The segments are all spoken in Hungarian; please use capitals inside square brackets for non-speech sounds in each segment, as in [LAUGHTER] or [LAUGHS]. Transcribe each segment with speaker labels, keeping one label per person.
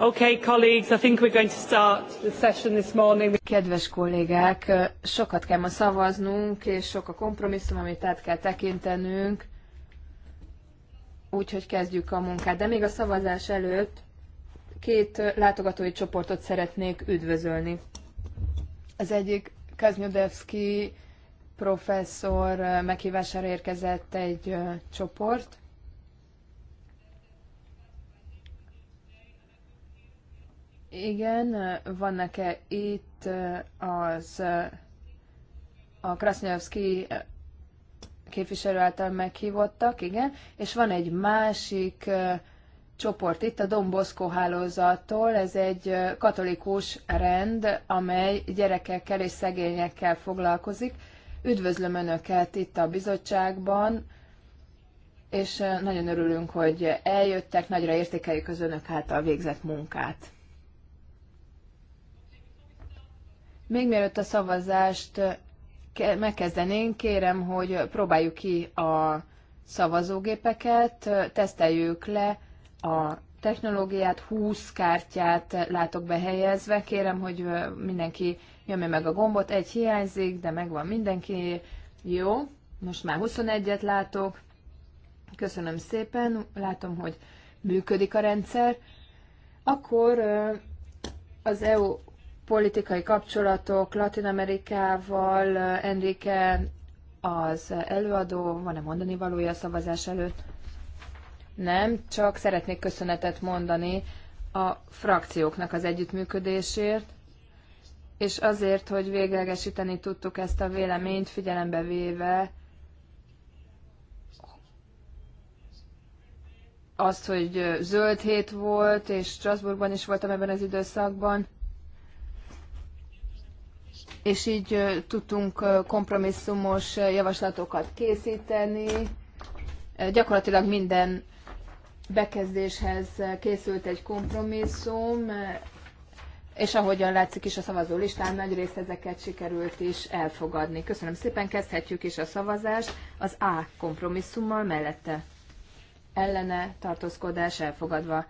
Speaker 1: Okay, colleagues, I think we're going to start
Speaker 2: the session this morning. Kedves kollégák, sokat kell ma szavaznunk, és sok a kompromisszum, amit át kell tekintenünk. Úgyhogy kezdjük a munkát. De még a szavazás előtt két látogatói csoportot szeretnék üdvözölni. Az egyik Kaznyodevski professzor meghívására érkezett egy csoport, Igen, vannak-e itt eh, az eh, a Krasnyovszki eh, képviselő által meghívottak, igen, és van egy másik csoport itt, a Domboszkó hálózattól, ez egy katolikus rend, amely gyerekekkel és szegényekkel foglalkozik. Üdvözlöm Önöket itt a bizottságban, és nagyon örülünk, hogy eljöttek, nagyra értékeljük az Önök által végzett munkát. Még mielőtt a szavazást megkezdenénk, kérem, hogy próbáljuk ki a szavazógépeket, teszteljük le a technológiát, 20 kártyát látok behelyezve. Kérem, hogy mindenki nyomja meg a gombot, egy hiányzik, de megvan mindenki. Jó, most már 21-et látok. Köszönöm szépen, látom, hogy működik a rendszer. Akkor az EU politikai kapcsolatok Latin Amerikával. Enrique az előadó, van-e mondani valója a szavazás előtt? Nem, csak szeretnék köszönetet mondani a frakcióknak az együttműködésért, és azért, hogy véglegesíteni tudtuk ezt a véleményt, figyelembe véve azt, hogy zöld hét volt, és Strasbourgban is voltam ebben az időszakban, és így tudtunk kompromisszumos javaslatokat készíteni. Gyakorlatilag minden bekezdéshez készült egy kompromisszum, és ahogyan látszik is a szavazó listán, nagy részt ezeket sikerült is elfogadni. Köszönöm szépen, kezdhetjük is a szavazást az A kompromisszummal mellette. Ellene tartózkodás elfogadva.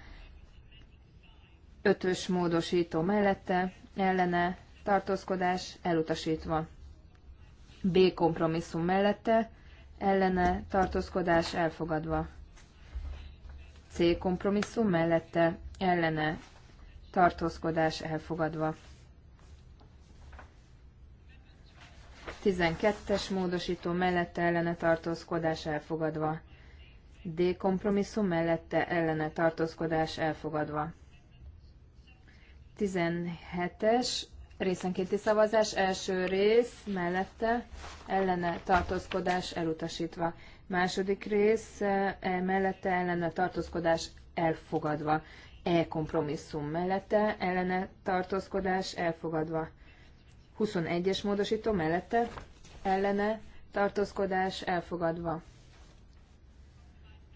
Speaker 2: Ötös módosító mellette, ellene tartózkodás elutasítva. B kompromisszum mellette, ellene tartózkodás elfogadva. C kompromisszum mellette, ellene tartózkodás elfogadva. 12-es módosító mellette ellene tartózkodás elfogadva. D kompromisszum mellette ellene tartózkodás elfogadva. 17-es Részenkénti szavazás, első rész, mellette ellene tartózkodás elutasítva. Második rész, e, mellette ellene tartózkodás elfogadva. E kompromisszum mellette ellene tartózkodás elfogadva. 21-es módosító mellette ellene tartózkodás elfogadva.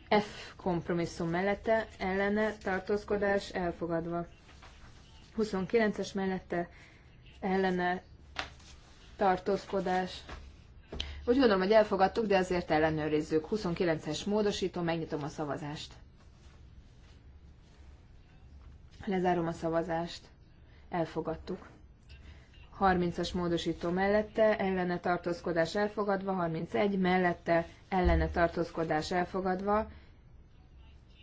Speaker 2: F kompromisszum mellette ellene tartózkodás elfogadva. 29-es mellette ellene tartózkodás. Úgy gondolom, hogy elfogadtuk, de azért ellenőrizzük. 29-es módosító, megnyitom a szavazást. Lezárom a szavazást. Elfogadtuk. 30-as módosító mellette, ellene tartózkodás elfogadva, 31 mellette, ellene tartózkodás elfogadva,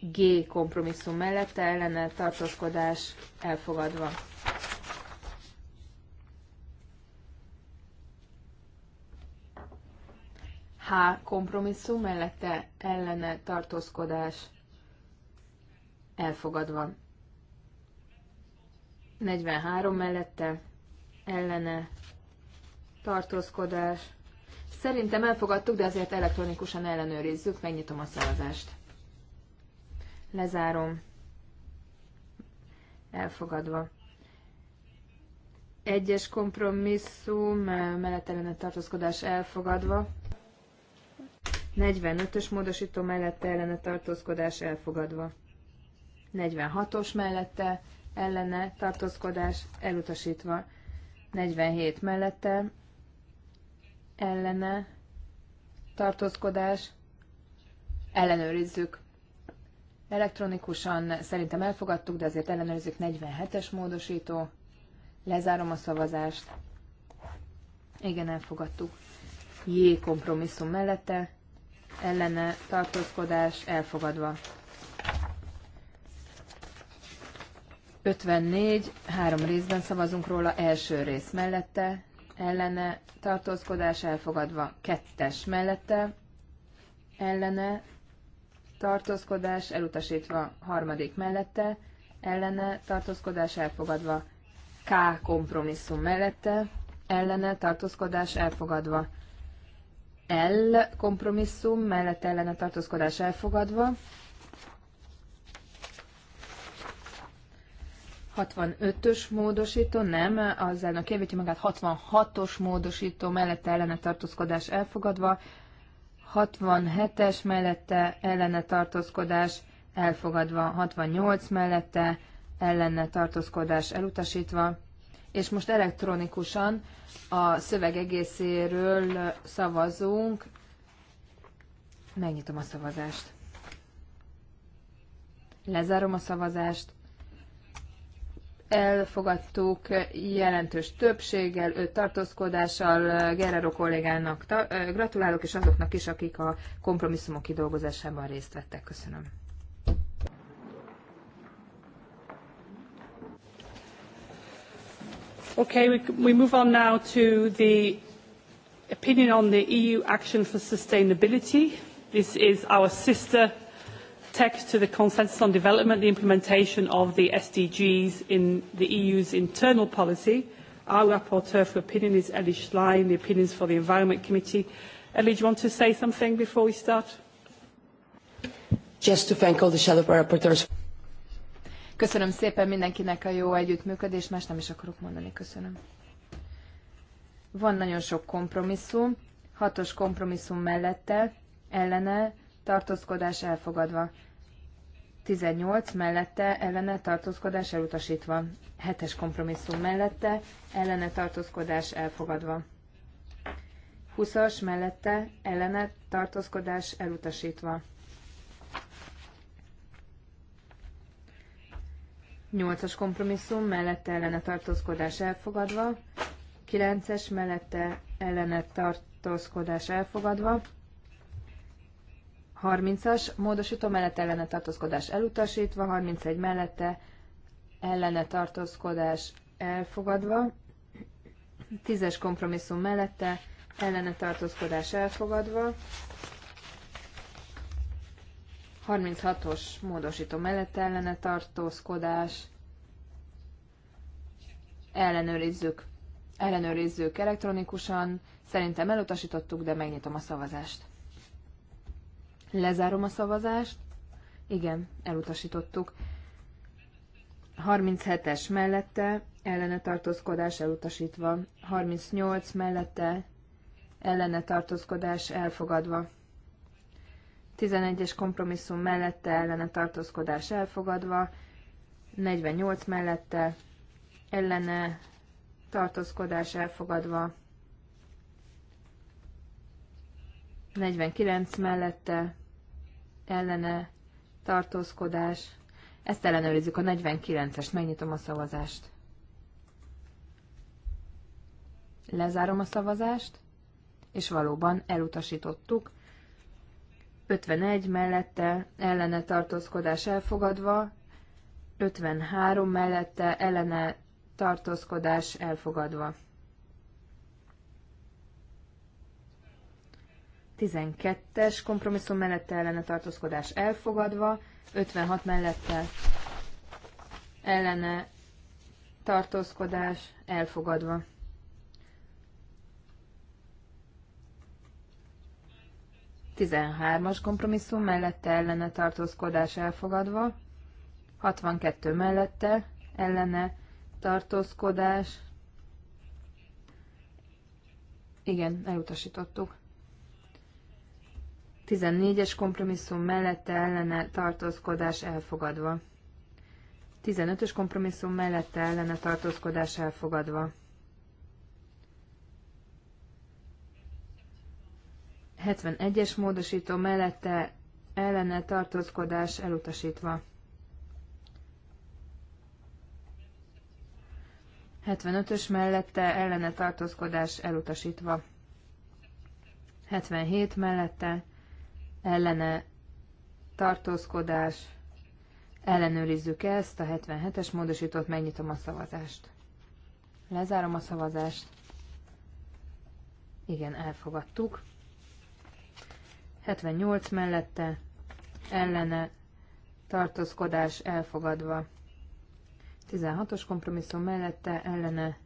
Speaker 2: G kompromisszum mellette, ellene tartózkodás elfogadva. H kompromisszum mellette ellene tartózkodás elfogadva. 43 mellette ellene tartózkodás. Szerintem elfogadtuk, de azért elektronikusan ellenőrizzük. Megnyitom a szavazást. Lezárom. Elfogadva. Egyes kompromisszum mellett ellene tartózkodás elfogadva. 45-ös módosító mellette ellene tartózkodás elfogadva. 46-os mellette ellene tartózkodás elutasítva. 47 mellette ellene tartózkodás ellenőrizzük. Elektronikusan szerintem elfogadtuk, de azért ellenőrizzük 47-es módosító. Lezárom a szavazást. Igen, elfogadtuk. J kompromisszum mellette ellene tartózkodás elfogadva. 54, három részben szavazunk róla, első rész mellette, ellene tartózkodás elfogadva, kettes mellette, ellene tartózkodás elutasítva, harmadik mellette, ellene tartózkodás elfogadva, K kompromisszum mellette, ellene tartózkodás elfogadva. L kompromisszum mellett ellene tartózkodás elfogadva. 65-ös módosító, nem, az elnök javítja magát 66-os módosító mellett ellene tartózkodás elfogadva, 67-es mellette ellene tartózkodás elfogadva, 68 mellette ellene tartózkodás elutasítva, és most elektronikusan a szöveg egészéről szavazunk. Megnyitom a szavazást. Lezárom a szavazást. Elfogadtuk jelentős többséggel, öt tartózkodással. Gerrero kollégának gratulálok, és azoknak is, akik a kompromisszumok kidolgozásában részt
Speaker 1: vettek. Köszönöm. Okay, we, we move on now to the opinion on the EU Action for Sustainability. This is our sister text to the Consensus on Development, the implementation of the SDGs in the EU's internal policy. Our rapporteur for opinion is Ellie Schlein, the opinions for the Environment Committee. Ellie, do you want to say something before we start? Just to thank all the shadow rapporteurs. Köszönöm szépen mindenkinek a
Speaker 2: jó együttműködés, más nem is akarok mondani, köszönöm. Van nagyon sok kompromisszum, hatos kompromisszum mellette, ellene, tartózkodás elfogadva. 18 mellette, ellene, tartózkodás elutasítva. 7-es kompromisszum mellette, ellene, tartózkodás elfogadva. 20-as mellette, ellene, tartózkodás elutasítva. 8-as kompromisszum mellette ellene tartózkodás elfogadva, 9-es mellette ellene tartózkodás elfogadva, 30-as módosító mellette ellene tartózkodás elutasítva, 31 mellette ellene tartózkodás elfogadva, 10-es kompromisszum mellette ellene tartózkodás elfogadva, 36-os módosító mellett ellene tartózkodás. Ellenőrizzük. Ellenőrizzük elektronikusan. Szerintem elutasítottuk, de megnyitom a szavazást. Lezárom a szavazást. Igen, elutasítottuk. 37-es mellette ellene tartózkodás elutasítva. 38 mellette ellene tartózkodás elfogadva. 11-es kompromisszum mellette ellene tartózkodás elfogadva, 48 mellette ellene tartózkodás elfogadva, 49 mellette ellene tartózkodás. Ezt ellenőrizzük a 49-est, megnyitom a szavazást. Lezárom a szavazást, és valóban elutasítottuk 51 mellette ellene tartózkodás elfogadva, 53 mellette ellene tartózkodás elfogadva. 12-es kompromisszum mellette ellene tartózkodás elfogadva, 56 mellette ellene tartózkodás elfogadva. 13-as kompromisszum mellette ellene tartózkodás elfogadva, 62 mellette ellene tartózkodás, igen, elutasítottuk. 14-es kompromisszum mellette ellene tartózkodás elfogadva. 15-ös kompromisszum mellette ellene tartózkodás elfogadva. 71-es módosító mellette ellene tartózkodás elutasítva. 75-ös mellette ellene tartózkodás elutasítva. 77 mellette ellene tartózkodás. Ellenőrizzük ezt, a 77-es módosítót, megnyitom a szavazást. Lezárom a szavazást. Igen, elfogadtuk. 78 mellette ellene tartózkodás elfogadva. 16-os kompromisszum mellette ellene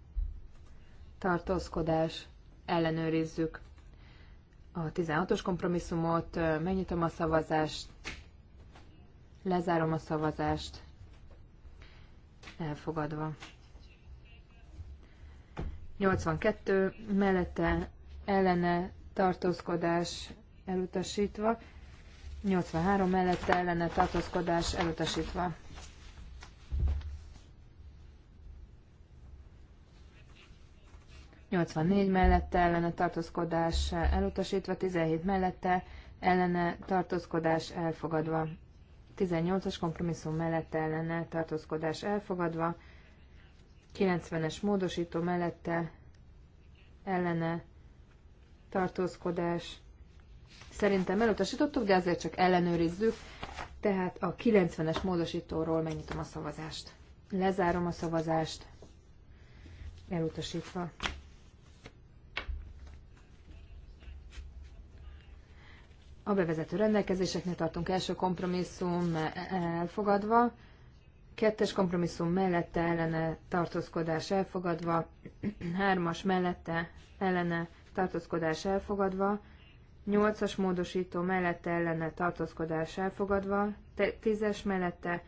Speaker 2: tartózkodás ellenőrizzük. A 16-os kompromisszumot megnyitom a szavazást, lezárom a szavazást, elfogadva. 82 mellette ellene tartózkodás elutasítva, 83 mellette ellene tartózkodás elutasítva. négy mellette ellene tartózkodás elutasítva, 17 mellette ellene tartózkodás elfogadva. 18-as kompromisszum mellette ellene tartózkodás elfogadva, 90-es módosító mellette ellene tartózkodás Szerintem elutasítottuk, de azért csak ellenőrizzük. Tehát a 90-es módosítóról megnyitom a szavazást. Lezárom a szavazást. Elutasítva. A bevezető rendelkezéseknél tartunk első kompromisszum elfogadva, kettes kompromisszum mellette ellene tartózkodás elfogadva, hármas mellette ellene tartózkodás elfogadva, 8-as módosító mellette ellene tartózkodás elfogadva, 10-es mellette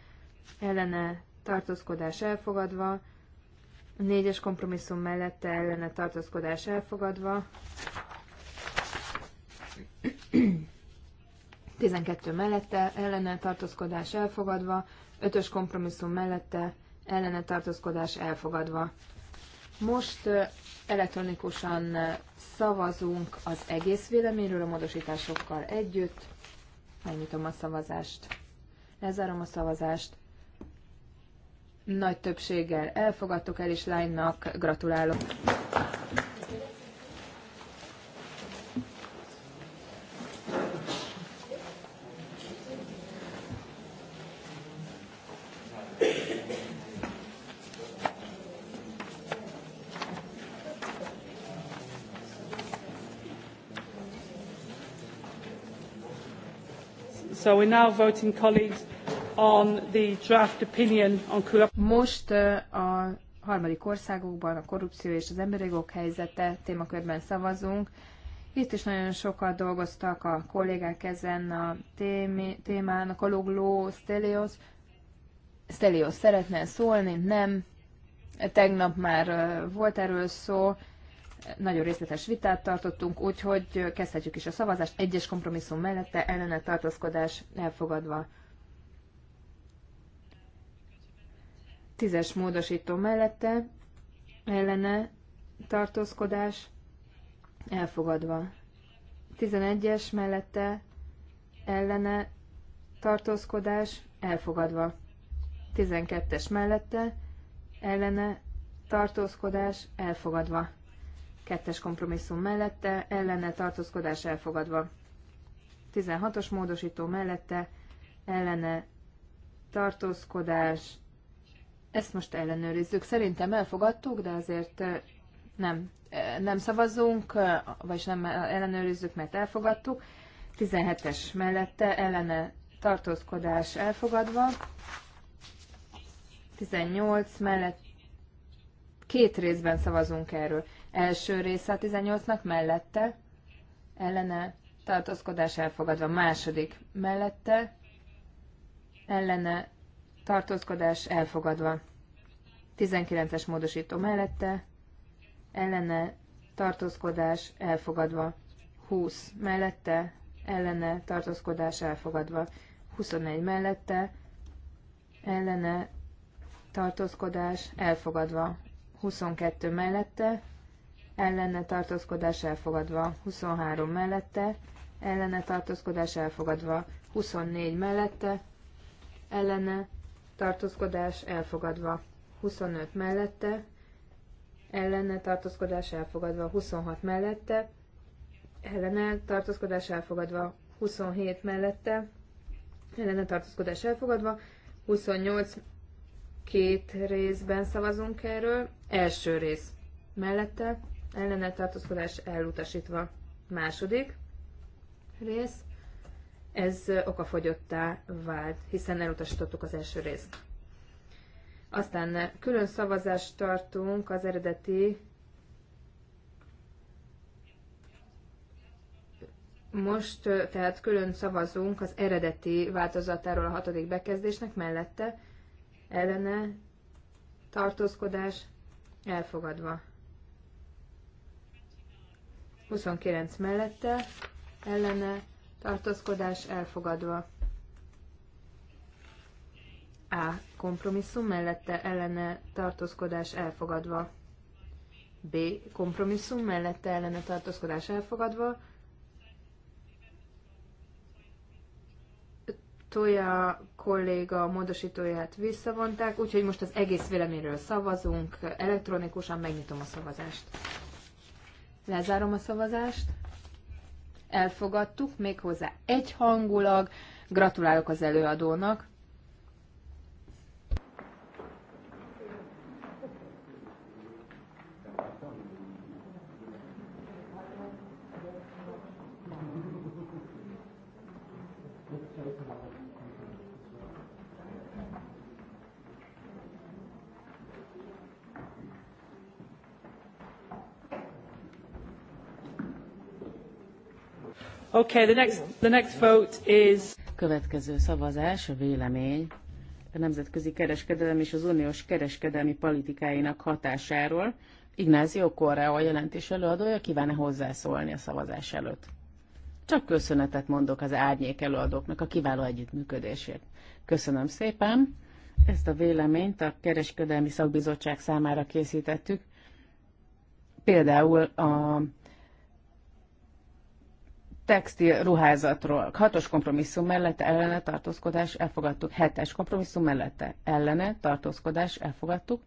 Speaker 2: ellene tartózkodás elfogadva, 4-es kompromisszum mellette ellene tartózkodás elfogadva, 12 mellette ellene tartózkodás elfogadva, 5-ös kompromisszum mellette ellene tartózkodás elfogadva. Most Elektronikusan szavazunk az egész véleményről a módosításokkal együtt. Megnyitom a szavazást. Lezárom a szavazást. Nagy többséggel elfogadtuk el, is lánynak gratulálok.
Speaker 1: So we're now voting, colleagues, on the draft opinion on corruption. Most a
Speaker 2: harmadik országokban a korrupció és az emberi jogok helyzete témakörben szavazunk. Itt is nagyon sokat dolgoztak a kollégák ezen a témán. A Kalogló Stelios, Stelios szeretne szólni, nem. Tegnap már volt erről szó nagyon részletes vitát tartottunk, úgyhogy kezdhetjük is a szavazást. Egyes kompromisszum mellette ellene tartózkodás elfogadva. Tízes módosító mellette ellene tartózkodás elfogadva. Tizenegyes mellette ellene tartózkodás elfogadva. Tizenkettes mellette ellene tartózkodás elfogadva kettes kompromisszum mellette, ellene tartózkodás elfogadva. 16-os módosító mellette, ellene tartózkodás. Ezt most ellenőrizzük. Szerintem elfogadtuk, de azért eh, nem, eh, nem szavazunk, eh, vagy nem ellenőrizzük, mert elfogadtuk. 17-es mellette ellene tartózkodás elfogadva. 18 mellett két részben szavazunk erről. Első része a 18-nak mellette, ellene tartózkodás elfogadva. Második mellette, ellene tartózkodás elfogadva. 19-es módosító mellette, ellene tartózkodás elfogadva. 20 mellette, ellene tartózkodás elfogadva. 21 mellette, ellene tartózkodás elfogadva. 22 mellette, ellene tartózkodás elfogadva, 23 mellette, ellene tartózkodás elfogadva, 24 mellette, ellene tartózkodás elfogadva, 25 mellette, ellene tartózkodás elfogadva, 26 mellette, ellene tartózkodás elfogadva, 27 mellette, ellene tartózkodás elfogadva, 28 két részben szavazunk erről, első rész mellette, ellene tartózkodás elutasítva. Második rész, ez okafogyottá vált, hiszen elutasítottuk az első részt. Aztán külön szavazást tartunk az eredeti Most tehát külön szavazunk az eredeti változatáról a hatodik bekezdésnek, mellette ellene tartózkodás elfogadva. 29 mellette, ellene, tartózkodás elfogadva. A. Kompromisszum mellette ellene tartózkodás elfogadva. B. Kompromisszum mellette ellene tartózkodás elfogadva. Tója kolléga módosítóját visszavonták, úgyhogy most az egész véleményről szavazunk. Elektronikusan megnyitom a szavazást. Lezárom a szavazást. Elfogadtuk, méghozzá egyhangulag. Gratulálok az előadónak.
Speaker 1: Okay, the next, the next vote is... Következő
Speaker 3: szavazás, a vélemény a nemzetközi kereskedelem és az uniós kereskedelmi politikáinak hatásáról. Ignázió Korrea a jelentés előadója kíván -e hozzászólni a szavazás előtt. Csak köszönetet mondok az árnyék előadóknak a kiváló együttműködésért. Köszönöm szépen. Ezt a véleményt a Kereskedelmi Szakbizottság számára készítettük. Például a textil ruházatról. Hatos kompromisszum mellette ellene tartózkodás elfogadtuk. Hetes kompromisszum mellette ellene tartózkodás elfogadtuk.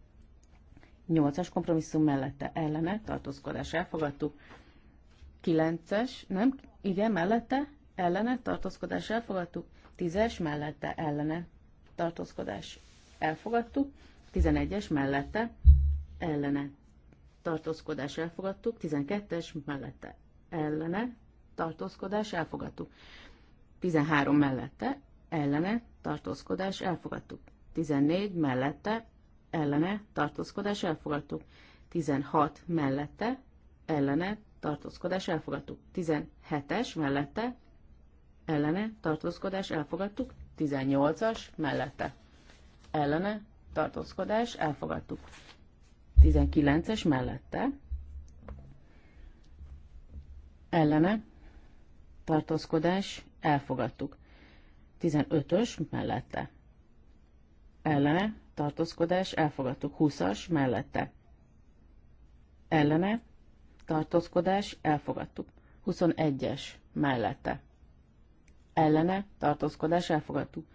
Speaker 3: Nyolcas kompromisszum mellette ellene tartózkodás elfogadtuk. Kilences, nem, igen, mellette ellene tartózkodás elfogadtuk. Tízes mellette ellene tartózkodás elfogadtuk. Tizenegyes mellette ellene tartózkodás elfogadtuk. Tizenkettes mellette ellene tartózkodás elfogadtuk. 13 mellette, ellene, tartózkodás elfogadtuk. 14 mellette, ellene, tartózkodás elfogadtuk. 16 mellette, ellene, tartózkodás elfogadtuk. 17-es mellette, ellene, tartózkodás elfogadtuk. 18-as mellette, ellene, tartózkodás elfogadtuk. 19-es mellette, ellene, tartózkodás, elfogadtuk. 15-ös mellette. Ellene, tartózkodás, elfogadtuk. 20-as mellette. Ellene, tartózkodás, elfogadtuk. 21-es mellette. Ellene, tartózkodás, elfogadtuk.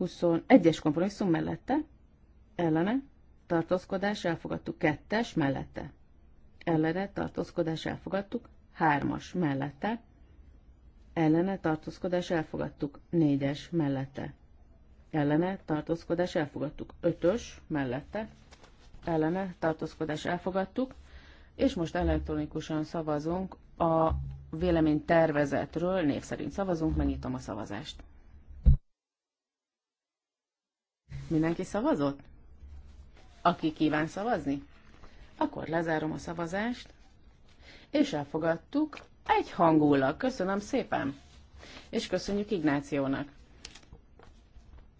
Speaker 3: 21-es kompromisszum mellette. Ellene, tartózkodás, elfogadtuk. 2-es mellette. Ellene, tartózkodás, elfogadtuk. 3-as mellette ellene tartózkodás elfogadtuk, négyes mellette. Ellene tartózkodás elfogadtuk, ötös mellette. Ellene tartózkodás elfogadtuk, és most elektronikusan szavazunk a vélemény tervezetről, név szerint szavazunk, megnyitom a szavazást. Mindenki szavazott? Aki kíván szavazni? Akkor lezárom a szavazást, és elfogadtuk egy hangulat Köszönöm szépen! És köszönjük Ignációnak!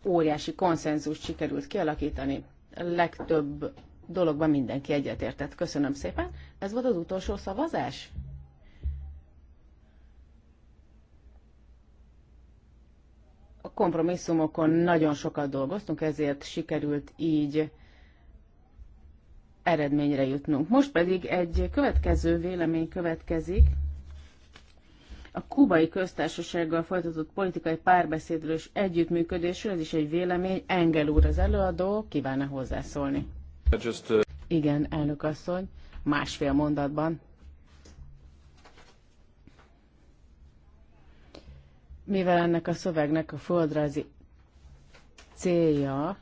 Speaker 3: Óriási konszenzus sikerült kialakítani. A legtöbb dologban mindenki egyetértett. Köszönöm szépen! Ez volt az utolsó szavazás? A kompromisszumokon nagyon sokat dolgoztunk, ezért sikerült így eredményre jutnunk. Most pedig egy következő vélemény következik a kubai köztársasággal folytatott politikai párbeszédről és együttműködésről, ez is egy vélemény. Engel úr az előadó, kívánna hozzászólni. Just, uh... Igen, elnök asszony, másfél mondatban. Mivel ennek a szövegnek a földrajzi célja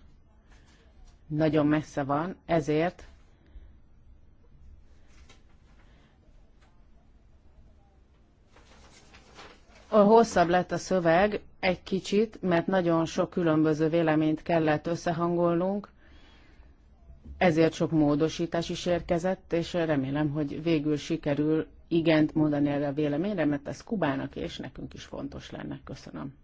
Speaker 3: nagyon messze van, ezért Hosszabb lett a szöveg egy kicsit, mert nagyon sok különböző véleményt kellett összehangolnunk, ezért sok módosítás is érkezett, és remélem, hogy végül sikerül igent mondani erre a véleményre, mert ez Kubának és nekünk is fontos lenne. Köszönöm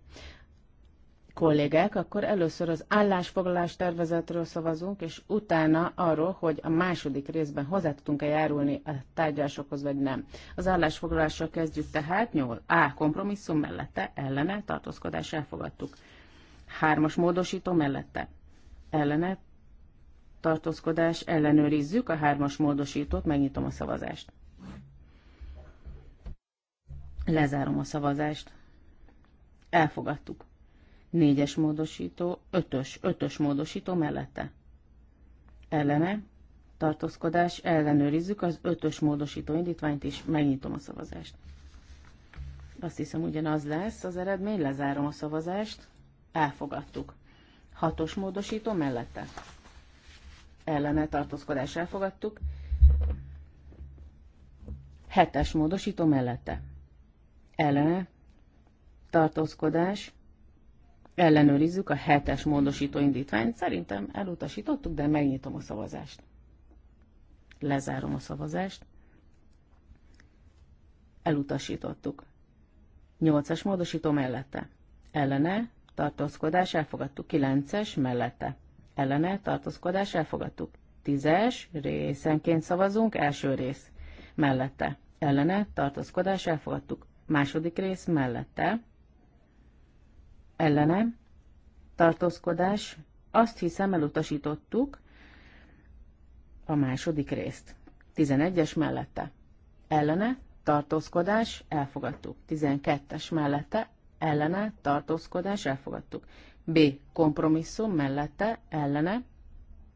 Speaker 3: kollégák, akkor először az állásfoglalás tervezetről szavazunk, és utána arról, hogy a második részben hozzá tudunk-e járulni a tárgyalásokhoz, vagy nem. Az állásfoglalással kezdjük tehát, nyol, A kompromisszum mellette, ellene, tartózkodás elfogadtuk. Hármas módosító mellette, ellene, tartózkodás ellenőrizzük a hármas módosítót, megnyitom a szavazást. Lezárom a szavazást. Elfogadtuk. Négyes módosító, ötös, ötös módosító mellette. Ellene, tartózkodás, ellenőrizzük az ötös módosító indítványt és megnyitom a szavazást. Azt hiszem ugyanaz lesz az eredmény, lezárom a szavazást, elfogadtuk. Hatos módosító mellette. Ellene tartózkodás elfogadtuk. Hetes módosító mellette. Ellene tartózkodás ellenőrizzük a hetes módosító indítványt. Szerintem elutasítottuk, de megnyitom a szavazást. Lezárom a szavazást. Elutasítottuk. Nyolcas módosító mellette. Ellene, tartózkodás, elfogadtuk. Kilences mellette. Ellene, tartózkodás, elfogadtuk. Tízes, részenként szavazunk, első rész. Mellette. Ellene, tartózkodás, elfogadtuk. Második rész mellette ellene, tartózkodás, azt hiszem elutasítottuk a második részt. 11-es mellette, ellene, tartózkodás, elfogadtuk. 12-es mellette, ellene, tartózkodás, elfogadtuk. B. Kompromisszum mellette, ellene,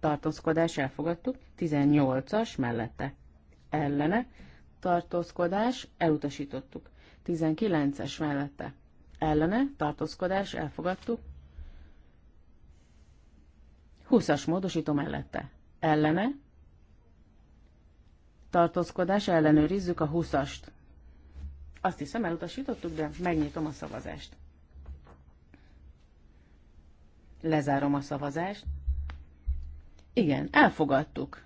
Speaker 3: tartózkodás, elfogadtuk. 18-as mellette, ellene, tartózkodás, elutasítottuk. 19-es mellette, ellene, tartózkodás, elfogadtuk. 20-as módosító mellette, ellene, tartózkodás, ellenőrizzük a 20-ast. Azt hiszem elutasítottuk, de megnyitom a szavazást. Lezárom a szavazást. Igen, elfogadtuk.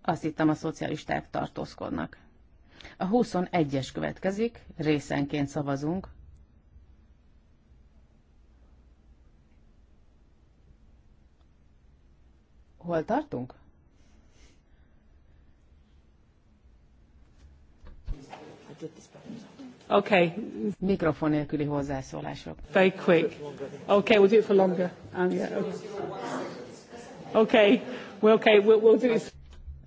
Speaker 3: Azt hittem a szocialisták tartózkodnak. A 21-es következik, részenként szavazunk. Hol tartunk?
Speaker 1: Okay. Mikrofon nélküli hozzászólások. Very quick. Okay, we'll do it for longer. And um, yeah. Okay, we'll, okay, we'll, we'll do
Speaker 3: it.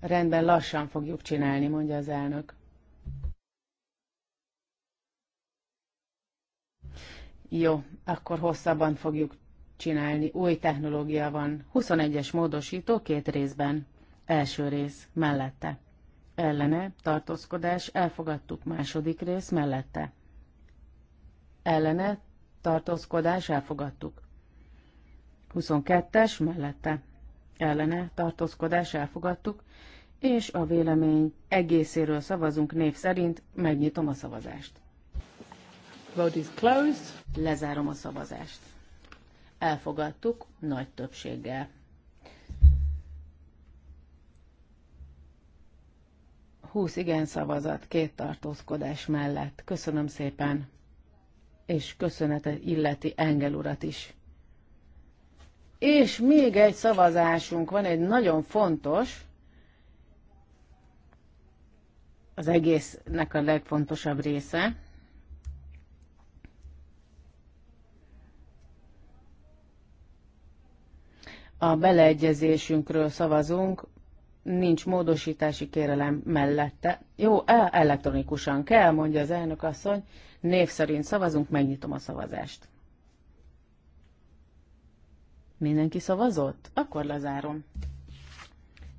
Speaker 3: Rendben, lassan fogjuk csinálni, mondja az elnök. Jó, akkor hosszabban fogjuk csinálni, új technológia van. 21-es módosító két részben. Első rész mellette. Ellene, tartózkodás, elfogadtuk második rész mellette. Ellene, tartózkodás, elfogadtuk. 22-es mellette. Ellene, tartózkodás, elfogadtuk. És a vélemény egészéről szavazunk név szerint, megnyitom a szavazást. Vote is closed. Lezárom a szavazást elfogadtuk nagy többséggel. 20 igen szavazat, két tartózkodás mellett. Köszönöm szépen, és köszönetet illeti Engel urat is. És még egy szavazásunk van, egy nagyon fontos, az egésznek a legfontosabb része. a beleegyezésünkről szavazunk, nincs módosítási kérelem mellette. Jó, e, elektronikusan kell, mondja az elnök asszony. Név szerint szavazunk, megnyitom a szavazást. Mindenki szavazott? Akkor lezárom.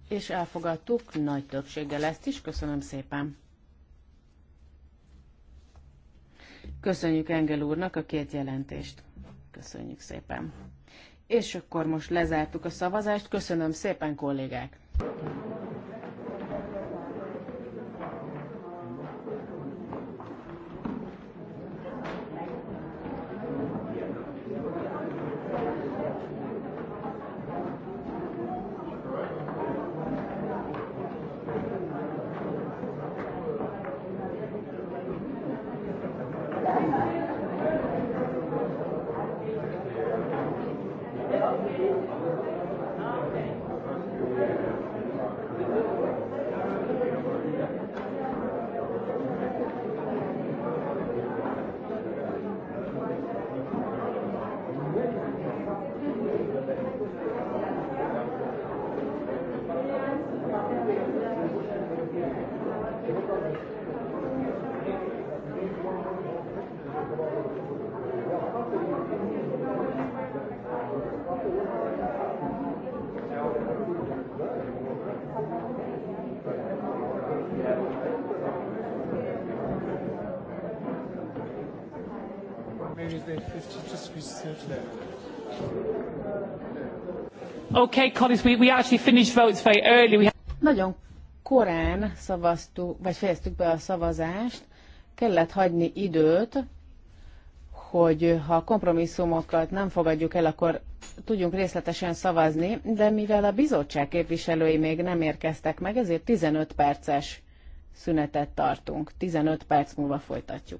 Speaker 3: És elfogadtuk nagy többséggel ezt is. Köszönöm szépen. Köszönjük Engel úrnak a két jelentést. Köszönjük szépen. És akkor most lezártuk a szavazást. Köszönöm szépen, kollégák!
Speaker 1: Okay, colleagues, we, we actually finished votes very early. We... Nagyon korán
Speaker 3: szavaztuk, vagy fejeztük be a szavazást, kellett hagyni időt, hogy ha a kompromisszumokat nem fogadjuk el, akkor tudjunk részletesen szavazni, de mivel a bizottság képviselői még nem érkeztek meg, ezért 15 perces szünetet tartunk. 15 perc múlva folytatjuk.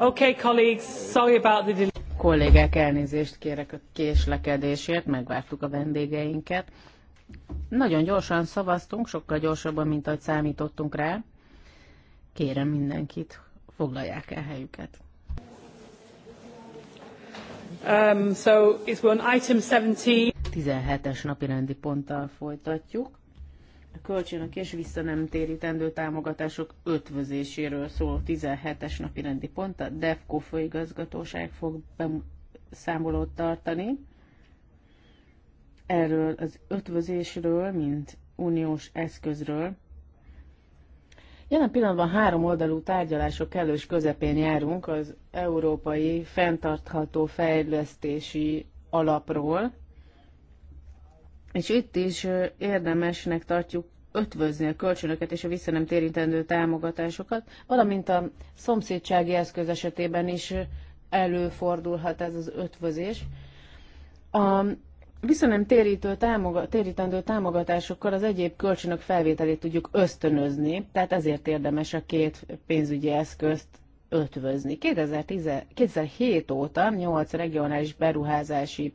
Speaker 1: Okay, colleagues, sorry about the delay. Kollégák,
Speaker 3: elnézést kérek a késlekedésért, megvártuk a vendégeinket. Nagyon gyorsan szavaztunk, sokkal gyorsabban, mint ahogy számítottunk rá. Kérem mindenkit, foglalják el helyüket. Um, so it's on item 17. 17-es rendi ponttal folytatjuk a kölcsönök és vissza nem térítendő támogatások ötvözéséről szól 17-es napi rendi pont a DEFCO főigazgatóság fog beszámolót tartani. Erről az ötvözésről, mint uniós eszközről. Jelen pillanatban három oldalú tárgyalások elős közepén járunk az Európai Fentartható Fejlesztési Alapról, és itt is érdemesnek tartjuk ötvözni a kölcsönöket és a vissza nem térítendő támogatásokat, valamint a szomszédsági eszköz esetében is előfordulhat ez az ötvözés. A vissza nem térítő támogat, térítendő támogatásokkal az egyéb kölcsönök felvételét tudjuk ösztönözni, tehát ezért érdemes a két pénzügyi eszközt ötvözni. 2010, 2007 óta 8 regionális beruházási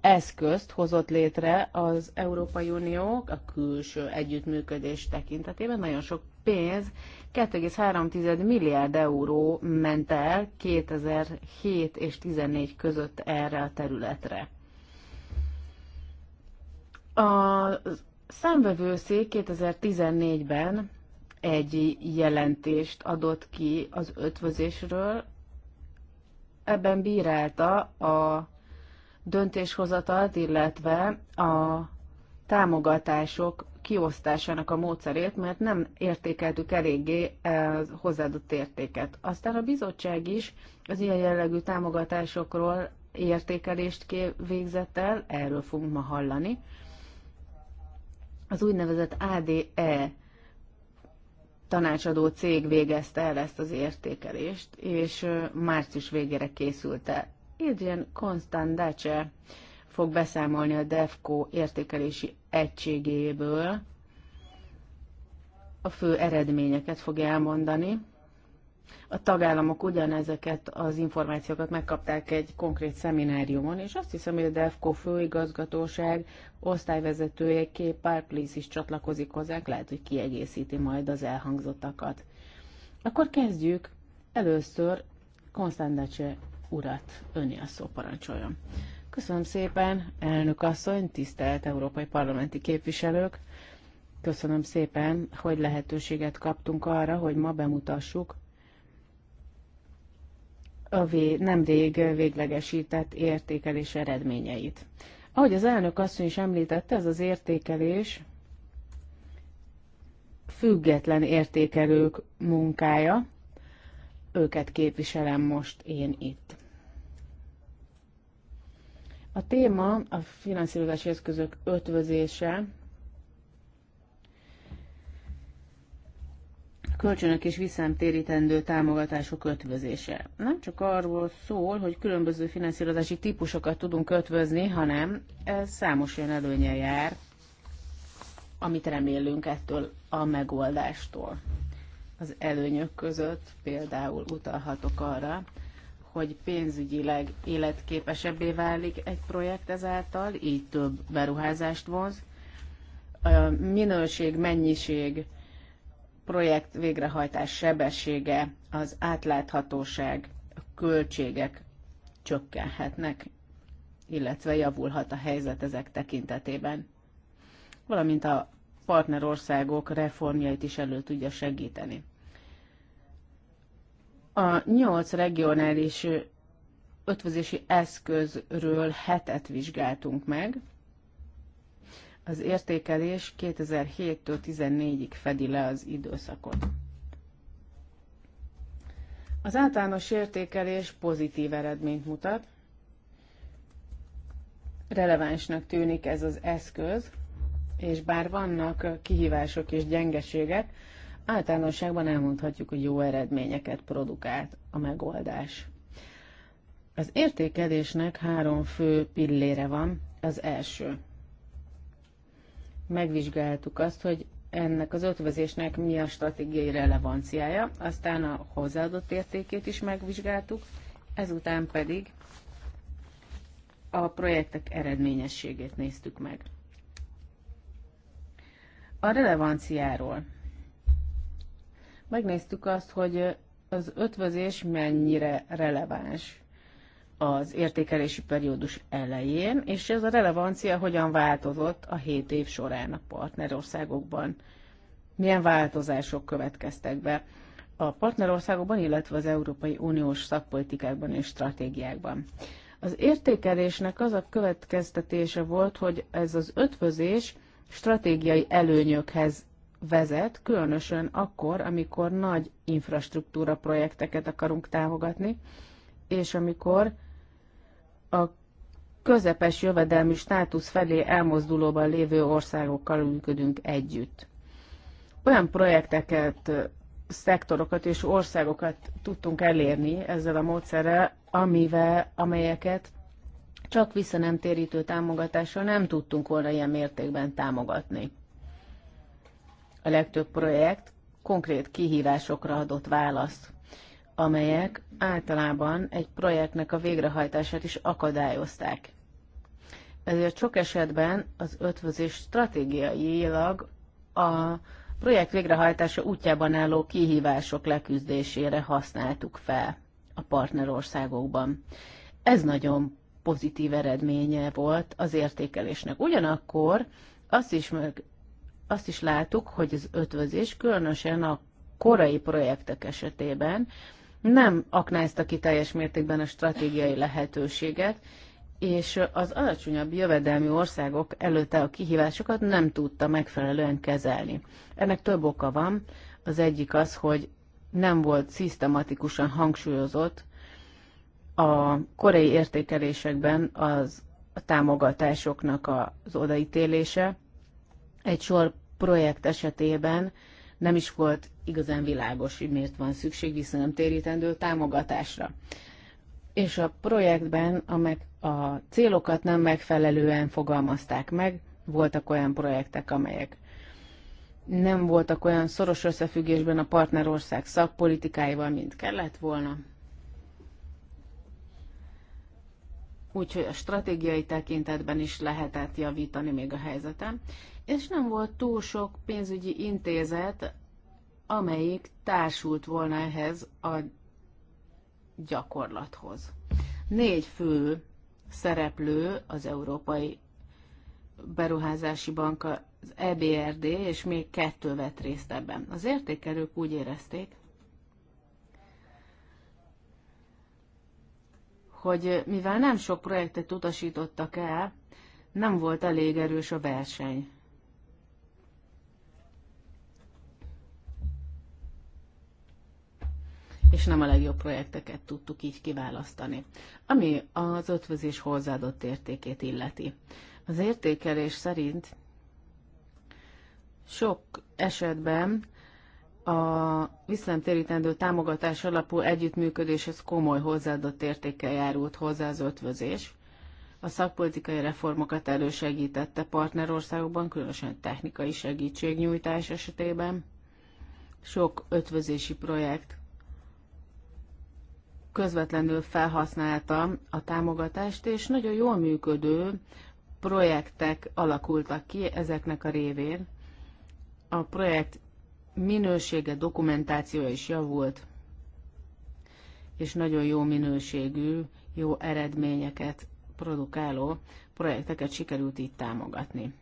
Speaker 3: eszközt hozott létre az Európai Unió a külső együttműködés tekintetében. Nagyon sok pénz, 2,3 milliárd euró ment el 2007 és 2014 között erre a területre. A számvevőszék 2014-ben egy jelentést adott ki az ötvözésről, ebben bírálta a döntéshozatalt, illetve a támogatások kiosztásának a módszerét, mert nem értékeltük eléggé eh, hozzáadott értéket. Aztán a bizottság is az ilyen jellegű támogatásokról értékelést végzett el, erről fogunk ma hallani. Az úgynevezett ADE tanácsadó cég végezte el ezt az értékelést, és eh, március végére készült el. Adrian Constandace fog beszámolni a DEFCO értékelési egységéből. A fő eredményeket fogja elmondani. A tagállamok ugyanezeket az információkat megkapták egy konkrét szemináriumon, és azt hiszem, hogy a DEFCO főigazgatóság osztályvezetője kép Parplis is csatlakozik hozzánk, lehet, hogy kiegészíti majd az elhangzottakat. Akkor kezdjük először Konstantace urat. Öni a szó parancsoljon. Köszönöm szépen, elnök asszony, tisztelt európai parlamenti képviselők. Köszönöm szépen, hogy lehetőséget kaptunk arra, hogy ma bemutassuk a vé- nemrég véglegesített értékelés eredményeit. Ahogy az elnök asszony is említette, ez az értékelés független értékelők munkája. Őket képviselem most én itt. A téma a finanszírozási eszközök ötvözése, kölcsönök és visszámtérítendő támogatások ötvözése. Nem csak arról szól, hogy különböző finanszírozási típusokat tudunk ötvözni, hanem ez számos olyan előnye jár, amit remélünk ettől a megoldástól. Az előnyök között például utalhatok arra, hogy pénzügyileg életképesebbé válik egy projekt ezáltal, így több beruházást vonz. A minőség, mennyiség, projekt végrehajtás sebessége, az átláthatóság, a költségek csökkenhetnek, illetve javulhat a helyzet ezek tekintetében, valamint a partnerországok reformjait is elő tudja segíteni. A nyolc regionális ötvözési eszközről hetet vizsgáltunk meg. Az értékelés 2007-től 14-ig fedi le az időszakot. Az általános értékelés pozitív eredményt mutat. Relevánsnak tűnik ez az eszköz, és bár vannak kihívások és gyengeségek, Általánosságban elmondhatjuk, hogy jó eredményeket produkált a megoldás. Az értékelésnek három fő pillére van. Az első. Megvizsgáltuk azt, hogy ennek az ötvözésnek mi a stratégiai relevanciája, aztán a hozzáadott értékét is megvizsgáltuk, ezután pedig a projektek eredményességét néztük meg. A relevanciáról Megnéztük azt, hogy az ötvözés mennyire releváns az értékelési periódus elején, és ez a relevancia hogyan változott a 7 év során a partnerországokban. Milyen változások következtek be a partnerországokban, illetve az Európai Uniós szakpolitikákban és stratégiákban. Az értékelésnek az a következtetése volt, hogy ez az ötvözés stratégiai előnyökhez vezet, különösen akkor, amikor nagy infrastruktúra projekteket akarunk támogatni, és amikor a közepes jövedelmi státusz felé elmozdulóban lévő országokkal működünk együtt. Olyan projekteket, szektorokat és országokat tudtunk elérni ezzel a módszerrel, amivel, amelyeket csak visszanemtérítő támogatással nem tudtunk volna ilyen mértékben támogatni. A legtöbb projekt konkrét kihívásokra adott választ, amelyek általában egy projektnek a végrehajtását is akadályozták. Ezért sok esetben az ötvözés stratégiailag a projekt végrehajtása útjában álló kihívások leküzdésére használtuk fel a partnerországokban. Ez nagyon pozitív eredménye volt az értékelésnek. Ugyanakkor azt is meg azt is láttuk, hogy az ötvözés különösen a korai projektek esetében nem aknázta ki teljes mértékben a stratégiai lehetőséget, és az alacsonyabb jövedelmi országok előtte a kihívásokat nem tudta megfelelően kezelni. Ennek több oka van. Az egyik az, hogy nem volt szisztematikusan hangsúlyozott a korai értékelésekben az a támogatásoknak az odaítélése, egy sor projekt esetében nem is volt igazán világos, hogy miért van szükség visszanemtérítendő támogatásra. És a projektben amely a célokat nem megfelelően fogalmazták meg, voltak olyan projektek, amelyek nem voltak olyan szoros összefüggésben a partnerország szakpolitikáival, mint kellett volna. Úgyhogy a stratégiai tekintetben is lehetett javítani még a helyzetem, és nem volt túl sok pénzügyi intézet, amelyik társult volna ehhez a gyakorlathoz. Négy fő szereplő az Európai Beruházási Bank, az EBRD, és még kettő vett részt ebben. Az értékelők úgy érezték, hogy mivel nem sok projektet utasítottak el, nem volt elég erős a verseny. és nem a legjobb projekteket tudtuk így kiválasztani, ami az ötvözés hozzáadott értékét illeti. Az értékelés szerint sok esetben a visszatérítendő támogatás alapú együttműködéshez komoly hozzáadott értékkel járult hozzá az ötvözés. A szakpolitikai reformokat elősegítette partnerországokban, különösen technikai segítségnyújtás esetében. Sok ötvözési projekt közvetlenül felhasználta a támogatást, és nagyon jól működő projektek alakultak ki ezeknek a révén. A projekt minősége, dokumentációja is javult, és nagyon jó minőségű, jó eredményeket produkáló projekteket sikerült így támogatni.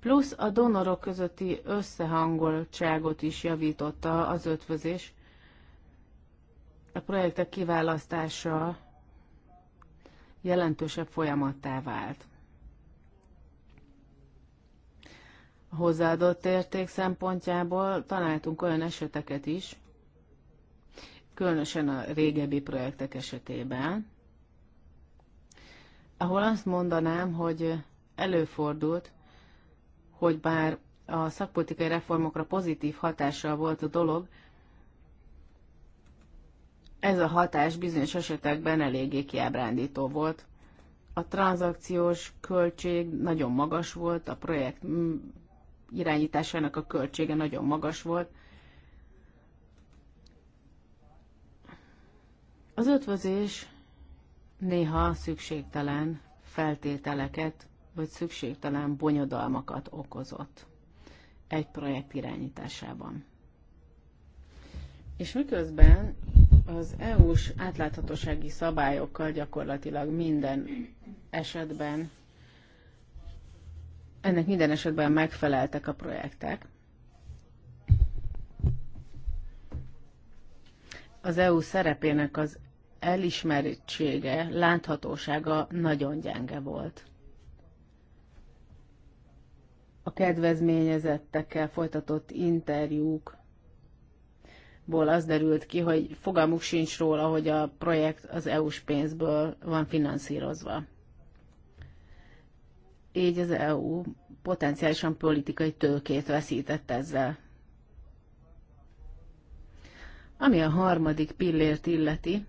Speaker 3: Plusz a donorok közötti összehangoltságot is javította az ötvözés, a projektek kiválasztása jelentősebb folyamattá vált. A hozzáadott érték szempontjából találtunk olyan eseteket is, különösen a régebbi projektek esetében, ahol azt mondanám, hogy előfordult, hogy bár a szakpolitikai reformokra pozitív hatással volt a dolog, ez a hatás bizonyos esetekben eléggé kiábrándító volt. A tranzakciós költség nagyon magas volt, a projekt irányításának a költsége nagyon magas volt. Az ötvözés néha szükségtelen feltételeket vagy szükségtelen bonyodalmakat okozott egy projekt irányításában. És miközben az EU-s átláthatósági szabályokkal gyakorlatilag minden esetben, ennek minden esetben megfeleltek a projektek. Az EU szerepének az elismerítsége, láthatósága nagyon gyenge volt. A kedvezményezettekkel folytatott interjúk ból az derült ki, hogy fogalmuk sincs róla, hogy a projekt az EU-s pénzből van finanszírozva. Így az EU potenciálisan politikai tőkét veszített ezzel. Ami a harmadik pillért illeti,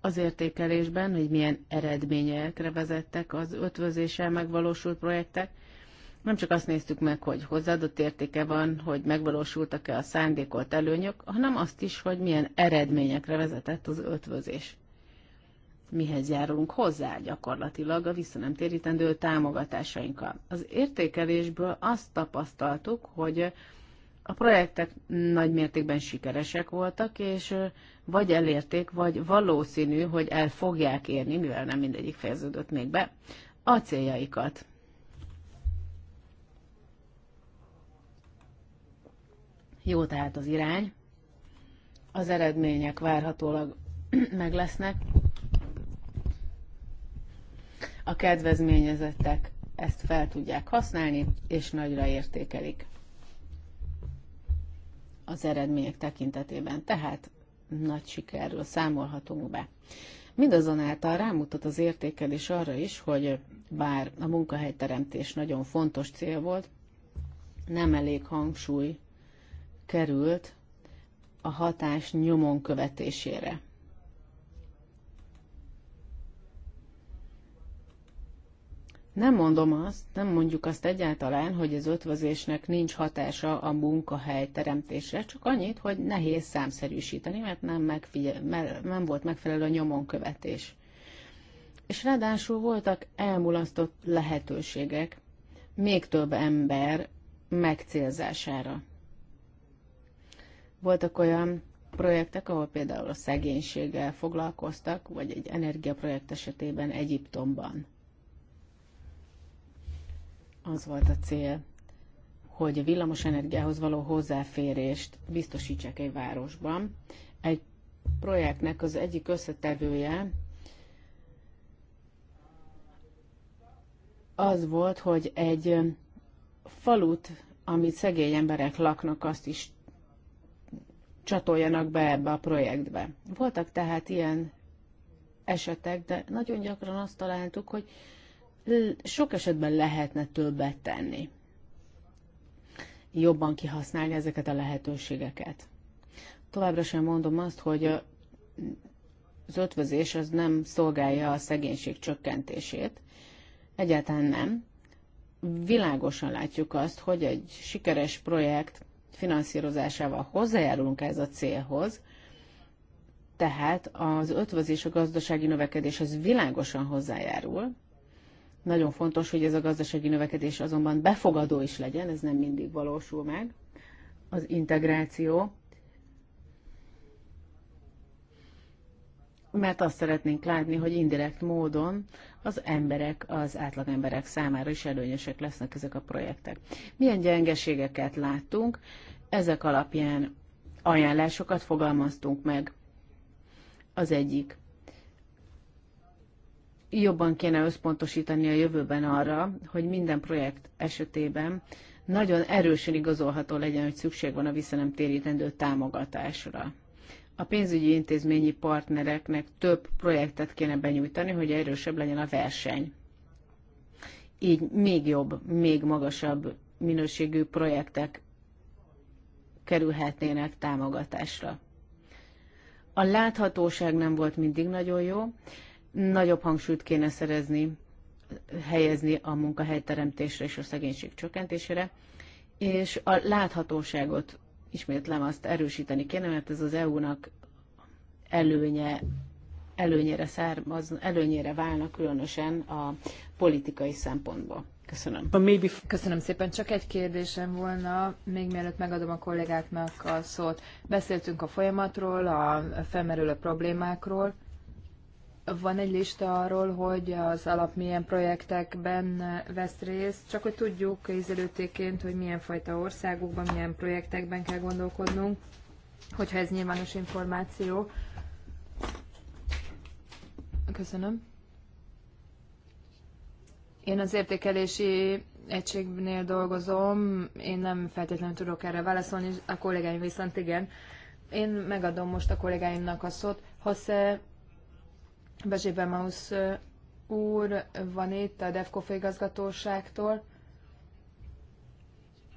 Speaker 3: az értékelésben, hogy milyen eredményekre vezettek az ötvözéssel megvalósult projektek, nem csak azt néztük meg, hogy hozzáadott értéke van, hogy megvalósultak-e a szándékolt előnyök, hanem azt is, hogy milyen eredményekre vezetett az ötvözés. Mihez járulunk hozzá gyakorlatilag a visszanemtérítendő támogatásainkkal. Az értékelésből azt tapasztaltuk, hogy a projektek nagy mértékben sikeresek voltak, és vagy elérték, vagy valószínű, hogy el fogják érni, mivel nem mindegyik fejeződött még be, a céljaikat. Jó tehát az irány. Az eredmények várhatólag [CLEARS THROAT] meg lesznek. A kedvezményezettek ezt fel tudják használni, és nagyra értékelik az eredmények tekintetében. Tehát nagy sikerről számolhatunk be. Mindazonáltal rámutat az értékelés arra is, hogy bár a munkahelyteremtés nagyon fontos cél volt, nem elég hangsúly került a hatás nyomon követésére. Nem mondom azt, nem mondjuk azt egyáltalán, hogy az ötvözésnek nincs hatása a munkahely teremtésre, csak annyit, hogy nehéz számszerűsíteni, mert nem, megfigyel, mert nem volt megfelelő a nyomon követés. És ráadásul voltak elmulasztott lehetőségek még több ember megcélzására. Voltak olyan projektek, ahol például a szegénységgel foglalkoztak, vagy egy energiaprojekt esetében Egyiptomban. Az volt a cél, hogy a villamos energiához való hozzáférést biztosítsák egy városban. Egy projektnek az egyik összetevője az volt, hogy egy falut, amit szegény emberek laknak, azt is csatoljanak be ebbe a projektbe. Voltak tehát ilyen esetek, de nagyon gyakran azt találtuk, hogy sok esetben lehetne többet tenni. Jobban kihasználni ezeket a lehetőségeket. Továbbra sem mondom azt, hogy az ötvözés az nem szolgálja a szegénység csökkentését. Egyáltalán nem. Világosan látjuk azt, hogy egy sikeres projekt finanszírozásával hozzájárulunk ez a célhoz, tehát az ötvözés a gazdasági növekedéshez világosan hozzájárul. Nagyon fontos, hogy ez a gazdasági növekedés azonban befogadó is legyen, ez nem mindig valósul meg. Az integráció, mert azt szeretnénk látni, hogy indirekt módon az emberek, az átlagemberek számára is előnyösek lesznek ezek a projektek. Milyen gyengeségeket láttunk, ezek alapján ajánlásokat fogalmaztunk meg. Az egyik. Jobban kéne összpontosítani a jövőben arra, hogy minden projekt esetében nagyon erősen igazolható legyen, hogy szükség van a visszanemtérítendő támogatásra a pénzügyi intézményi partnereknek több projektet kéne benyújtani, hogy erősebb legyen a verseny. Így még jobb, még magasabb minőségű projektek kerülhetnének támogatásra. A láthatóság nem volt mindig nagyon jó, nagyobb hangsúlyt kéne szerezni, helyezni a munkahelyteremtésre és a szegénység csökkentésére, és a láthatóságot ismétlem azt erősíteni kéne, mert ez az EU-nak előnye, előnyére, származ, előnyére válna különösen a politikai
Speaker 2: szempontból. Köszönöm. Köszönöm szépen. Csak egy kérdésem volna, még mielőtt megadom a kollégáknak a szót. Beszéltünk a folyamatról, a felmerülő problémákról van egy lista arról, hogy az alap milyen projektekben vesz részt, csak hogy tudjuk ízelőtéként, hogy milyen fajta országokban, milyen projektekben kell gondolkodnunk, hogyha ez nyilvános információ. Köszönöm. Én az értékelési egységnél dolgozom, én nem feltétlenül tudok erre válaszolni, a kollégáim viszont igen. Én megadom most a kollégáimnak a szót. Hosszé Bezsébe Mausz úr van itt a DEFCO főigazgatóságtól.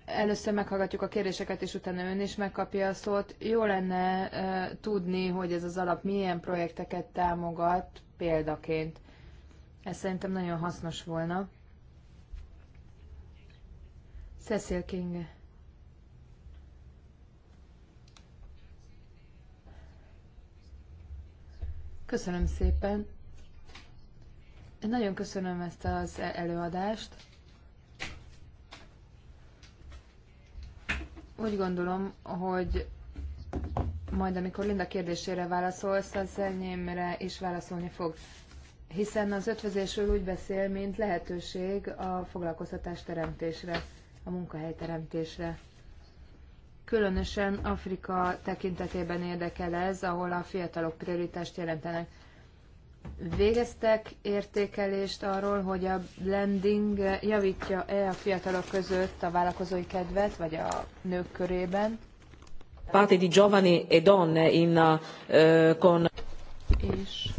Speaker 2: Először meghallgatjuk a kérdéseket, és utána ön is megkapja a szót. Jó lenne e, tudni, hogy ez az alap milyen projekteket támogat példaként. Ez szerintem nagyon hasznos volna. Cecil King Köszönöm szépen. Én nagyon köszönöm ezt az e- előadást. Úgy gondolom, hogy majd amikor Linda kérdésére válaszolsz, az enyémre is válaszolni fog. Hiszen az ötvözésről úgy beszél, mint lehetőség a foglalkoztatás teremtésre, a munkahely teremtésre. Különösen Afrika tekintetében érdekel ez, ahol a fiatalok prioritást jelentenek. Végeztek értékelést arról, hogy a blending javítja-e a fiatalok között a vállalkozói kedvet, vagy a nők körében?
Speaker 4: Parte di giovani e donne in, uh, con... És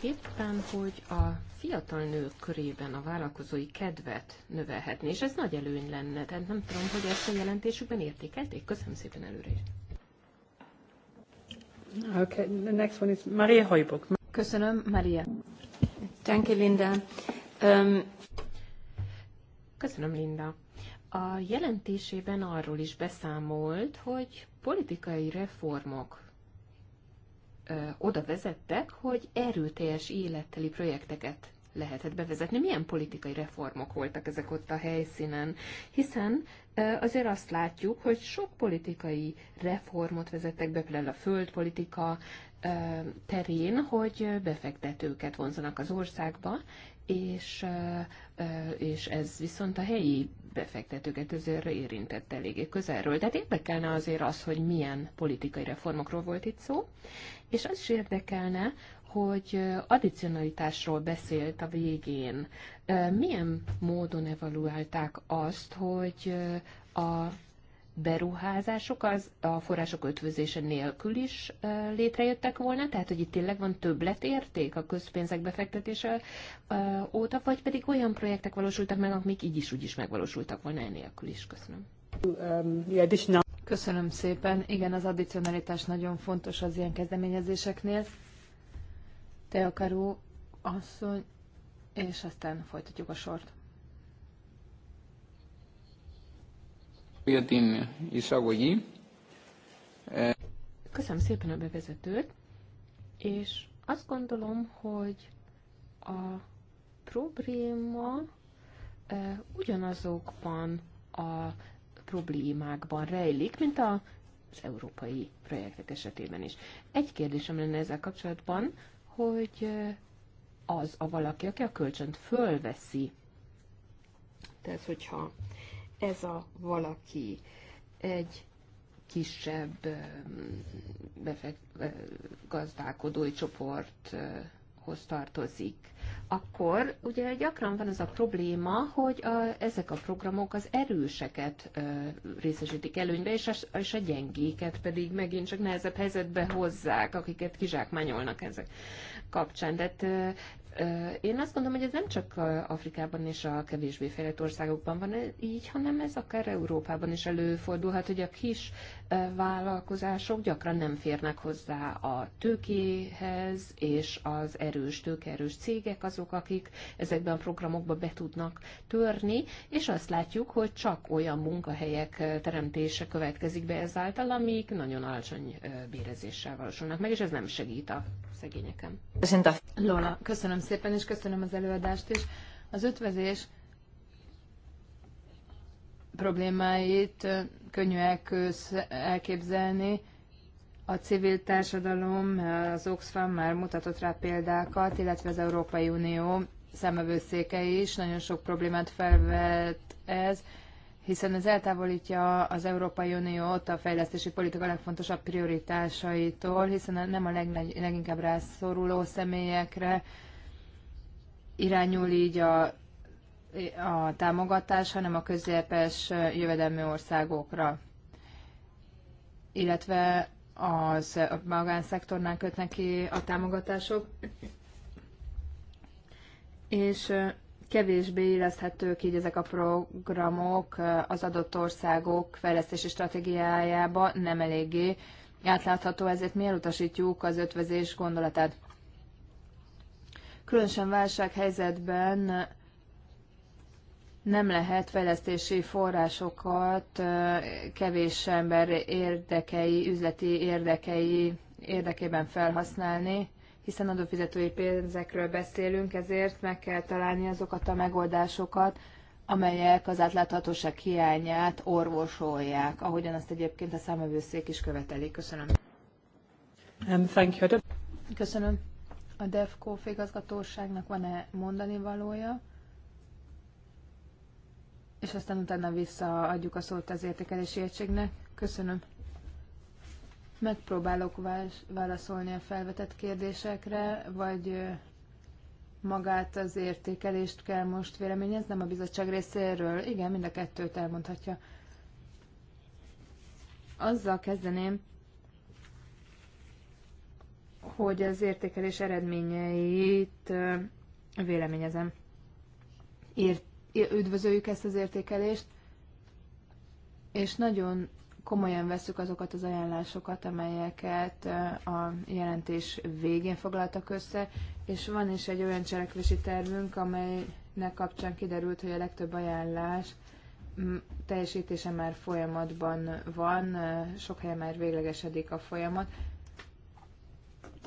Speaker 4: éppen, hogy a fiatal nők körében a vállalkozói kedvet növelhetni, és ez nagy előny lenne. Tehát nem tudom, hogy ezt a jelentésükben értékelték. Köszönöm szépen előre is.
Speaker 1: Okay, the next one is Maria Hojbok.
Speaker 4: Köszönöm, Maria. Danke, Linda. Um... Köszönöm, Linda. A jelentésében arról is beszámolt, hogy politikai reformok ö, oda vezettek, hogy erőteljes életteli projekteket lehetett bevezetni. Milyen politikai reformok voltak ezek ott a helyszínen? Hiszen azért azt látjuk, hogy sok politikai reformot vezettek be, például a földpolitika terén, hogy befektetőket vonzanak az országba, és, és ez viszont a helyi befektetőket azért érintett eléggé közelről. Tehát érdekelne azért az, hogy milyen politikai reformokról volt itt szó, és az is érdekelne, hogy addicionalitásról beszélt a végén. Milyen módon evaluálták azt, hogy a beruházások az a források ötvözése nélkül is létrejöttek volna, tehát hogy itt tényleg van többletérték a közpénzek befektetése óta, vagy
Speaker 2: pedig olyan projektek valósultak meg, amik
Speaker 4: így is úgy is megvalósultak volna enélkül is. Köszönöm.
Speaker 2: Köszönöm szépen. Igen, az addicionalitás nagyon fontos az ilyen kezdeményezéseknél te akaró asszony, és aztán folytatjuk a sort.
Speaker 4: Köszönöm szépen a bevezetőt, és azt gondolom, hogy a probléma e, ugyanazokban a problémákban rejlik, mint az európai projektek esetében is. Egy kérdésem lenne ezzel kapcsolatban, hogy az a valaki, aki a kölcsönt fölveszi. Tehát, hogyha ez a valaki egy kisebb gazdálkodói csoport hoz tartozik, akkor ugye gyakran van az a probléma, hogy a, ezek a programok az erőseket ö, részesítik előnybe, és a, és a gyengéket pedig megint csak nehezebb helyzetbe hozzák, akiket kizsákmányolnak ezek kapcsán. ö, én azt gondolom, hogy ez nem csak Afrikában és a kevésbé fejlett országokban van így, hanem ez akár Európában is előfordulhat, hogy a kis vállalkozások gyakran nem férnek hozzá a tőkéhez, és az erős, tőkerős cégek azok, akik ezekben a programokba be tudnak törni, és azt látjuk, hogy csak olyan munkahelyek teremtése következik be ezáltal, amik nagyon alacsony bérezéssel valósulnak meg, és ez nem segít
Speaker 2: a szegényeken. Lola, köszönöm szépen, és köszönöm az előadást is. Az ötvezés problémáit könnyű elképzelni. A civil társadalom, az Oxfam már mutatott rá példákat, illetve az Európai Unió szemövőszéke is nagyon sok problémát felvet ez hiszen ez eltávolítja az Európai Uniót a fejlesztési politika legfontosabb prioritásaitól, hiszen nem a legnegy, leginkább rászoruló személyekre irányul így a, a támogatás, hanem a középes jövedelmi országokra, illetve az a magánszektornál kötnek ki a támogatások. És kevésbé érezhetők így ezek a programok az adott országok fejlesztési stratégiájába, nem eléggé átlátható, ezért mi elutasítjuk az ötvezés gondolatát. Különösen válsághelyzetben nem lehet fejlesztési forrásokat kevés ember érdekei, üzleti érdekei érdekében felhasználni hiszen adófizetői pénzekről beszélünk, ezért meg kell találni azokat a megoldásokat, amelyek az átláthatóság hiányát orvosolják, ahogyan azt egyébként a számövőszék is követeli. Köszönöm.
Speaker 1: Um, thank you.
Speaker 2: Köszönöm. A DEFCO főigazgatóságnak van-e mondani valója? És aztán utána visszaadjuk a szót az értékelési egységnek. Köszönöm. Megpróbálok válaszolni a felvetett kérdésekre, vagy magát az értékelést kell most véleményeznem a bizottság részéről. Igen, mind a kettőt elmondhatja. Azzal kezdeném, hogy az értékelés eredményeit véleményezem. Ért, üdvözöljük ezt az értékelést, és nagyon komolyan veszük azokat az ajánlásokat, amelyeket a jelentés végén foglaltak össze, és van is egy olyan cselekvési tervünk, amelynek kapcsán kiderült, hogy a legtöbb ajánlás teljesítése már folyamatban van, sok helyen már véglegesedik a folyamat.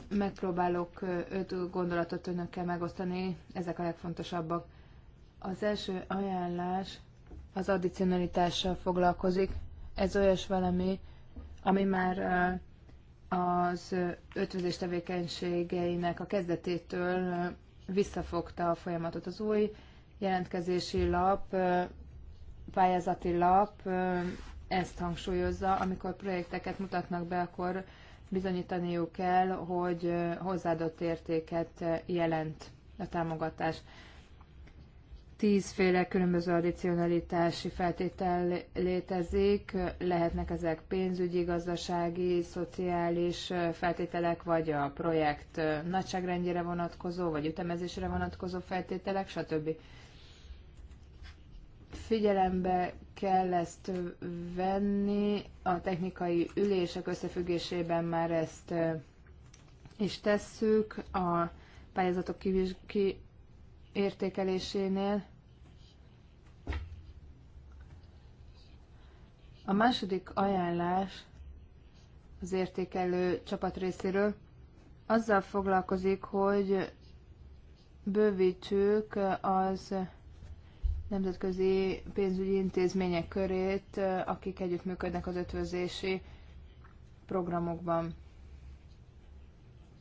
Speaker 2: Megpróbálok öt gondolatot önökkel megosztani, ezek a legfontosabbak. Az első ajánlás az addicionalitással foglalkozik ez olyas valami, ami már az ötvözés tevékenységeinek a kezdetétől visszafogta a folyamatot. Az új jelentkezési lap, pályázati lap ezt hangsúlyozza, amikor projekteket mutatnak be, akkor bizonyítaniuk kell, hogy hozzáadott értéket jelent a támogatás tízféle különböző addicionalitási feltétel létezik, lehetnek ezek pénzügyi, gazdasági, szociális feltételek, vagy a projekt nagyságrendjére vonatkozó, vagy ütemezésre vonatkozó feltételek, stb. Figyelembe kell ezt venni, a technikai ülések összefüggésében már ezt is tesszük, a pályázatok kivizsgálása értékelésénél. A második ajánlás az értékelő csapat részéről azzal foglalkozik, hogy bővítsük az nemzetközi pénzügyi intézmények körét, akik együttműködnek az ötvözési programokban.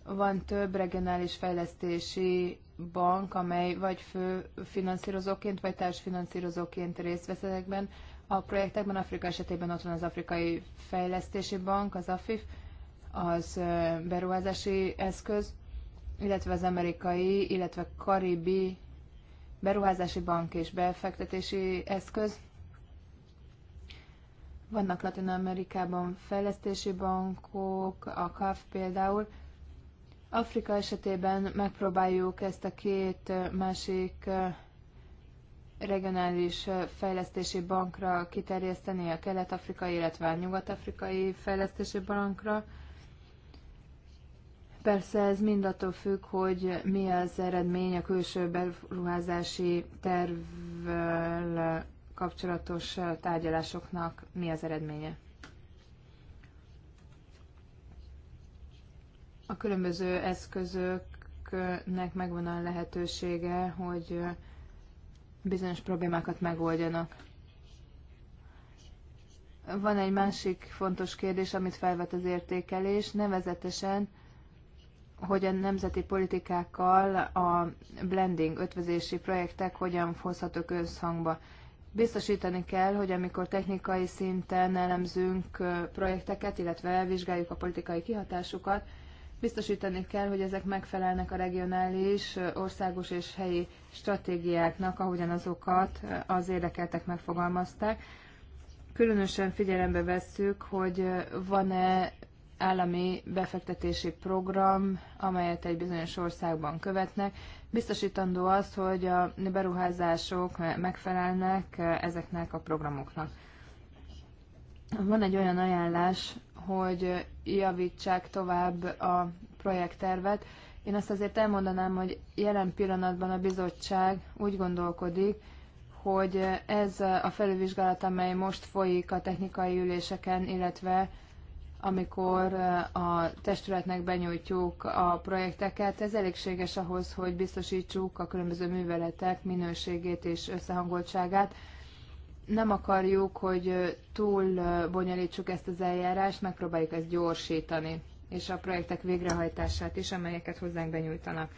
Speaker 2: Van több regionális fejlesztési bank, amely vagy fő finanszírozóként, vagy társfinanszírozóként részt vesz ezekben a projektekben. Afrika esetében ott van az Afrikai Fejlesztési Bank, az AFIF, az beruházási eszköz, illetve az amerikai, illetve karibi beruházási bank és befektetési eszköz. Vannak Latin Amerikában fejlesztési bankok, a CAF például, Afrika esetében megpróbáljuk ezt a két másik regionális fejlesztési bankra kiterjeszteni, a kelet-afrikai, illetve a nyugat-afrikai fejlesztési bankra. Persze ez mind attól függ, hogy mi az eredmény a külső beruházási tervvel kapcsolatos tárgyalásoknak, mi az eredménye. a különböző eszközöknek megvan a lehetősége, hogy bizonyos problémákat megoldjanak. Van egy másik fontos kérdés, amit felvet az értékelés, nevezetesen, hogy a nemzeti politikákkal a blending ötvözési projektek hogyan hozhatók összhangba. Biztosítani kell, hogy amikor technikai szinten elemzünk projekteket, illetve vizsgáljuk a politikai kihatásukat, Biztosítani kell, hogy ezek megfelelnek a regionális, országos és helyi stratégiáknak, ahogyan azokat az érdekeltek megfogalmazták. Különösen figyelembe vesszük, hogy van-e állami befektetési program, amelyet egy bizonyos országban követnek. Biztosítandó az, hogy a beruházások megfelelnek ezeknek a programoknak. Van egy olyan ajánlás, hogy javítsák tovább a projekttervet. Én azt azért elmondanám, hogy jelen pillanatban a bizottság úgy gondolkodik, hogy ez a felülvizsgálat, amely most folyik a technikai üléseken, illetve amikor a testületnek benyújtjuk a projekteket, ez elégséges ahhoz, hogy biztosítsuk a különböző műveletek minőségét és összehangoltságát, nem akarjuk, hogy túl bonyolítsuk ezt az eljárást, megpróbáljuk ezt gyorsítani, és a projektek végrehajtását is, amelyeket hozzánk benyújtanak.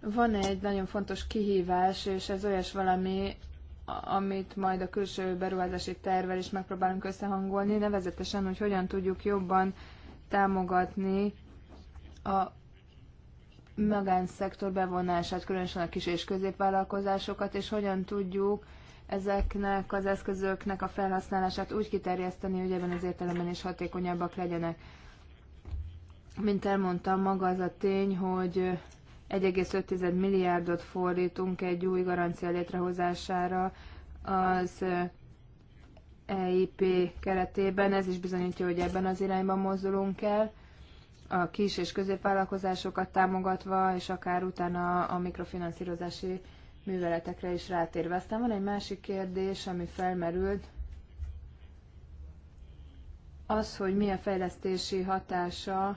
Speaker 2: Van egy nagyon fontos kihívás, és ez olyas valami, amit majd a külső beruházási tervvel is megpróbálunk összehangolni, nevezetesen, hogy hogyan tudjuk jobban támogatni a magánszektor bevonását, különösen a kis és középvállalkozásokat, és hogyan tudjuk ezeknek az eszközöknek a felhasználását úgy kiterjeszteni, hogy ebben az értelemben is hatékonyabbak legyenek. Mint elmondtam, maga az a tény, hogy 1,5 milliárdot fordítunk egy új garancia létrehozására az EIP keretében. Ez is bizonyítja, hogy ebben az irányban mozdulunk el a kis és középvállalkozásokat támogatva, és akár utána a mikrofinanszírozási műveletekre is rátérve. Aztán van egy másik kérdés, ami felmerült, az, hogy milyen fejlesztési hatása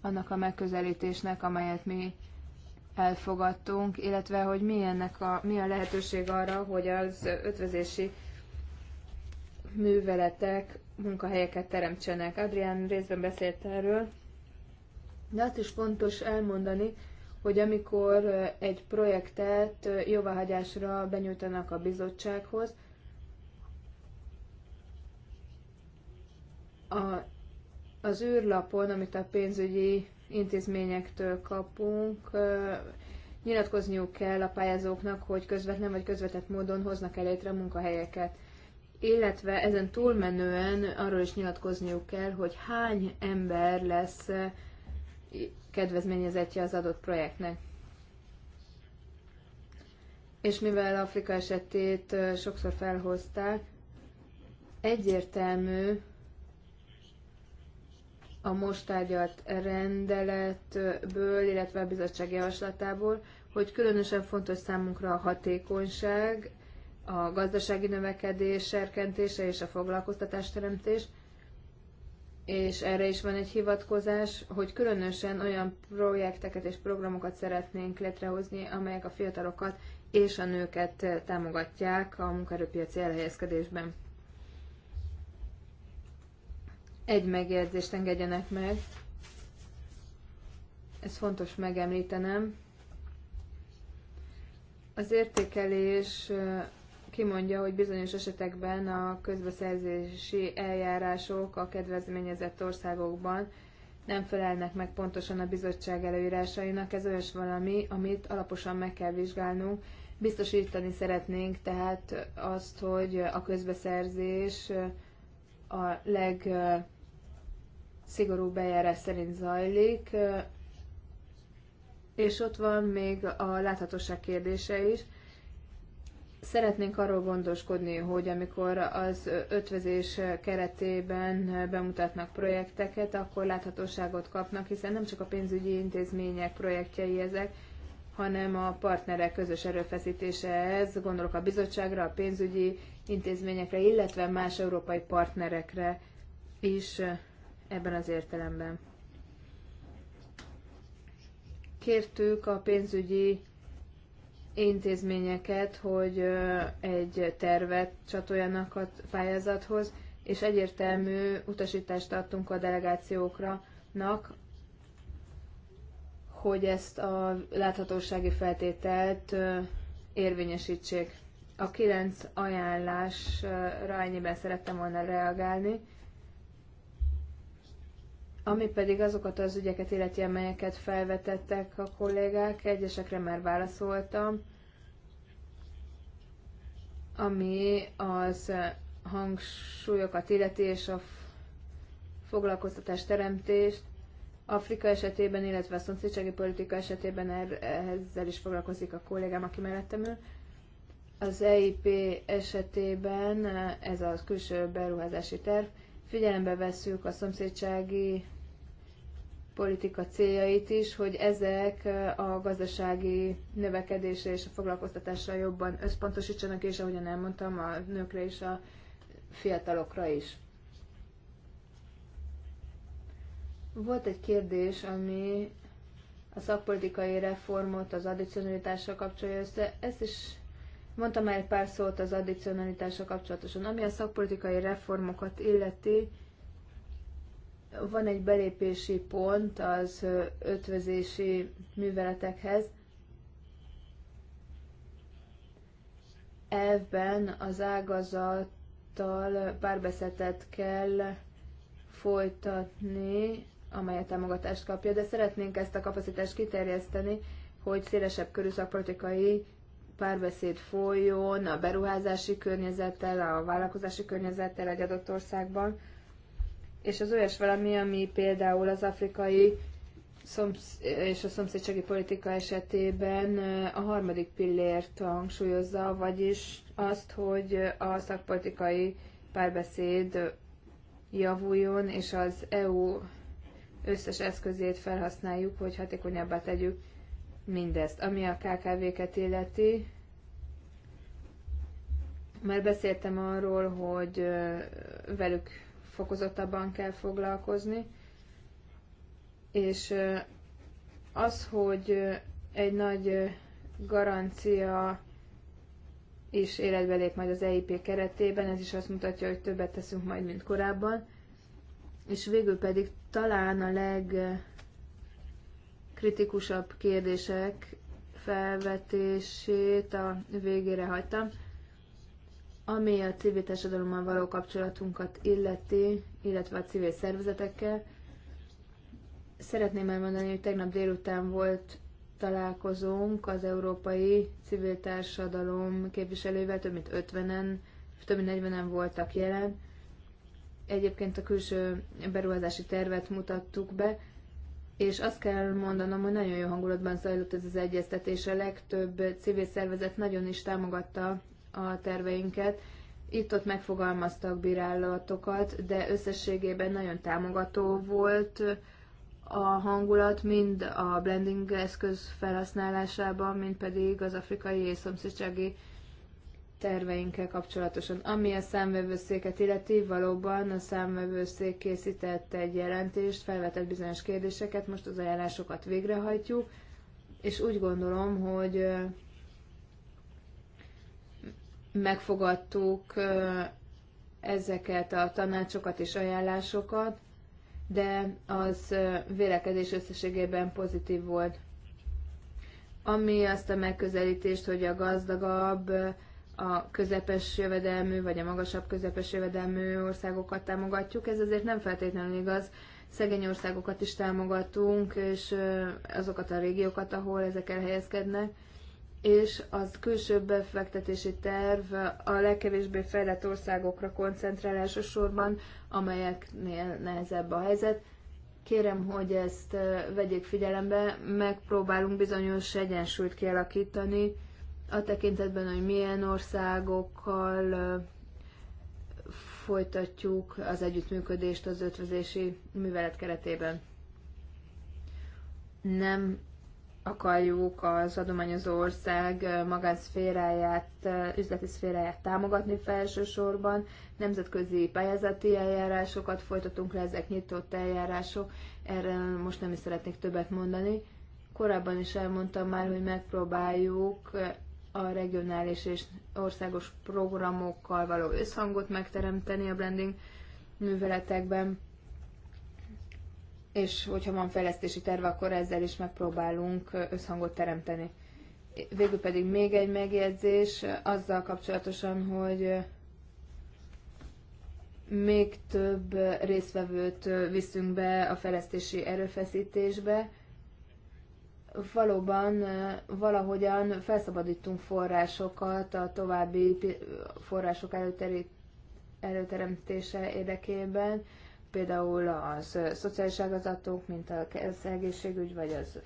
Speaker 2: annak a megközelítésnek, amelyet mi elfogadtunk, illetve hogy mi, ennek a, mi a lehetőség arra, hogy az ötvözési műveletek munkahelyeket teremtsenek. Adrián részben beszélt erről, de azt is fontos elmondani, hogy amikor egy projektet jóváhagyásra benyújtanak a bizottsághoz, a, az űrlapon, amit a pénzügyi intézményektől kapunk, nyilatkozniuk kell a pályázóknak, hogy közvetlen vagy közvetett módon hoznak el létre munkahelyeket. Illetve ezen túlmenően arról is nyilatkozniuk kell, hogy hány ember lesz kedvezményezetje az adott projektnek. És mivel Afrika esetét sokszor felhozták, egyértelmű a most tárgyalt rendeletből, illetve a bizottság javaslatából, hogy különösen fontos számunkra a hatékonyság, a gazdasági növekedés serkentése és a foglalkoztatás teremtés, és erre is van egy hivatkozás, hogy különösen olyan projekteket és programokat szeretnénk létrehozni, amelyek a fiatalokat és a nőket támogatják a munkaerőpiaci elhelyezkedésben. Egy megjegyzést engedjenek meg, ez fontos megemlítenem. Az értékelés kimondja, hogy bizonyos esetekben a közbeszerzési eljárások a kedvezményezett országokban nem felelnek meg pontosan a bizottság előírásainak. Ez olyas valami, amit alaposan meg kell vizsgálnunk. Biztosítani szeretnénk tehát azt, hogy a közbeszerzés a legszigorúbb eljárás szerint zajlik, és ott van még a láthatóság kérdése is. Szeretnénk arról gondoskodni, hogy amikor az ötvezés keretében bemutatnak projekteket, akkor láthatóságot kapnak, hiszen nem csak a pénzügyi intézmények projektjei ezek, hanem a partnerek közös erőfeszítése ez, gondolok a bizottságra, a pénzügyi intézményekre, illetve más európai partnerekre is ebben az értelemben. Kértük a pénzügyi intézményeket, hogy egy tervet csatoljanak a pályázathoz, és egyértelmű utasítást adtunk a delegációknak, hogy ezt a láthatósági feltételt érvényesítsék. A kilenc ajánlásra ennyiben szerettem volna reagálni. Ami pedig azokat az ügyeket illeti, amelyeket felvetettek a kollégák, egyesekre már válaszoltam, ami az hangsúlyokat illeti és a foglalkoztatás teremtést, Afrika esetében, illetve a szomszédsági politika esetében er- ezzel is foglalkozik a kollégám, aki mellettem ül. Az EIP esetében ez a külső beruházási terv. Figyelembe veszük a szomszédsági politika céljait is, hogy ezek a gazdasági növekedésre és a foglalkoztatásra jobban összpontosítsanak, és ahogyan elmondtam, a nőkre és a fiatalokra is. Volt egy kérdés, ami a szakpolitikai reformot az addicionalitással kapcsolja össze. Ezt is mondtam már egy pár szót az addicionalitással kapcsolatosan. Ami a szakpolitikai reformokat illeti, van egy belépési pont az ötvözési műveletekhez. Elvben az ágazattal párbeszetet kell folytatni, amely a támogatást kapja, de szeretnénk ezt a kapacitást kiterjeszteni, hogy szélesebb körű szakpolitikai párbeszéd folyjon a beruházási környezettel, a vállalkozási környezettel egy adott országban, és az olyas valami, ami például az afrikai szomsz- és a szomszédsági politika esetében a harmadik pillért hangsúlyozza, vagyis azt, hogy a szakpolitikai párbeszéd javuljon, és az EU összes eszközét felhasználjuk, hogy hatékonyabbá tegyük mindezt. Ami a KKV-ket illeti, már beszéltem arról, hogy velük fokozottabban kell foglalkozni, és az, hogy egy nagy garancia is életbe lép majd az EIP keretében, ez is azt mutatja, hogy többet teszünk majd, mint korábban. És végül pedig talán a legkritikusabb kérdések felvetését a végére hagytam. Ami a civil társadalommal való kapcsolatunkat illeti, illetve a civil szervezetekkel, szeretném elmondani, hogy tegnap délután volt találkozónk az európai civil társadalom képviselővel, több mint 50-en, több mint 40-en voltak jelen. Egyébként a külső beruházási tervet mutattuk be, és azt kell mondanom, hogy nagyon jó hangulatban zajlott ez az egyeztetés. A legtöbb civil szervezet nagyon is támogatta a terveinket. Itt-ott megfogalmaztak bírálatokat, de összességében nagyon támogató volt a hangulat, mind a blending eszköz felhasználásában, mind pedig az afrikai és szomszédsági terveinkkel kapcsolatosan. Ami a számvevőszéket illeti, valóban a számvevőszék készített egy jelentést, felvetett bizonyos kérdéseket, most az ajánlásokat végrehajtjuk, és úgy gondolom, hogy megfogadtuk ezeket a tanácsokat és ajánlásokat, de az vélekedés összességében pozitív volt. Ami azt a megközelítést, hogy a gazdagabb, a közepes jövedelmű vagy a magasabb közepes jövedelmű országokat támogatjuk, ez azért nem feltétlenül igaz. Szegény országokat is támogatunk, és azokat a régiókat, ahol ezek elhelyezkednek és az külső befektetési terv a legkevésbé fejlett országokra koncentrál elsősorban, amelyeknél nehezebb a helyzet. Kérem, hogy ezt vegyék figyelembe, megpróbálunk bizonyos egyensúlyt kialakítani a tekintetben, hogy milyen országokkal folytatjuk az együttműködést az ötvözési művelet keretében. Nem akarjuk az adományozó ország magánszféráját, üzleti szféráját támogatni felsősorban. Nemzetközi pályázati eljárásokat folytatunk le, ezek nyitott eljárások, erre most nem is szeretnék többet mondani. Korábban is elmondtam már, hogy megpróbáljuk a regionális és országos programokkal való összhangot megteremteni a blending műveletekben és hogyha van fejlesztési terve, akkor ezzel is megpróbálunk összhangot teremteni. Végül pedig még egy megjegyzés azzal kapcsolatosan, hogy még több részvevőt viszünk be a fejlesztési erőfeszítésbe. Valóban valahogyan felszabadítunk forrásokat a további források előteremtése érdekében például az szociális ágazatok, mint az egészségügy vagy az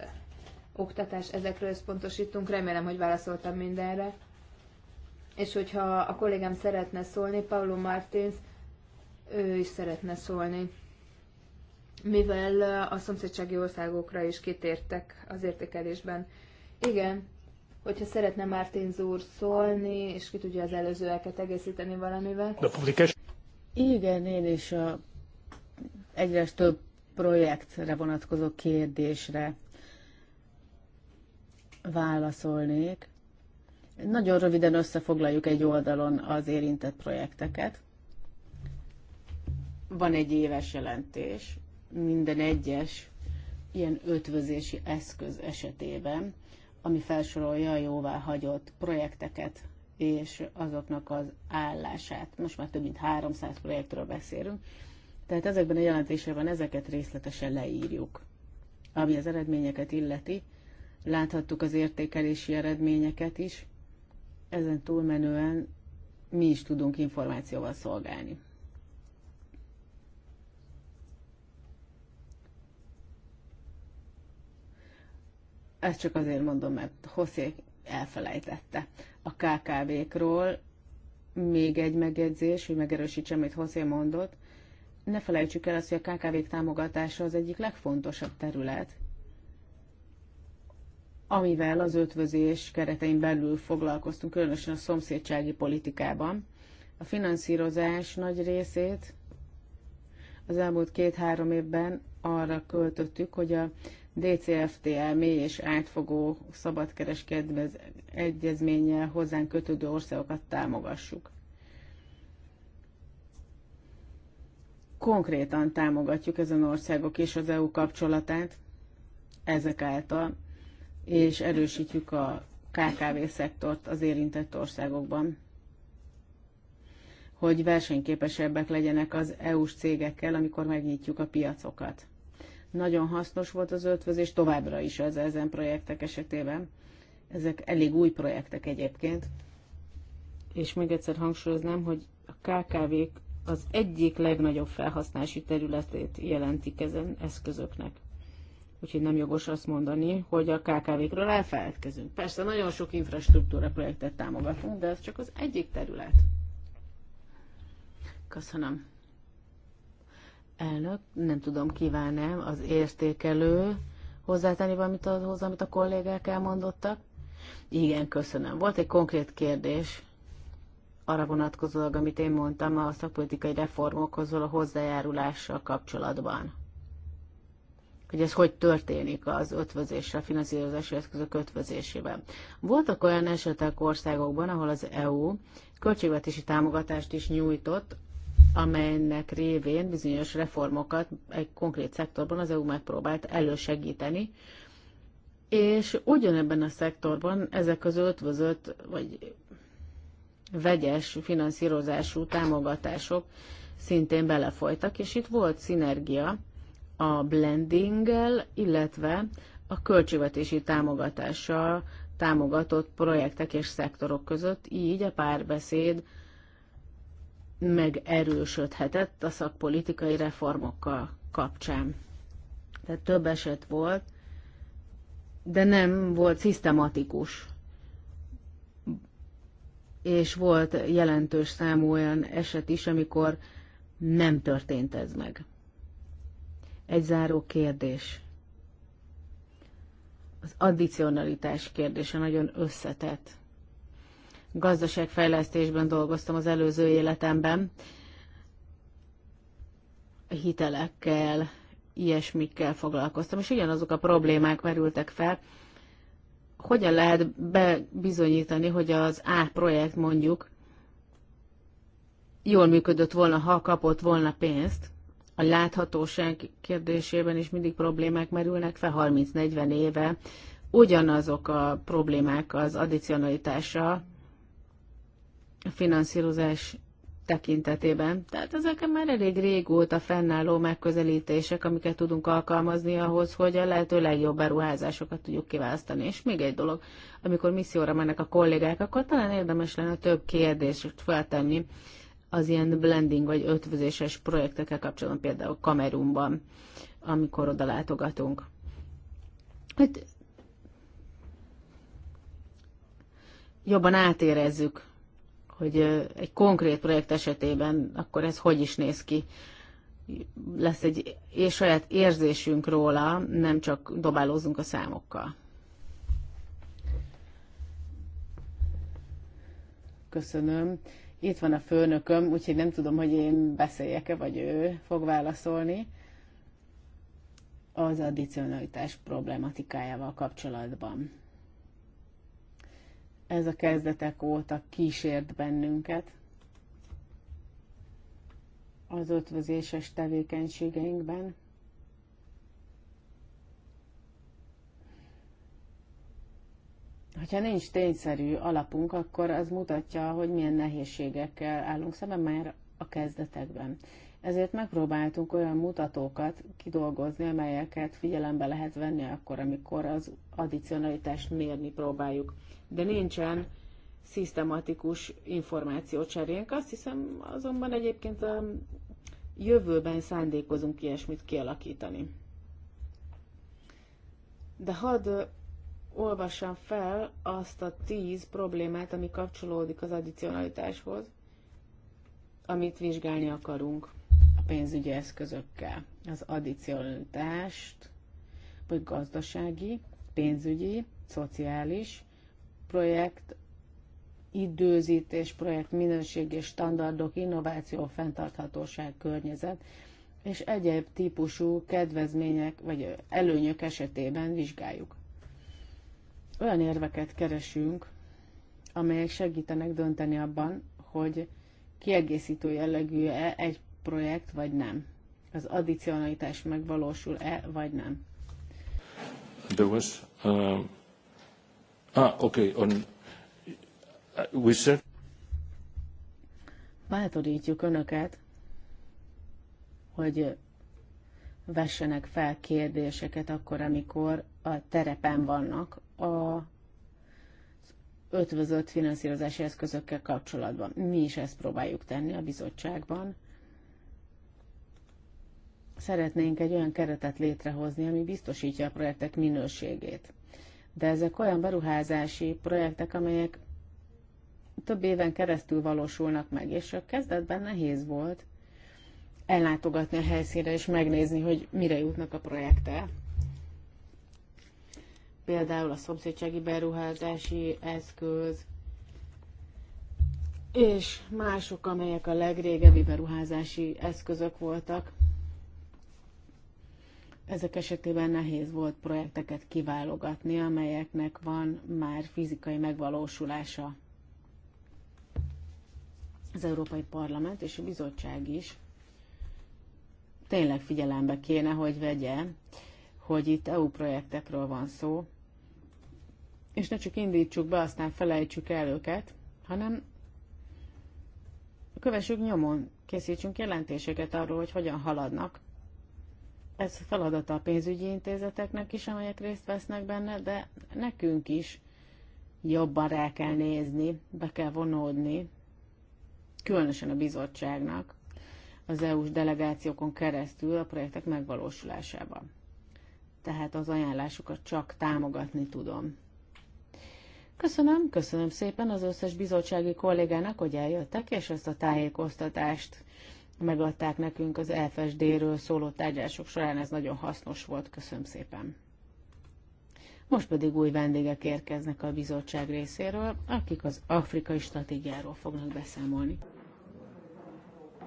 Speaker 2: oktatás, ezekről összpontosítunk. Remélem, hogy válaszoltam mindenre. És hogyha a kollégám szeretne szólni, Paulo Martins, ő is szeretne szólni. Mivel a szomszédsági országokra is kitértek az értékelésben. Igen, hogyha szeretne Martins úr szólni, és ki tudja az előzőeket egészíteni valamivel. Igen, én is
Speaker 3: a egyre több projektre vonatkozó kérdésre válaszolnék. Nagyon röviden összefoglaljuk egy oldalon az érintett projekteket. Van egy éves jelentés minden egyes ilyen ötvözési eszköz esetében, ami felsorolja a jóváhagyott projekteket és azoknak az állását. Most már több mint 300 projektről beszélünk, tehát ezekben a jelentésekben ezeket részletesen leírjuk. Ami az eredményeket illeti, láthattuk az értékelési eredményeket is, ezen túlmenően mi is tudunk információval szolgálni. Ezt csak azért mondom, mert Hosszék elfelejtette. A KKV-król még egy megjegyzés, hogy megerősítsem, amit Hosszé mondott – ne felejtsük el azt, hogy a kkv támogatása az egyik legfontosabb terület, amivel az ötvözés keretein belül foglalkoztunk, különösen a szomszédsági politikában. A finanszírozás nagy részét az elmúlt két-három évben arra költöttük, hogy a DCFTL mély és átfogó szabadkereskedelmi egyezménnyel hozzánk kötődő országokat támogassuk. konkrétan támogatjuk ezen országok és az EU kapcsolatát ezek által, és erősítjük a KKV szektort az érintett országokban, hogy versenyképesebbek legyenek az EU-s cégekkel, amikor megnyitjuk a piacokat. Nagyon hasznos volt az ötvözés, továbbra is az ezen projektek esetében. Ezek elég új projektek egyébként. És még egyszer hangsúlyoznám, hogy a KKV-k az egyik legnagyobb felhasználási területét jelentik ezen eszközöknek. Úgyhogy nem jogos azt mondani, hogy a KKV-kről elfeledkezünk. Persze nagyon sok infrastruktúra projektet támogatunk, de ez csak az egyik terület. Köszönöm. Elnök, nem tudom, kívánnám az értékelő hozzátenni valamit ahhoz, amit a kollégák elmondottak. Igen, köszönöm. Volt egy konkrét kérdés arra vonatkozólag, amit én mondtam a szakpolitikai reformokhoz való hozzájárulással kapcsolatban. Hogy ez hogy történik az ötvözéssel, finanszírozási eszközök ötvözésében. Voltak olyan esetek országokban, ahol az EU költségvetési támogatást is nyújtott, amelynek révén bizonyos reformokat egy konkrét szektorban az EU megpróbált elősegíteni, és ugyanebben a szektorban ezek az ötvözött vagy vegyes finanszírozású támogatások szintén belefolytak, és itt volt szinergia a blendinggel, illetve a költségvetési támogatással támogatott projektek és szektorok között, így a párbeszéd megerősödhetett a szakpolitikai reformokkal kapcsán. Tehát több eset volt, de nem volt szisztematikus és volt jelentős számú olyan eset is, amikor nem történt ez meg. Egy záró kérdés. Az addicionalitás kérdése nagyon összetett. Gazdaságfejlesztésben dolgoztam az előző életemben, hitelekkel, ilyesmikkel foglalkoztam, és ugyanazok a problémák merültek fel, hogyan lehet bebizonyítani, hogy az A projekt mondjuk jól működött volna, ha kapott volna pénzt, a láthatóság kérdésében is mindig problémák merülnek fel 30-40 éve. Ugyanazok a problémák az addicionalitása, a finanszírozás tekintetében. Tehát ezek már elég régóta fennálló megközelítések, amiket tudunk alkalmazni ahhoz, hogy a lehető legjobb beruházásokat tudjuk kiválasztani. És még egy dolog, amikor misszióra mennek a kollégák, akkor talán érdemes lenne több kérdést feltenni az ilyen blending vagy ötvözéses projektekkel kapcsolatban, például Kamerunban, amikor oda látogatunk. Hát jobban átérezzük hogy egy konkrét projekt esetében akkor ez hogy is néz ki. Lesz egy és saját érzésünk róla, nem csak dobálózunk a számokkal. Köszönöm. Itt van a főnököm, úgyhogy nem tudom, hogy én beszéljek-e, vagy ő fog válaszolni az addicionalitás problématikájával kapcsolatban. Ez a kezdetek óta kísért bennünket az ötvözéses tevékenységeinkben. Hogyha nincs tényszerű alapunk, akkor az mutatja, hogy milyen nehézségekkel állunk szemben már a kezdetekben. Ezért megpróbáltunk olyan mutatókat kidolgozni, amelyeket figyelembe lehet venni akkor, amikor az addicionalitást mérni próbáljuk. De nincsen szisztematikus információcserénk. Azt hiszem azonban egyébként a um, jövőben szándékozunk ilyesmit kialakítani. De hadd uh, olvassam fel azt a tíz problémát, ami kapcsolódik az addicionalitáshoz, amit vizsgálni akarunk pénzügyi eszközökkel. Az addicionalitást, vagy gazdasági, pénzügyi, szociális projekt, időzítés, projekt minőség és standardok, innováció, fenntarthatóság, környezet és egyéb típusú kedvezmények vagy előnyök esetében vizsgáljuk. Olyan érveket keresünk, amelyek segítenek dönteni abban, hogy kiegészítő jellegű-e egy projekt, vagy nem? Az addicionalitás megvalósul-e, vagy nem?
Speaker 1: There was, um, ah, okay, on, uh, we said...
Speaker 3: Bátorítjuk Önöket, hogy vessenek fel kérdéseket akkor, amikor a terepen vannak a ötvözött finanszírozási eszközökkel kapcsolatban. Mi is ezt próbáljuk tenni a bizottságban, szeretnénk egy olyan keretet létrehozni, ami biztosítja a projektek minőségét. De ezek olyan beruházási projektek, amelyek több éven keresztül valósulnak meg, és a kezdetben nehéz volt ellátogatni a helyszínre és megnézni, hogy mire jutnak a projektek. Például a szomszédsági beruházási eszköz, és mások, amelyek a legrégebbi beruházási eszközök voltak, ezek esetében nehéz volt projekteket kiválogatni, amelyeknek van már fizikai megvalósulása. Az Európai Parlament és a Bizottság is tényleg figyelembe kéne, hogy vegye, hogy itt EU projektekről van szó, és ne csak indítsuk be, aztán felejtsük el őket, hanem kövessük nyomon, készítsünk jelentéseket arról, hogy hogyan haladnak, ez feladata a pénzügyi intézeteknek is, amelyek részt vesznek benne, de nekünk is jobban rá kell nézni, be kell vonódni, különösen a bizottságnak, az EU-s delegációkon keresztül a projektek megvalósulásában. Tehát az ajánlásukat csak támogatni tudom. Köszönöm, köszönöm szépen az összes bizottsági kollégának, hogy eljöttek, és ezt a tájékoztatást megadták nekünk az FSD-ről szóló tárgyások során, ez nagyon hasznos volt, köszönöm szépen. Most pedig új vendégek érkeznek a bizottság részéről, akik az afrikai stratégiáról fognak beszámolni.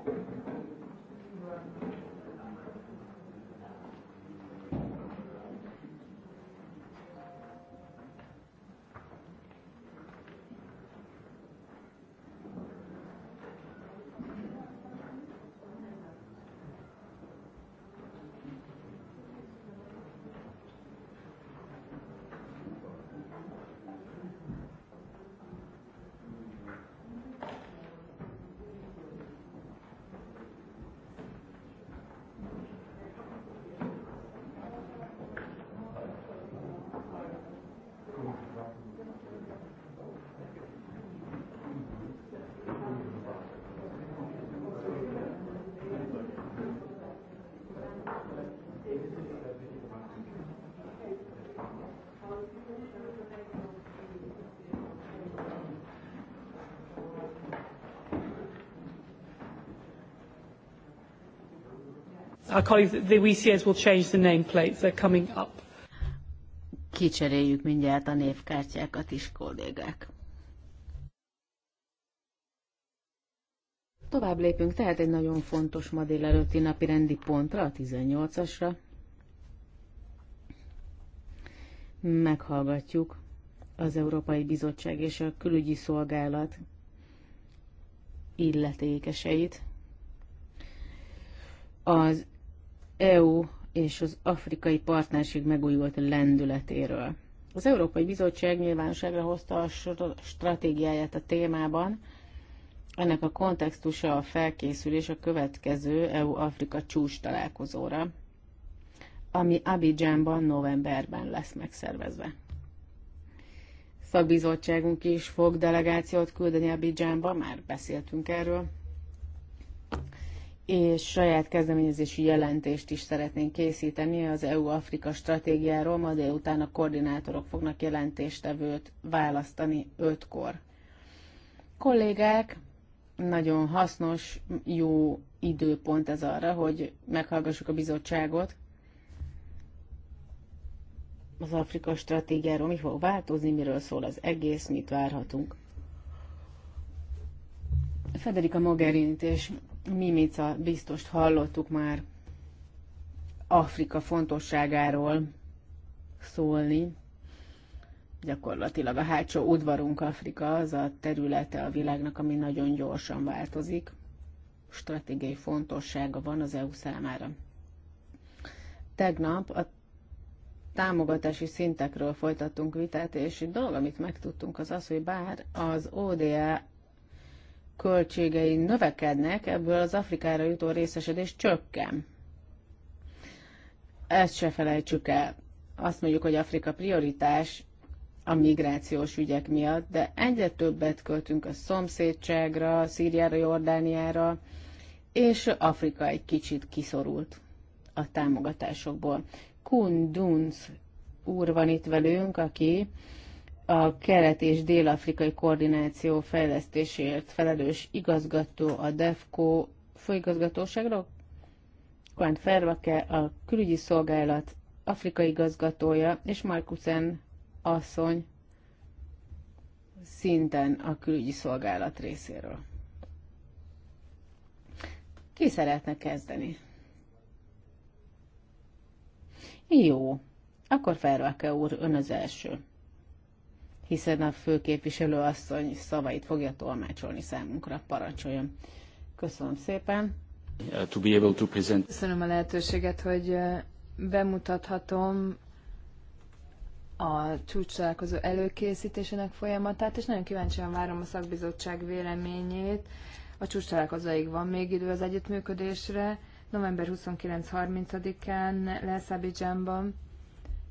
Speaker 3: Thank you.
Speaker 1: our colleagues, the WCS will change the nameplates. They're coming up. Kicseréljük mindjárt a névkártyákat is, kollégák.
Speaker 3: Tovább lépünk tehát egy nagyon fontos ma délelőtti napi rendi pontra, a 18-asra. Meghallgatjuk az Európai Bizottság és a Külügyi Szolgálat illetékeseit az EU és az afrikai partnerség megújult lendületéről. Az Európai Bizottság nyilvánosságra hozta a stratégiáját a témában. Ennek a kontextusa a felkészülés a következő EU-Afrika csúcs találkozóra, ami Abidjanban novemberben lesz megszervezve. Szakbizottságunk is fog delegációt küldeni Abidjanba, már beszéltünk erről, és saját kezdeményezési jelentést is szeretnénk készíteni az EU-Afrika stratégiáról. Ma délután a koordinátorok fognak jelentéstevőt választani ötkor. Kollégák, nagyon hasznos, jó időpont ez arra, hogy meghallgassuk a bizottságot az Afrika stratégiáról, mi fog változni, miről szól az egész, mit várhatunk. Federica Mogherini és Mimica biztost hallottuk már Afrika fontosságáról szólni. Gyakorlatilag a hátsó udvarunk Afrika az a területe a világnak, ami nagyon gyorsan változik. Stratégiai fontossága van az EU számára. Tegnap a támogatási szintekről folytattunk vitát, és egy dolog, amit megtudtunk, az az, hogy bár az ODA költségei növekednek, ebből az Afrikára jutó részesedés csökken. Ezt se felejtsük el. Azt mondjuk, hogy Afrika prioritás a migrációs ügyek miatt, de egyre többet költünk a szomszédságra, Szíriára, Jordániára, és Afrika egy kicsit kiszorult a támogatásokból. Kun Dunz úr van itt velünk, aki a kelet- és dél-afrikai koordináció fejlesztéséért felelős igazgató a DEFCO főigazgatóságra, Quant Fervake, a külügyi szolgálat afrikai igazgatója, és Markusen asszony szinten a külügyi szolgálat részéről. Ki szeretne kezdeni? Jó, akkor Fervake úr, ön az első hiszen a főképviselő asszony szavait fogja tolmácsolni számunkra. Parancsoljon! Köszönöm szépen!
Speaker 1: Uh, to be able to present.
Speaker 2: Köszönöm a lehetőséget, hogy uh, bemutathatom a csúcstalálkozó előkészítésének folyamatát, és nagyon kíváncsian várom a szakbizottság véleményét. A csúcstalálkozóig van még idő az együttműködésre. November 29-30-án lesz Abidjanban.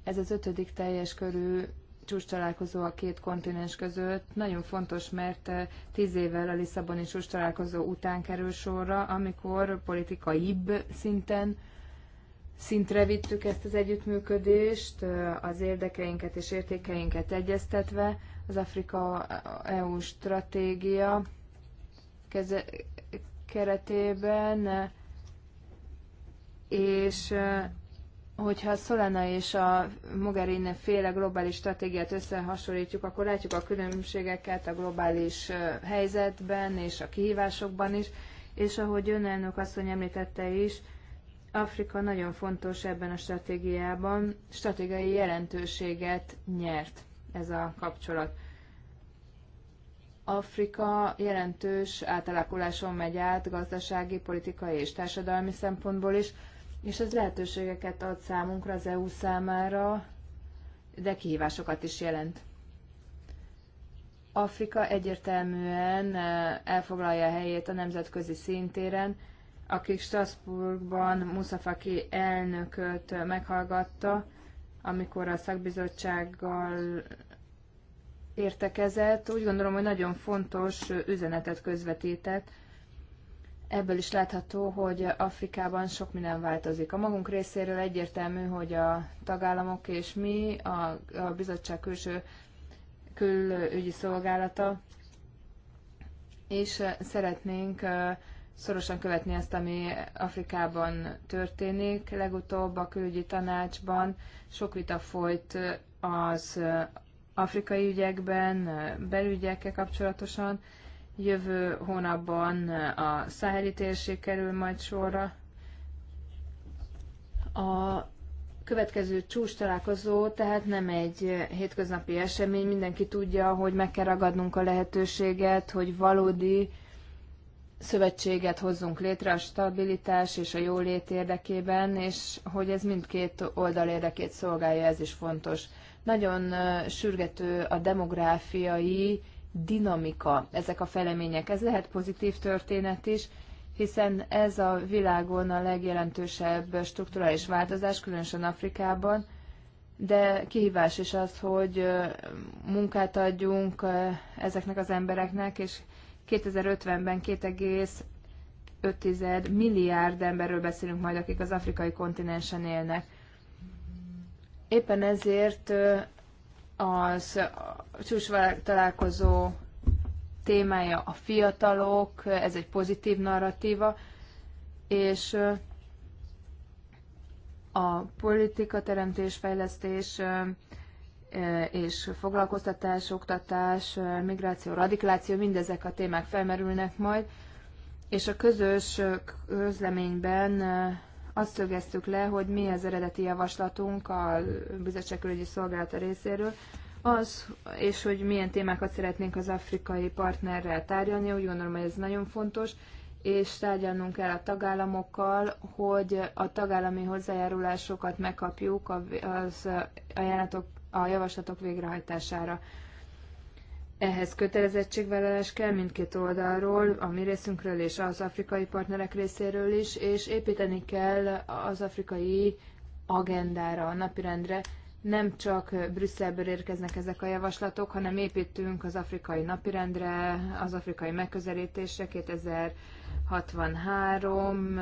Speaker 2: Ez az ötödik teljes körű csúcs találkozó a két kontinens között nagyon fontos, mert eh, tíz évvel a Lisszaboni csúcs találkozó után kerül sorra, amikor politikaibb szinten szintre vittük ezt az együttműködést, eh, az érdekeinket és értékeinket egyeztetve. Az Afrika-EU eh, stratégia keze- keretében és hogyha Solana és a Mogherini féle globális stratégiát összehasonlítjuk, akkor látjuk a különbségeket a globális helyzetben és a kihívásokban is, és ahogy ön elnök asszony említette is, Afrika nagyon fontos ebben a stratégiában, stratégiai jelentőséget nyert ez a kapcsolat. Afrika jelentős átalakuláson megy át gazdasági, politikai és társadalmi szempontból is, és ez lehetőségeket ad számunkra, az EU számára, de kihívásokat is jelent. Afrika egyértelműen eh, elfoglalja a helyét a nemzetközi szintéren, akik Strasbourgban Muszafaki elnököt meghallgatta, amikor a szakbizottsággal értekezett, úgy gondolom, hogy nagyon fontos üzenetet közvetített Ebből is látható, hogy Afrikában sok minden változik. A magunk részéről egyértelmű, hogy a tagállamok és mi, a, a bizottság külső külügyi szolgálata, és eh, szeretnénk eh, szorosan követni ezt ami Afrikában történik. Legutóbb a külügyi tanácsban sok vita folyt eh, az afrikai ügyekben, belügyekkel kapcsolatosan, Jövő hónapban a száheli térség kerül majd sorra. A következő csúcs találkozó tehát nem egy hétköznapi esemény, mindenki tudja, hogy meg kell ragadnunk a lehetőséget, hogy valódi szövetséget hozzunk létre a stabilitás és a jólét érdekében, és hogy ez mindkét oldal érdekét szolgálja, ez is fontos. Nagyon sürgető a demográfiai dinamika, ezek a felemények. Ez lehet pozitív történet is, hiszen ez a világon a legjelentősebb strukturális változás, különösen Afrikában, de kihívás is az, hogy munkát adjunk ezeknek az embereknek, és 2050-ben 2,5 milliárd emberről beszélünk majd, akik az afrikai kontinensen élnek. Éppen ezért az csúcs találkozó témája a fiatalok, ez egy pozitív narratíva, és a politika, teremtés, fejlesztés és foglalkoztatás, oktatás, migráció, radikuláció, mindezek a témák felmerülnek majd, és a közös közleményben azt szögeztük le, hogy mi az eredeti javaslatunk a bizottságkörügyi szolgálata részéről, az, és hogy milyen témákat szeretnénk az afrikai partnerrel tárgyalni, úgy gondolom, hogy ez nagyon fontos, és tárgyalnunk kell a tagállamokkal, hogy a tagállami hozzájárulásokat megkapjuk az ajánlatok, a javaslatok végrehajtására. Ehhez kötelezettségvállalás kell mindkét oldalról, a mi részünkről és az afrikai partnerek részéről is, és építeni kell az afrikai agendára, a napirendre. Nem csak Brüsszelből érkeznek ezek a javaslatok, hanem építünk az afrikai napirendre, az afrikai megközelítésre 2063,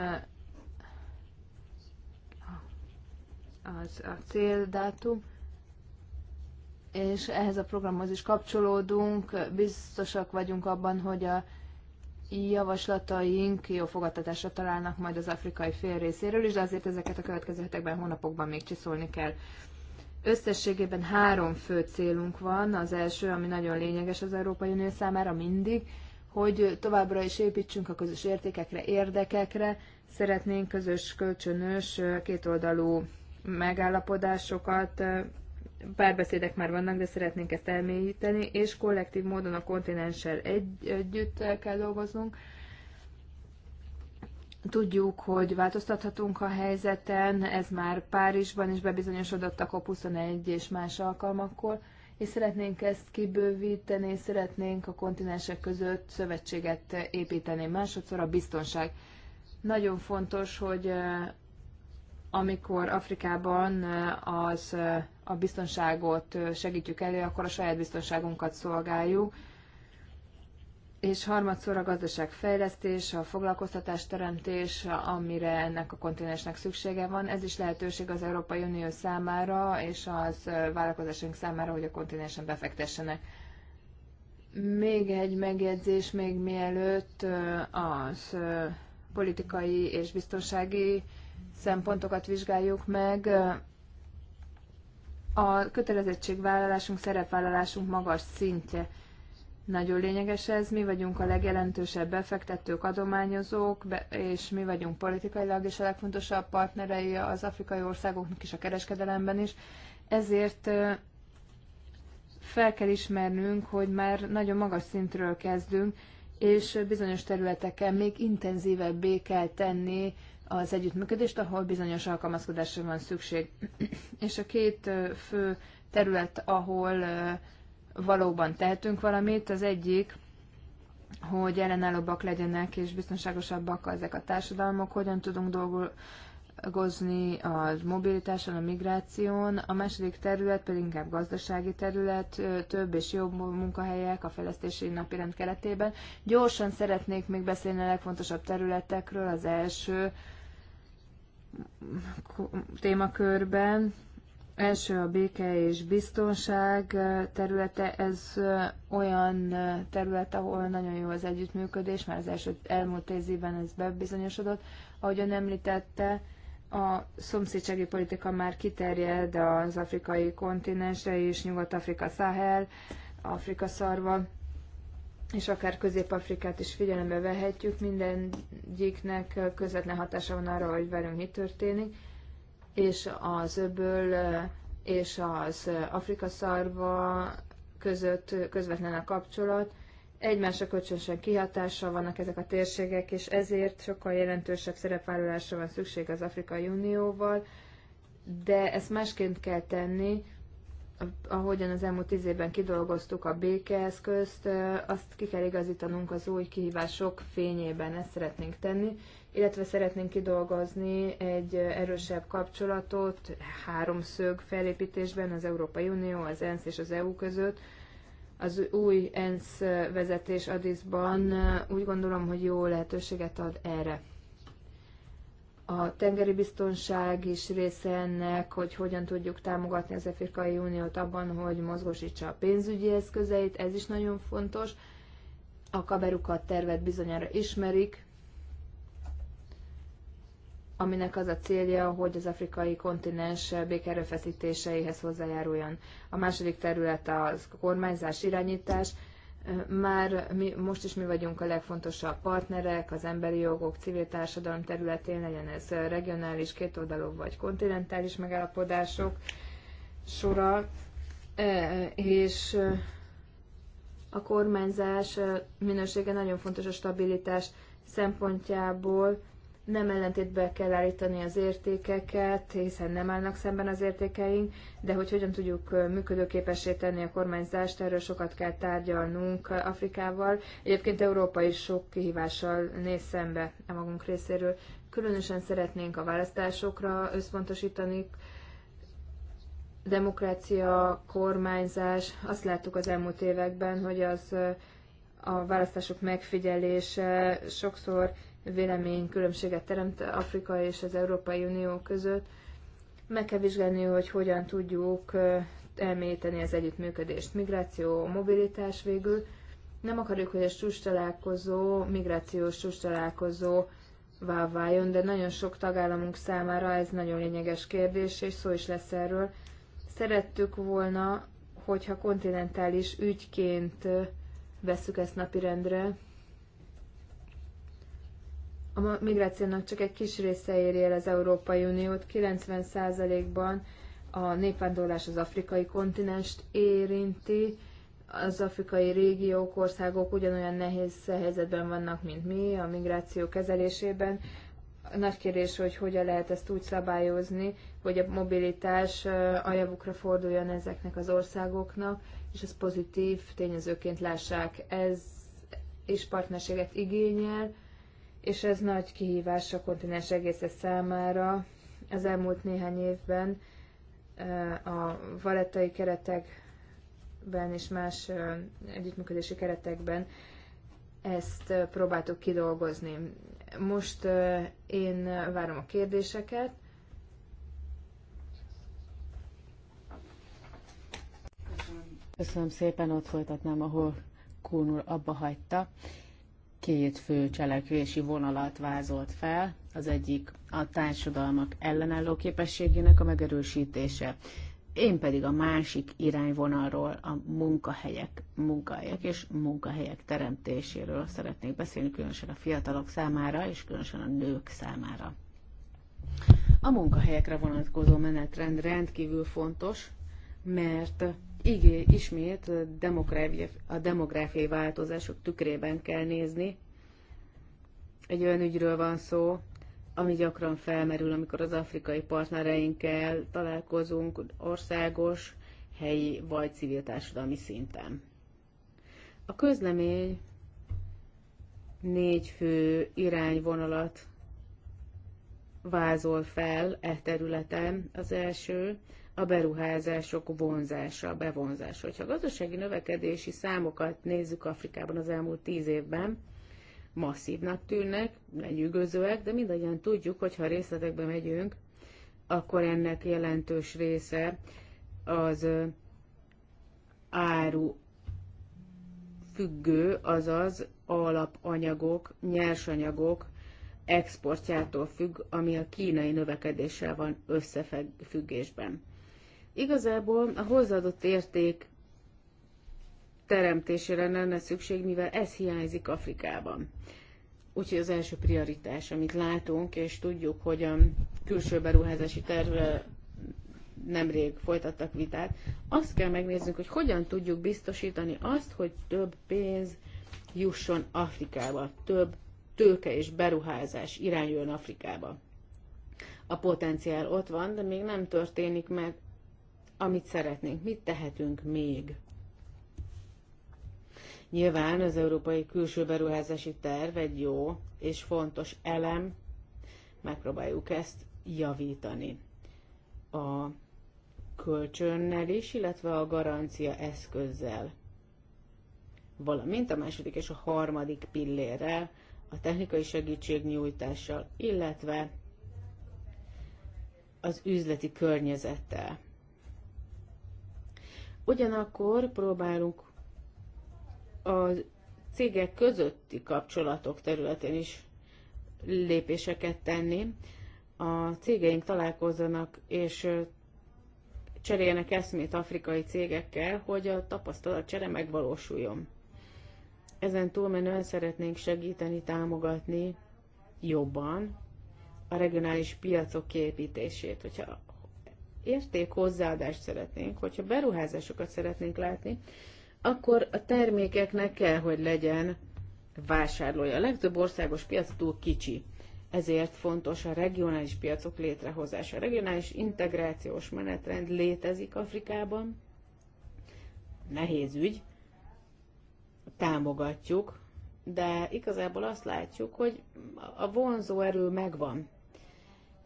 Speaker 2: az a céldátum és ehhez a programhoz is kapcsolódunk. Biztosak vagyunk abban, hogy a javaslataink jó fogadtatásra találnak majd az afrikai fél részéről is, de azért ezeket a következő hetekben, hónapokban még csiszolni kell. Összességében három fő célunk van. Az első, ami nagyon lényeges az Európai Unió számára mindig, hogy továbbra is építsünk a közös értékekre, érdekekre. Szeretnénk közös, kölcsönös, kétoldalú megállapodásokat párbeszédek már vannak, de szeretnénk ezt elmélyíteni, és kollektív módon a kontinenssel egy, együtt kell dolgoznunk. Tudjuk, hogy változtathatunk a helyzeten, ez már Párizsban is bebizonyosodott a COP21 és más alkalmakkor, és szeretnénk ezt kibővíteni, szeretnénk a kontinensek között szövetséget építeni. Másodszor a biztonság. Nagyon fontos, hogy amikor Afrikában az, a biztonságot segítjük elő, akkor a saját biztonságunkat szolgáljuk, és harmadszor a gazdaságfejlesztés, a foglalkoztatás teremtés, amire ennek a kontinensnek szüksége van. Ez is lehetőség az Európai Unió számára és az vállalkozásunk számára, hogy a kontinensen befektessenek. Még egy megjegyzés, még mielőtt az politikai és biztonsági szempontokat vizsgáljuk meg, a kötelezettségvállalásunk, szerepvállalásunk magas szintje. Nagyon lényeges ez, mi vagyunk a legjelentősebb befektetők, adományozók, és mi vagyunk politikailag is a legfontosabb partnerei az afrikai országoknak is a kereskedelemben is. Ezért fel kell ismernünk, hogy már nagyon magas szintről kezdünk, és bizonyos területeken még intenzívebbé kell tenni az együttműködést, ahol bizonyos alkalmazkodásra van szükség. [CLEARS THROAT] És a két fő terület, ahol valóban tehetünk valamit, az egyik, hogy ellenállóbbak legyenek és biztonságosabbak ezek a társadalmak, hogyan tudunk dolgozni a mobilitáson, a migráción. A második terület pedig inkább gazdasági terület, több és jobb munkahelyek a fejlesztési napirend keretében. Gyorsan szeretnék még beszélni a legfontosabb területekről. Az első témakörben. Első a béke és biztonság területe. Ez olyan terület, ahol nagyon jó az együttműködés, már az első elmúlt tíz évben ez bebizonyosodott. ön említette, a szomszédsági politika már kiterjed az afrikai kontinensre és Nyugat-Afrika Száhel, Afrika szarva és akár Közép-Afrikát is figyelembe vehetjük, mindegyiknek közvetlen hatása van arra, hogy velünk mi történik, és az öböl és az Afrika szarva között közvetlen a kapcsolat, egymásra kölcsönösen kihatással vannak ezek a térségek, és ezért sokkal jelentősebb szerepvállalásra van szükség az Afrikai Unióval, de ezt másként kell tenni, ahogyan az elmúlt tíz évben kidolgoztuk a békeeszközt, azt ki kell igazítanunk az új kihívások fényében, ezt szeretnénk tenni, illetve szeretnénk kidolgozni egy erősebb kapcsolatot háromszög felépítésben az Európai Unió, az ENSZ és az EU között. Az új ENSZ vezetés adisban úgy gondolom, hogy jó lehetőséget ad erre a tengeri biztonság is része ennek, hogy hogyan tudjuk támogatni az Afrikai Uniót abban, hogy mozgósítsa a pénzügyi eszközeit, ez is nagyon fontos. A kaberukat tervet bizonyára ismerik, aminek az a célja, hogy az afrikai kontinens békerőfeszítéseihez hozzájáruljon. A második terület a kormányzás, irányítás már mi, most is mi vagyunk a legfontosabb partnerek az emberi jogok, civil társadalom területén, legyen ez regionális, kétoldalú vagy kontinentális megállapodások sora, e, és e, a kormányzás e, minősége nagyon fontos a stabilitás szempontjából, nem ellentétbe kell állítani az értékeket, hiszen nem állnak szemben az értékeink, de hogy hogyan tudjuk működőképessé tenni a kormányzást, erről sokat kell tárgyalnunk Afrikával. Egyébként Európa is sok kihívással néz szembe a magunk részéről. Különösen szeretnénk a választásokra összpontosítani, demokrácia, kormányzás. Azt láttuk az elmúlt években, hogy az a választások megfigyelése sokszor vélemény különbséget teremt Afrika és az Európai Unió között. Meg kell vizsgálni, hogy hogyan tudjuk elmélyíteni az együttműködést. Migráció, mobilitás végül. Nem akarjuk, hogy a csúcs migrációs csúcs találkozó váljon, de nagyon sok tagállamunk számára ez nagyon lényeges kérdés, és szó is lesz erről. Szerettük volna, hogyha kontinentális ügyként veszük ezt napirendre, a migrációnak csak egy kis része éri el az Európai Uniót, 90%-ban a népvándorlás az afrikai kontinenst érinti, az afrikai régiók, országok ugyanolyan nehéz helyzetben vannak, mint mi a migráció kezelésében. Nagy kérdés, hogy hogyan lehet ezt úgy szabályozni, hogy a mobilitás a javukra forduljon ezeknek az országoknak, és ez pozitív tényezőként lássák. Ez és partnerséget igényel, és ez nagy kihívás a kontinens egész számára. Az elmúlt néhány évben a valettai keretekben és más együttműködési keretekben ezt próbáltuk kidolgozni. Most én várom a kérdéseket.
Speaker 3: Köszönöm szépen, ott folytatnám, ahol Kúnul, abba hagyta két fő cselekvési vonalat vázolt fel. Az egyik a társadalmak ellenálló képességének a megerősítése, én pedig a másik irányvonalról, a munkahelyek, munkahelyek és munkahelyek teremtéséről szeretnék beszélni, különösen a fiatalok számára és különösen a nők számára. A munkahelyekre vonatkozó menetrend rendkívül fontos, mert igé, ismét a demográfiai, a demográfiai változások tükrében kell nézni. Egy olyan ügyről van szó, ami gyakran felmerül, amikor az afrikai partnereinkkel találkozunk országos, helyi vagy civil társadalmi szinten. A közlemény négy fő irányvonalat vázol fel e területen. Az első a beruházások vonzása, bevonzása. Hogyha a gazdasági növekedési számokat nézzük Afrikában az elmúlt tíz évben, masszívnak tűnnek, lenyűgözőek, de mindannyian tudjuk, hogy ha részletekbe megyünk, akkor ennek jelentős része az áru függő, azaz alapanyagok, nyersanyagok exportjától függ, ami a kínai növekedéssel van összefüggésben. Igazából a hozzáadott érték teremtésére lenne szükség, mivel ez hiányzik Afrikában. Úgyhogy az első prioritás, amit látunk, és tudjuk, hogy a külső beruházási tervre nemrég folytattak vitát, azt kell megnéznünk, hogy hogyan tudjuk biztosítani azt, hogy több pénz jusson Afrikába, több tőke és beruházás irányuljon Afrikába. A potenciál ott van, de még nem történik meg amit szeretnénk. Mit tehetünk még? Nyilván az európai külső beruházási terv egy jó és fontos elem, megpróbáljuk ezt javítani. A kölcsönnel is, illetve a garancia eszközzel. Valamint a második és a harmadik pillérrel, a technikai segítségnyújtással, illetve az üzleti környezettel. Ugyanakkor próbálunk a cégek közötti kapcsolatok területén is lépéseket tenni. A cégeink találkozzanak és cseréljenek eszmét afrikai cégekkel, hogy a tapasztalat csere megvalósuljon. Ezen túlmenően szeretnénk segíteni, támogatni jobban a regionális piacok kiépítését. Hogyha érték hozzáadást szeretnénk, hogyha beruházásokat szeretnénk látni, akkor a termékeknek kell, hogy legyen vásárlója. A legtöbb országos piac túl kicsi, ezért fontos a regionális piacok létrehozása. A regionális integrációs menetrend létezik Afrikában, nehéz ügy, támogatjuk, de igazából azt látjuk, hogy a vonzó erő megvan.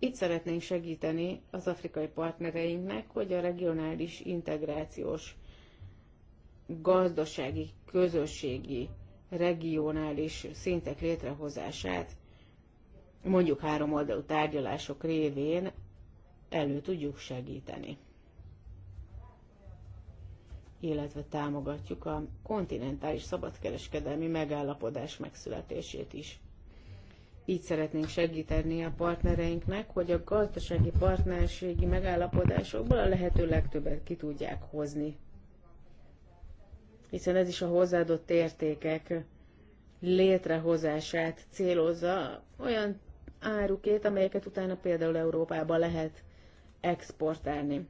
Speaker 3: Itt szeretnénk segíteni az afrikai partnereinknek, hogy a regionális integrációs gazdasági, közösségi, regionális szintek létrehozását mondjuk három oldalú tárgyalások révén elő tudjuk segíteni. Illetve támogatjuk a kontinentális szabadkereskedelmi megállapodás megszületését is így szeretnénk segíteni a partnereinknek, hogy a gazdasági partnerségi megállapodásokból a lehető legtöbbet ki tudják hozni. Hiszen ez is a hozzáadott értékek létrehozását célozza, olyan árukét, amelyeket utána például Európába lehet exportálni.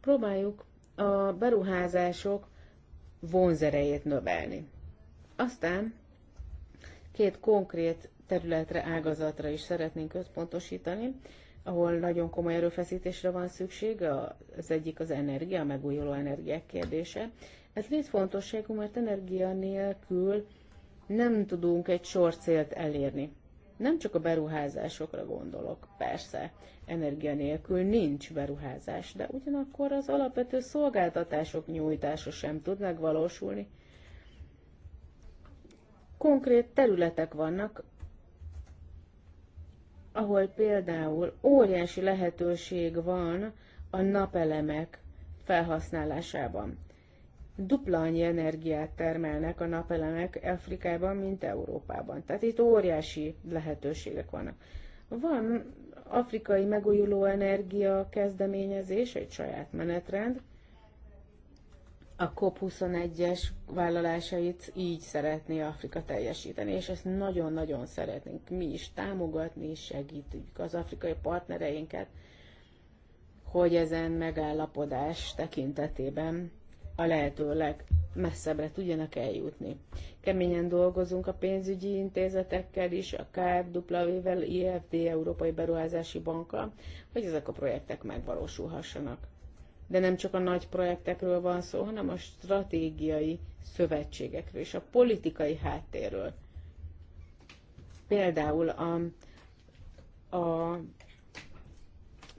Speaker 3: Próbáljuk a beruházások vonzerejét növelni. Aztán két konkrét területre, ágazatra is szeretnénk központosítani, ahol nagyon komoly erőfeszítésre van szükség, az egyik az energia, a megújuló energiák kérdése. Ez létfontosságú, mert energia nélkül nem tudunk egy sor célt elérni. Nem csak a beruházásokra gondolok, persze, energia nélkül nincs beruházás, de ugyanakkor az alapvető szolgáltatások nyújtása sem tud megvalósulni. Konkrét területek vannak, ahol például óriási lehetőség van a napelemek felhasználásában. Dupla annyi energiát termelnek a napelemek Afrikában, mint Európában. Tehát itt óriási lehetőségek vannak. Van afrikai megújuló energia kezdeményezés, egy saját menetrend, a COP21-es vállalásait így szeretné Afrika teljesíteni, és ezt nagyon-nagyon szeretnénk mi is támogatni, és segítjük az afrikai partnereinket, hogy ezen megállapodás tekintetében a lehető legmesszebbre tudjanak eljutni. Keményen dolgozunk a pénzügyi intézetekkel is, a KFW-vel, IFD, Európai Beruházási Banka, hogy ezek a projektek megvalósulhassanak de nem csak a nagy projektekről van szó, hanem a stratégiai szövetségekről és a politikai háttérről. Például a, a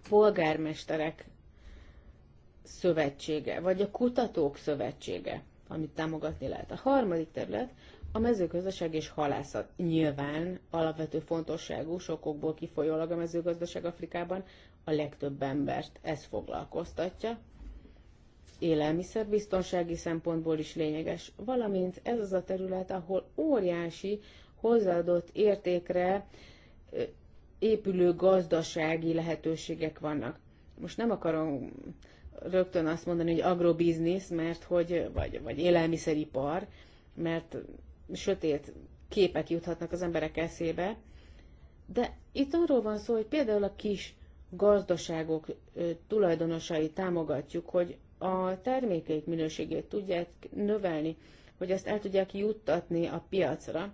Speaker 3: polgármesterek szövetsége, vagy a kutatók szövetsége, amit támogatni lehet. A harmadik terület a mezőgazdaság és halászat. Nyilván alapvető fontosságú, sokokból kifolyólag a mezőgazdaság Afrikában, a legtöbb embert ez foglalkoztatja, élelmiszerbiztonsági szempontból is lényeges, valamint ez az a terület, ahol óriási hozzáadott értékre épülő gazdasági lehetőségek vannak. Most nem akarom rögtön azt mondani, hogy agrobiznisz, mert hogy, vagy, vagy élelmiszeripar, mert sötét képek juthatnak az emberek eszébe, de itt arról van szó, hogy például a kis gazdaságok tulajdonosai támogatjuk, hogy a termékeik minőségét tudják növelni, hogy ezt el tudják juttatni a piacra,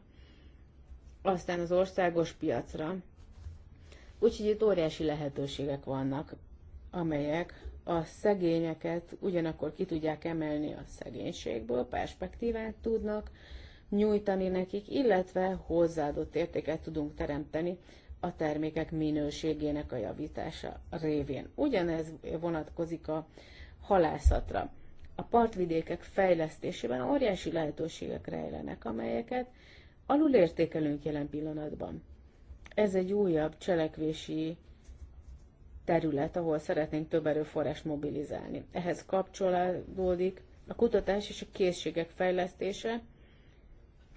Speaker 3: aztán az országos piacra. Úgyhogy itt óriási lehetőségek vannak, amelyek a szegényeket ugyanakkor ki tudják emelni a szegénységből, perspektívát tudnak nyújtani nekik, illetve hozzáadott értéket tudunk teremteni a termékek minőségének a javítása révén. Ugyanez vonatkozik a halászatra. A partvidékek fejlesztésében óriási lehetőségek rejlenek, amelyeket alul értékelünk jelen pillanatban. Ez egy újabb cselekvési terület, ahol szeretnénk több erőforrást mobilizálni. Ehhez kapcsolódik a kutatás és a készségek fejlesztése,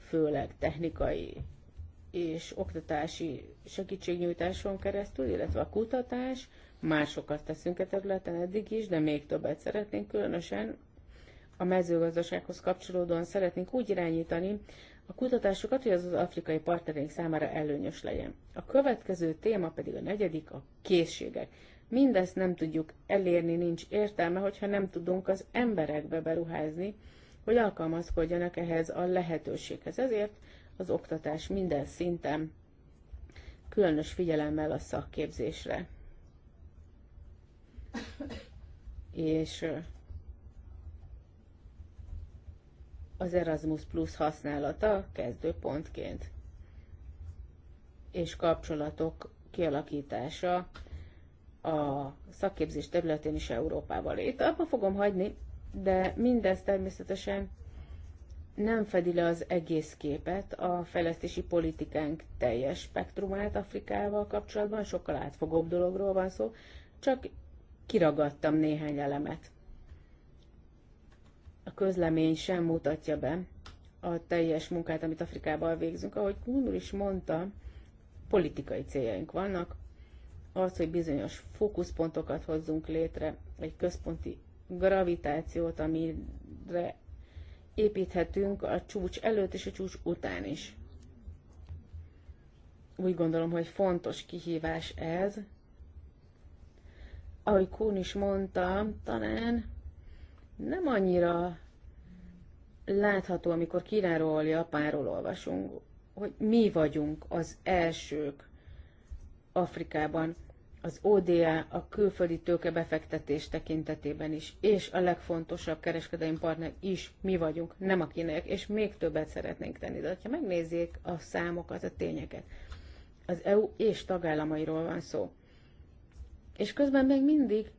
Speaker 3: főleg technikai és oktatási segítségnyújtáson keresztül, illetve a kutatás, másokat teszünk a e területen eddig is, de még többet szeretnénk, különösen a mezőgazdasághoz kapcsolódóan szeretnénk úgy irányítani a kutatásokat, hogy az az afrikai partnereink számára előnyös legyen. A következő téma pedig a negyedik, a készségek. Mindezt nem tudjuk elérni, nincs értelme, hogyha nem tudunk az emberekbe beruházni, hogy alkalmazkodjanak ehhez a lehetőséghez. Ezért az oktatás minden szinten, különös figyelemmel a szakképzésre. És az Erasmus Plus használata kezdőpontként és kapcsolatok kialakítása a szakképzés területén is Európával. Itt abba fogom hagyni, de mindez természetesen nem fedi le az egész képet, a fejlesztési politikánk teljes spektrumát Afrikával kapcsolatban, sokkal átfogóbb dologról van szó, csak kiragadtam néhány elemet. A közlemény sem mutatja be a teljes munkát, amit Afrikával végzünk. Ahogy Kundur is mondta, politikai céljaink vannak, az, hogy bizonyos fókuszpontokat hozzunk létre, egy központi gravitációt, amire építhetünk a csúcs előtt és a csúcs után is. Úgy gondolom, hogy fontos kihívás ez. Ahogy Kún is mondta, talán nem annyira látható, amikor Kínáról, Japánról olvasunk, hogy mi vagyunk az elsők Afrikában, az ODA a külföldi tőkebefektetés tekintetében is, és a legfontosabb kereskedelmi partner is mi vagyunk, nem a kínaiak, és még többet szeretnénk tenni. De ha megnézzék a számokat, a tényeket, az EU és tagállamairól van szó. És közben még mindig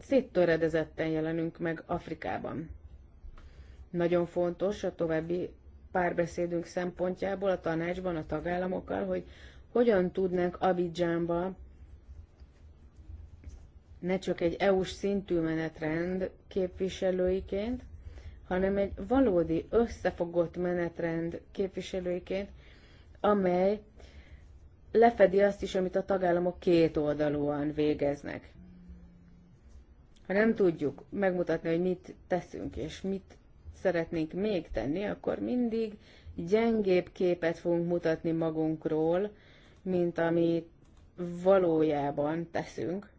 Speaker 3: széttöredezetten jelenünk meg Afrikában. Nagyon fontos a további párbeszédünk szempontjából a tanácsban, a tagállamokkal, hogy hogyan tudnánk Abidjánba ne csak egy EU-s szintű menetrend képviselőiként, hanem egy valódi összefogott menetrend képviselőiként, amely lefedi azt is, amit a tagállamok két oldalúan végeznek. Ha nem tudjuk megmutatni, hogy mit teszünk és mit szeretnénk még tenni, akkor mindig gyengébb képet fogunk mutatni magunkról, mint amit valójában teszünk,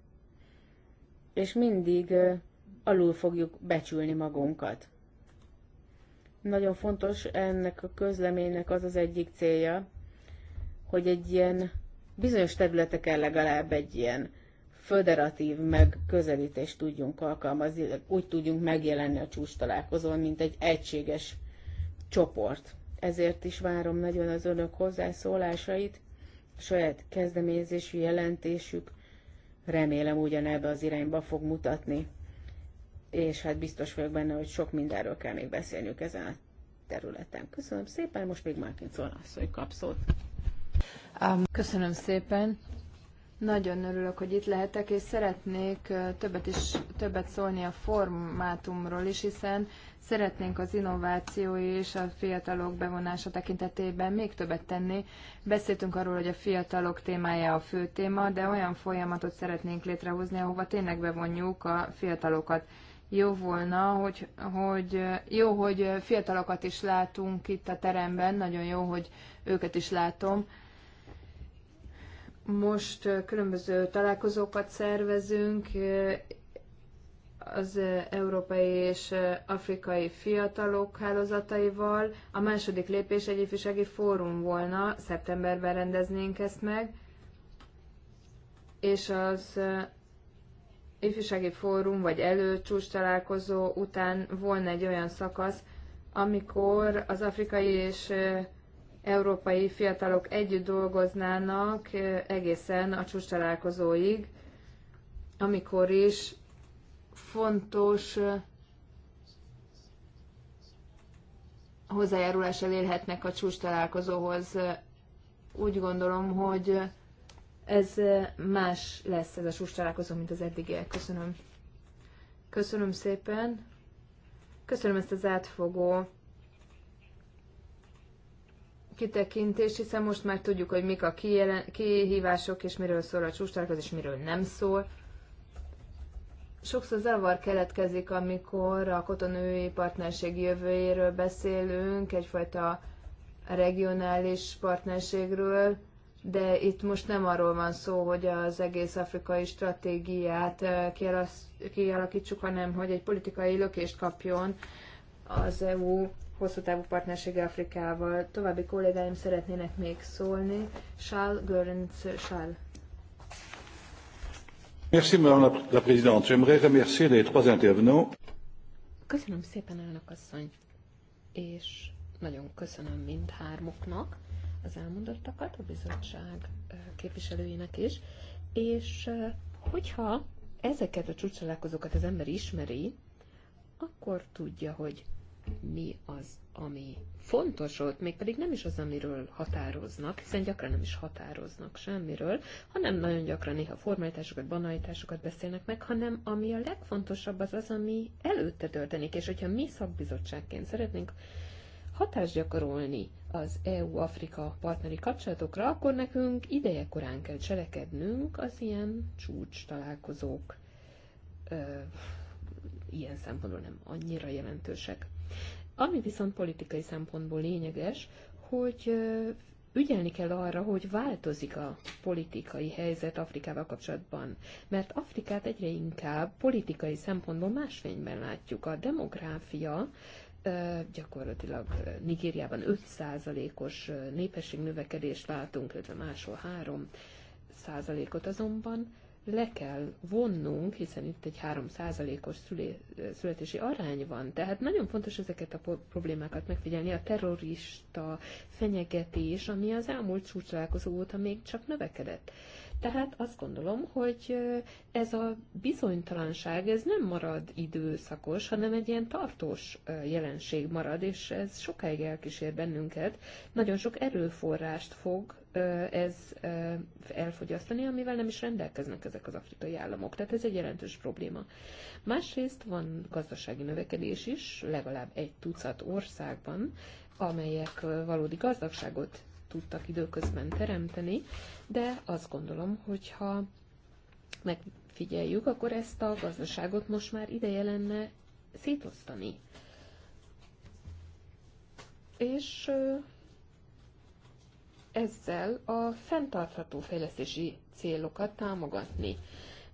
Speaker 3: és mindig alul fogjuk becsülni magunkat. Nagyon fontos ennek a közleménynek az az egyik célja, hogy egy ilyen bizonyos területeken legalább egy ilyen föderatív megközelítést tudjunk alkalmazni, úgy tudjunk megjelenni a csúcs találkozón, mint egy egységes csoport. Ezért is várom nagyon az önök hozzászólásait, saját kezdeményezésű jelentésük remélem ugyanebbe az irányba fog mutatni, és hát biztos vagyok benne, hogy sok mindenről kell még beszélnünk ezen a területen. Köszönöm szépen, most még Márkinszon hogy kap szót.
Speaker 2: Um, köszönöm szépen. Nagyon örülök, hogy itt lehetek, és szeretnék uh, többet is, többet szólni a formátumról is, hiszen Szeretnénk az innováció és a fiatalok bevonása tekintetében még többet tenni. Beszéltünk arról, hogy a fiatalok témája a fő téma, de olyan folyamatot szeretnénk létrehozni, ahova tényleg bevonjuk a fiatalokat. Jó volna, hogy, hogy jó, hogy fiatalokat is látunk itt a teremben, nagyon jó, hogy őket is látom most különböző találkozókat szervezünk, az európai és afrikai fiatalok hálózataival. A második lépés egy ifjúsági fórum volna, szeptemberben rendeznénk ezt meg, és az ifjúsági fórum vagy előcsúcs találkozó után volna egy olyan szakasz, amikor az afrikai és európai fiatalok együtt dolgoznának egészen a csúcs találkozóig, amikor is fontos eh, hozzájárulással élhetnek a csúcs találkozóhoz. Úgy gondolom, hogy ez eh, más lesz ez a csúcs találkozó, mint az eddigiek. Köszönöm. Köszönöm szépen. Köszönöm ezt az átfogó Kitekintés, hiszen most már tudjuk, hogy mik a kihívások, és miről szól a csúcs találkozó, és miről nem szól sokszor zavar keletkezik, amikor a kotonői partnerség jövőjéről beszélünk, egyfajta regionális partnerségről, de itt most nem arról van szó, hogy az egész afrikai stratégiát eh, kialakítsuk, hanem hogy egy politikai lökést kapjon az EU hosszú távú partnersége Afrikával. További kollégáim szeretnének még szólni. Charles Görönc, Charles.
Speaker 5: Merci, Madame la Présidente. J'aimerais remercier les trois intervenants.
Speaker 4: Köszönöm szépen, elnök asszony, és nagyon köszönöm mindhármuknak az elmondottakat, a bizottság képviselőinek is, és hogyha ezeket a csúcsalálkozókat az ember ismeri, akkor tudja, hogy mi az ami fontos volt, mégpedig nem is az, amiről határoznak, hiszen gyakran nem is határoznak semmiről, hanem nagyon gyakran néha formalitásokat, banalitásokat beszélnek meg, hanem ami a legfontosabb az az, ami előtte történik, és hogyha mi szakbizottságként szeretnénk hatást gyakorolni az EU-Afrika partneri kapcsolatokra, akkor nekünk ideje korán kell cselekednünk az ilyen csúcs találkozók ö, ilyen szempontból nem annyira jelentősek. Ami viszont politikai szempontból lényeges, hogy ügyelni kell arra, hogy változik a politikai helyzet Afrikával kapcsolatban, mert Afrikát egyre inkább politikai szempontból másfényben látjuk. A demográfia gyakorlatilag Nigériában 5%-os népesség növekedést látunk, illetve máshol 3%-ot azonban le kell vonnunk, hiszen itt egy 3%-os születési arány van, tehát nagyon fontos ezeket a problémákat megfigyelni, a terrorista fenyegetés, ami az elmúlt csúcsalálkozó óta még csak növekedett. Tehát azt gondolom, hogy ez a bizonytalanság, ez nem marad időszakos, hanem egy ilyen tartós jelenség marad, és ez sokáig elkísér bennünket, nagyon sok erőforrást fog ez elfogyasztani, amivel nem is rendelkeznek ezek az afrikai államok. Tehát ez egy jelentős probléma. Másrészt van gazdasági növekedés is, legalább egy tucat országban, amelyek valódi gazdagságot tudtak időközben teremteni, de azt gondolom, hogyha megfigyeljük, akkor ezt a gazdaságot most már ideje lenne szétosztani. És ezzel a fenntartható fejlesztési célokat támogatni.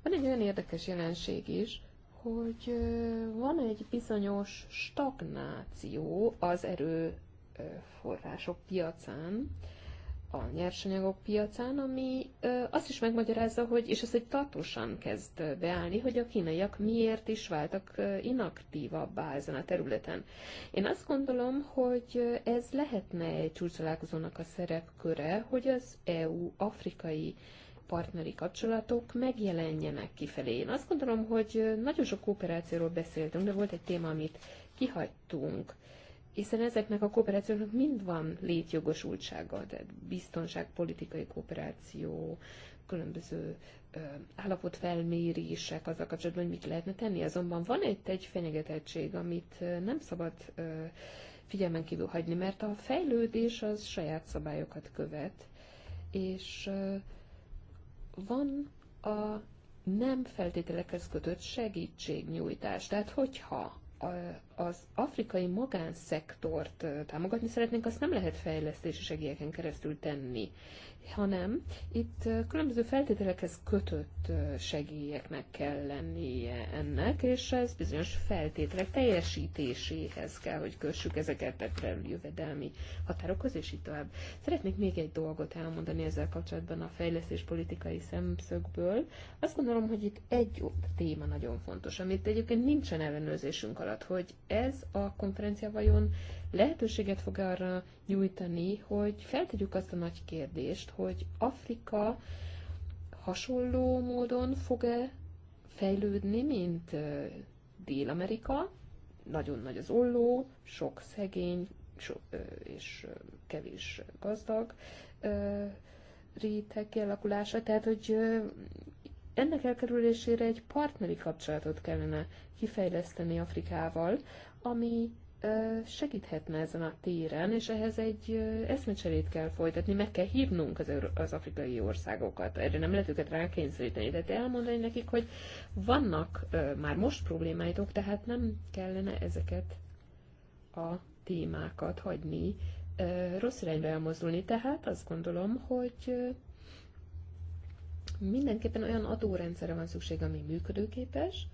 Speaker 4: Van egy olyan érdekes jelenség is, hogy van egy bizonyos stagnáció az erőforrások piacán, a nyersanyagok piacán, ami azt is megmagyarázza, hogy, és ez egy tartósan kezd beállni, hogy a kínaiak miért is váltak inaktívabbá ezen a területen. Én azt gondolom, hogy ez lehetne egy csúcsalálkozónak a szerepköre, hogy az EU-afrikai partneri kapcsolatok megjelenjenek kifelé. Én azt gondolom, hogy nagyon sok kooperációról beszéltünk, de volt egy téma, amit kihagytunk hiszen ezeknek a kooperációknak mind van létjogosultsága, tehát biztonságpolitikai kooperáció, különböző állapotfelmérések azzal kapcsolatban, hogy mit lehetne tenni. Azonban van itt egy fenyegetettség, amit nem szabad ö, figyelmen kívül hagyni, mert a fejlődés az saját szabályokat követ, és ö, van a nem feltételekhez kötött segítségnyújtás. Tehát hogyha az afrikai magánszektort támogatni szeretnénk, azt nem lehet fejlesztési segélyeken keresztül tenni, hanem itt különböző feltételekhez kötött segélyeknek kell lennie ennek, és ez bizonyos feltételek teljesítéséhez kell, hogy kössük ezeket a jövedelmi határokhoz, és így tovább. Szeretnék még egy dolgot elmondani ezzel kapcsolatban a fejlesztés politikai szemszögből. Azt gondolom, hogy itt egy téma nagyon fontos, amit egyébként nincsen ellenőrzésünk alatt, hogy ez a konferencia vajon lehetőséget fog arra nyújtani, hogy feltegyük azt a nagy kérdést, hogy Afrika hasonló módon fog-e fejlődni, mint Dél-Amerika, nagyon nagy az olló, sok szegény so, és kevés gazdag réteg kialakulása, tehát hogy ennek elkerülésére egy partneri kapcsolatot kellene kifejleszteni Afrikával, ami segíthetne ezen a téren, és ehhez egy eszmecserét kell folytatni, meg kell hívnunk az, az afrikai országokat. Erre nem lehet őket rákényszeríteni, de elmondani nekik, hogy vannak már most problémáitok, tehát nem kellene ezeket a témákat hagyni rossz irányba elmozdulni. Tehát azt gondolom, hogy Mindenképpen olyan adórendszerre van szükség, ami működőképes,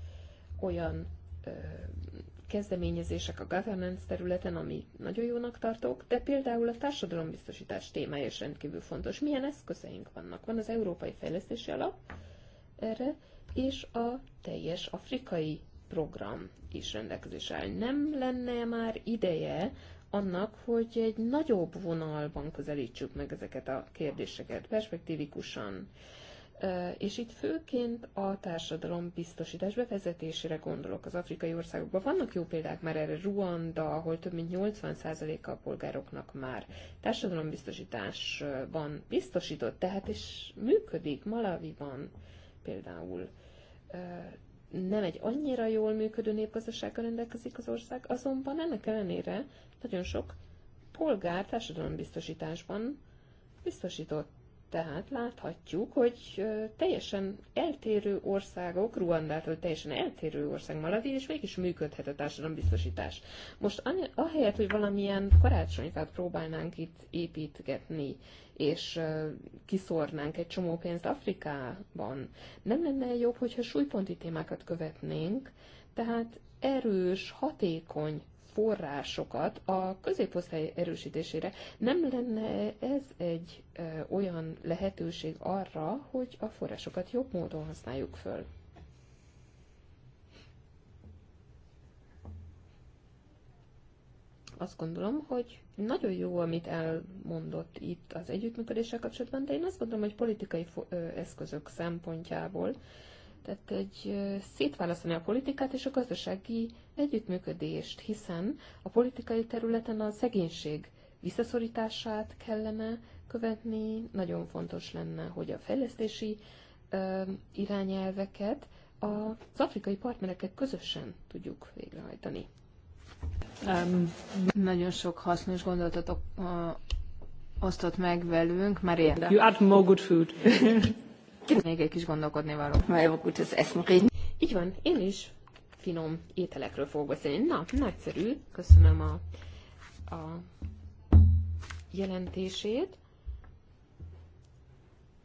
Speaker 4: olyan ö, kezdeményezések a governance területen, ami nagyon jónak tartok, de például a társadalombiztosítás témája is rendkívül fontos. Milyen eszközeink vannak? Van az Európai Fejlesztési Alap erre, és a teljes afrikai program is rendelkezésre áll. Nem lenne már ideje annak, hogy egy nagyobb vonalban közelítsük meg ezeket a kérdéseket perspektívikusan, és itt főként a társadalom biztosítás bevezetésére gondolok az afrikai országokban. Vannak jó példák már erre, Ruanda, ahol több mint 80%-a a polgároknak már van biztosított, tehát és működik Malaviban például nem egy annyira jól működő népgazdasággal rendelkezik az ország, azonban ennek ellenére nagyon sok polgár társadalombiztosításban biztosított tehát láthatjuk, hogy teljesen eltérő országok, Ruandától teljesen eltérő ország Malawi, és mégis működhet a társadalombiztosítás. Most ahelyett, hogy valamilyen karácsonyfát próbálnánk itt építgetni, és kiszórnánk egy csomó pénzt Afrikában, nem lenne jobb, hogyha súlyponti témákat követnénk, tehát erős, hatékony forrásokat a középosztály erősítésére. Nem lenne ez egy olyan lehetőség arra, hogy a forrásokat jobb módon használjuk föl? azt gondolom, hogy nagyon jó, amit elmondott itt az együttműködéssel kapcsolatban, de én azt gondolom, hogy politikai eszközök szempontjából tehát egy szétválasztani a politikát és a gazdasági együttműködést, hiszen a politikai területen a szegénység visszaszorítását kellene követni, nagyon fontos lenne, hogy a fejlesztési ö, irányelveket az afrikai partnerekkel közösen tudjuk
Speaker 2: végrehajtani. Um, nagyon sok hasznos gondolatot uh, osztott meg velünk, Maria.
Speaker 4: You add
Speaker 1: more good food. [LAUGHS]
Speaker 2: Még egy
Speaker 4: kis gondolkodni való. Így van, én is finom ételekről fogok beszélni. Na, nagyszerű, köszönöm a, a jelentését.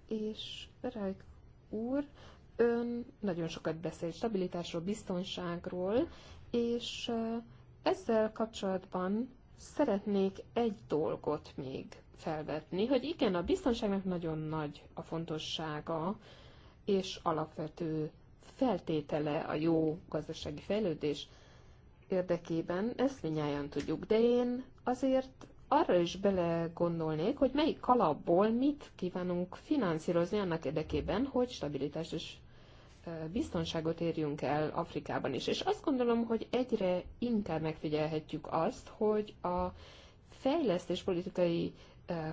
Speaker 4: És Rajk úr, ön nagyon sokat beszél stabilitásról, biztonságról, és ezzel kapcsolatban szeretnék egy dolgot még felvetni, hogy igen, a biztonságnak nagyon nagy a fontossága, és alapvető feltétele a jó gazdasági fejlődés érdekében, ezt minnyáján tudjuk, de én azért arra is bele gondolnék, hogy melyik kalapból mit kívánunk finanszírozni annak érdekében, hogy stabilitást és biztonságot érjünk el Afrikában is. És azt gondolom, hogy egyre inkább megfigyelhetjük azt, hogy a fejlesztés politikai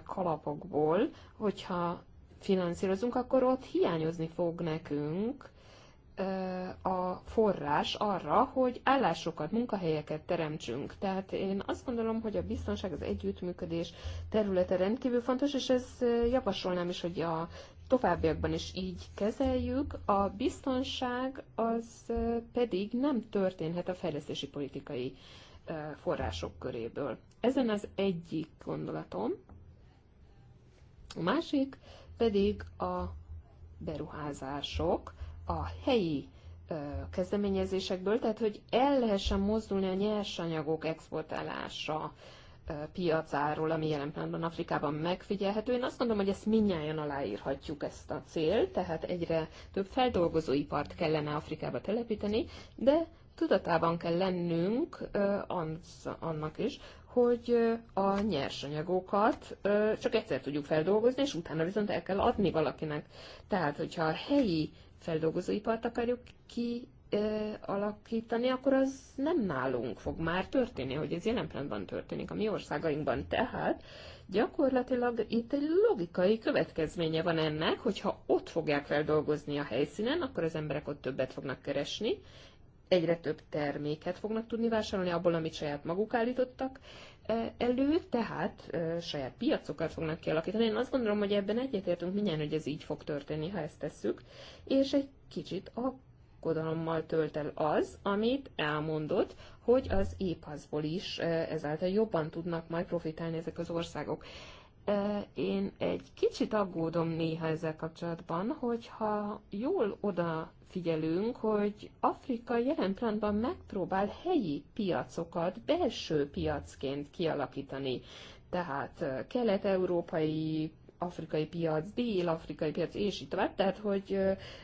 Speaker 4: kalapokból, hogyha finanszírozunk, akkor ott hiányozni fog nekünk a forrás arra, hogy állásokat, munkahelyeket teremtsünk. Tehát én azt gondolom, hogy a biztonság, az együttműködés területe rendkívül fontos, és ez javasolnám is, hogy a továbbiakban is így kezeljük. A biztonság az pedig nem történhet a fejlesztési politikai források köréből. Ezen az egyik gondolatom. A másik pedig a beruházások, a helyi kezdeményezésekből, tehát hogy el lehessen mozdulni a nyersanyagok exportálása piacáról, ami jelen pillanatban Afrikában megfigyelhető. Én azt gondolom, hogy ezt minnyáján aláírhatjuk ezt a cél, tehát egyre több feldolgozóipart kellene Afrikába telepíteni, de tudatában kell lennünk annak is, hogy a nyersanyagokat csak egyszer tudjuk feldolgozni, és utána viszont el kell adni valakinek. Tehát, hogyha a helyi feldolgozóipart akarjuk ki alakítani, akkor az nem nálunk fog már történni, hogy ez jelen pillanatban történik a mi országainkban. Tehát gyakorlatilag itt egy logikai következménye van ennek, hogyha ott fogják feldolgozni a helyszínen, akkor az emberek ott többet fognak keresni, egyre több terméket fognak tudni vásárolni abból, amit saját maguk állítottak eh, elő, tehát eh, saját piacokat fognak kialakítani. Én azt gondolom, hogy ebben egyetértünk minden, hogy ez így fog történni, ha ezt tesszük, és egy kicsit a aggodalommal tölt el az, amit elmondott, hogy az épazból is eh, ezáltal jobban tudnak majd profitálni ezek az országok. Én egy kicsit aggódom néha ezzel kapcsolatban, hogyha jól oda figyelünk, hogy Afrika jelen pillanatban megpróbál helyi piacokat belső piacként kialakítani. Tehát kelet-európai afrikai piac, dél-afrikai piac, és így tovább. Tehát, hogy,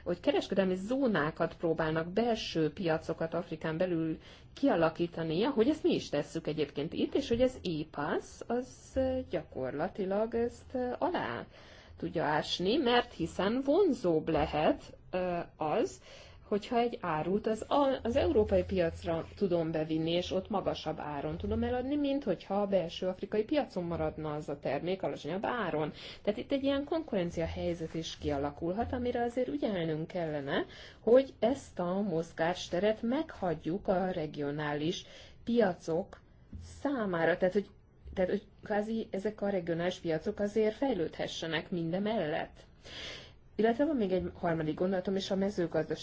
Speaker 4: hogy kereskedelmi zónákat próbálnak, belső piacokat Afrikán belül kialakítani, hogy ezt mi is tesszük egyébként itt, és hogy ez EPASS, az gyakorlatilag ezt alá tudja ásni, mert hiszen vonzóbb lehet az, hogyha egy árut az, az európai piacra tudom bevinni, és ott magasabb áron tudom eladni, mint hogyha a belső afrikai piacon maradna az a termék alacsonyabb áron. Tehát itt egy ilyen konkurencia helyzet is kialakulhat, amire azért ügyelnünk kellene, hogy ezt a mozgásteret meghagyjuk a regionális piacok számára. Tehát, hogy, tehát, hogy kvázi ezek a regionális piacok azért fejlődhessenek mindemellett. Illetve van még egy harmadik gondolatom is a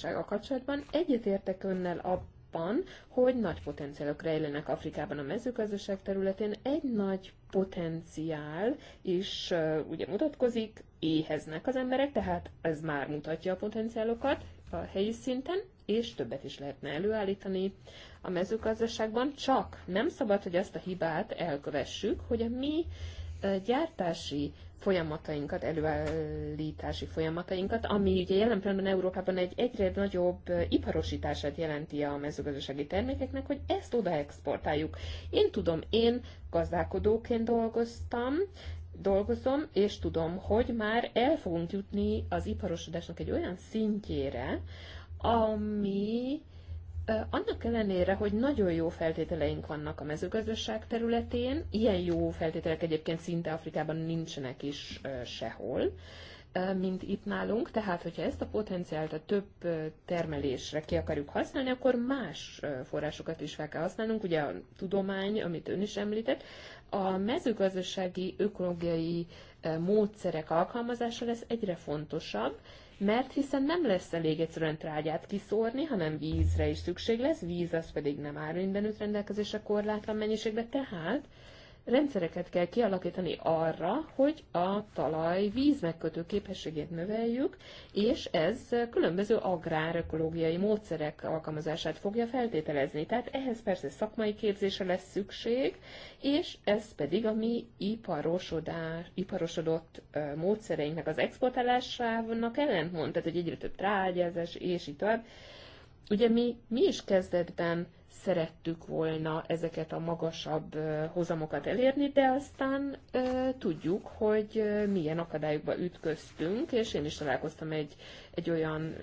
Speaker 4: a kapcsolatban. Egyetértek önnel abban, hogy nagy potenciálok rejlenek Afrikában a mezőgazdaság területén. Egy nagy potenciál is uh, ugye mutatkozik, éheznek az emberek, tehát ez már mutatja a potenciálokat a helyi szinten, és többet is lehetne előállítani a mezőgazdaságban, csak nem szabad, hogy ezt a hibát elkövessük, hogy a mi gyártási folyamatainkat, előállítási folyamatainkat, ami ugye jelen pillanatban Európában egy egyre nagyobb iparosítását jelenti a mezőgazdasági termékeknek, hogy ezt oda exportáljuk. Én tudom, én gazdálkodóként dolgoztam, dolgozom, és tudom, hogy már el fogunk jutni az iparosodásnak egy olyan szintjére, ami annak ellenére, hogy nagyon jó feltételeink vannak a mezőgazdaság területén, ilyen jó feltételek egyébként szinte Afrikában nincsenek is sehol, mint itt nálunk, tehát hogyha ezt a potenciált a több termelésre ki akarjuk használni, akkor más forrásokat is fel kell használnunk, ugye a tudomány, amit ön is említett, a mezőgazdasági ökológiai módszerek alkalmazása lesz egyre fontosabb, mert hiszen nem lesz elég egyszerűen trágyát kiszórni, hanem vízre is szükség lesz, víz az pedig nem áll mindenütt rendelkezésre korlátlan mennyiségben, tehát rendszereket kell kialakítani arra, hogy a talaj víz megkötő képességét növeljük, és ez különböző agrárökológiai módszerek alkalmazását fogja feltételezni. Tehát ehhez persze szakmai képzésre lesz szükség, és ez pedig a mi iparosodott módszereinknek az exportálásának ellentmond, tehát hogy egyre több trágyázás, és így tovább. Ugye mi, mi is kezdetben szerettük volna ezeket a magasabb hozamokat elérni, de aztán tudjuk, hogy milyen akadályokba ütköztünk, és én is találkoztam egy, egy olyan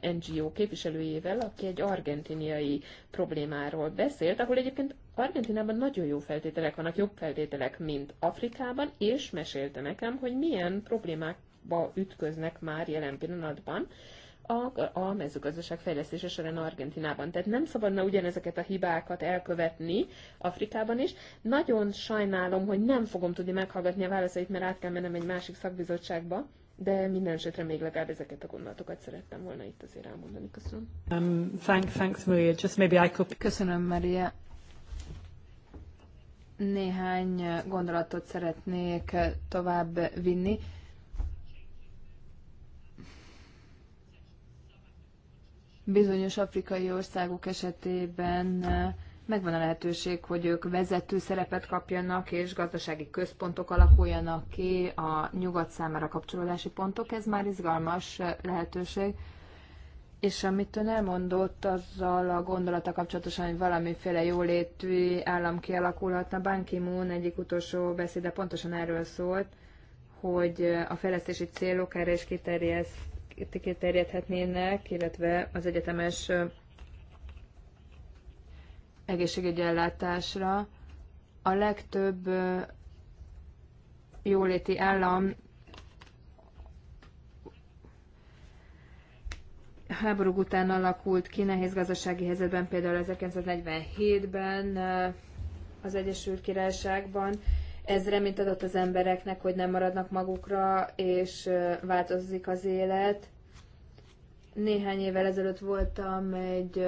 Speaker 4: NGO képviselőjével, aki egy argentiniai problémáról beszélt, ahol egyébként Argentinában nagyon jó feltételek vannak, jobb feltételek, mint Afrikában, és mesélte nekem, hogy milyen problémákba ütköznek már jelen pillanatban, a, a mezőgazdaság fejlesztése során Argentinában. Tehát nem szabadna ugyanezeket a hibákat elkövetni Afrikában is. Nagyon sajnálom, hogy nem fogom tudni meghallgatni a válaszait, mert át kell mennem egy másik szakbizottságba, de minden esetre még legalább ezeket a gondolatokat szerettem
Speaker 2: volna itt azért elmondani. Köszönöm.
Speaker 1: Um, thank, thanks, Maria. Just maybe I could... Köszönöm, Maria.
Speaker 2: Néhány gondolatot szeretnék tovább vinni Bizonyos afrikai országok esetében eh, megvan a lehetőség, hogy ők vezető szerepet kapjanak, és gazdasági központok alakuljanak ki, a nyugat számára kapcsolódási pontok, ez már izgalmas eh, lehetőség. És amit ön elmondott azzal a gondolata kapcsolatosan, hogy valamiféle jólétű állam kialakulhatna, Ban ki egyik utolsó beszéde pontosan erről szólt, hogy eh, a fejlesztési célok erre is kiterjeszt terjedhetnének, illetve az egyetemes egészségügyi ellátásra. A legtöbb jóléti állam háború után alakult ki, nehéz gazdasági helyzetben, például 1947-ben az Egyesült Királyságban ez reményt adott az embereknek, hogy nem maradnak magukra, és változik az élet. Néhány évvel ezelőtt voltam egy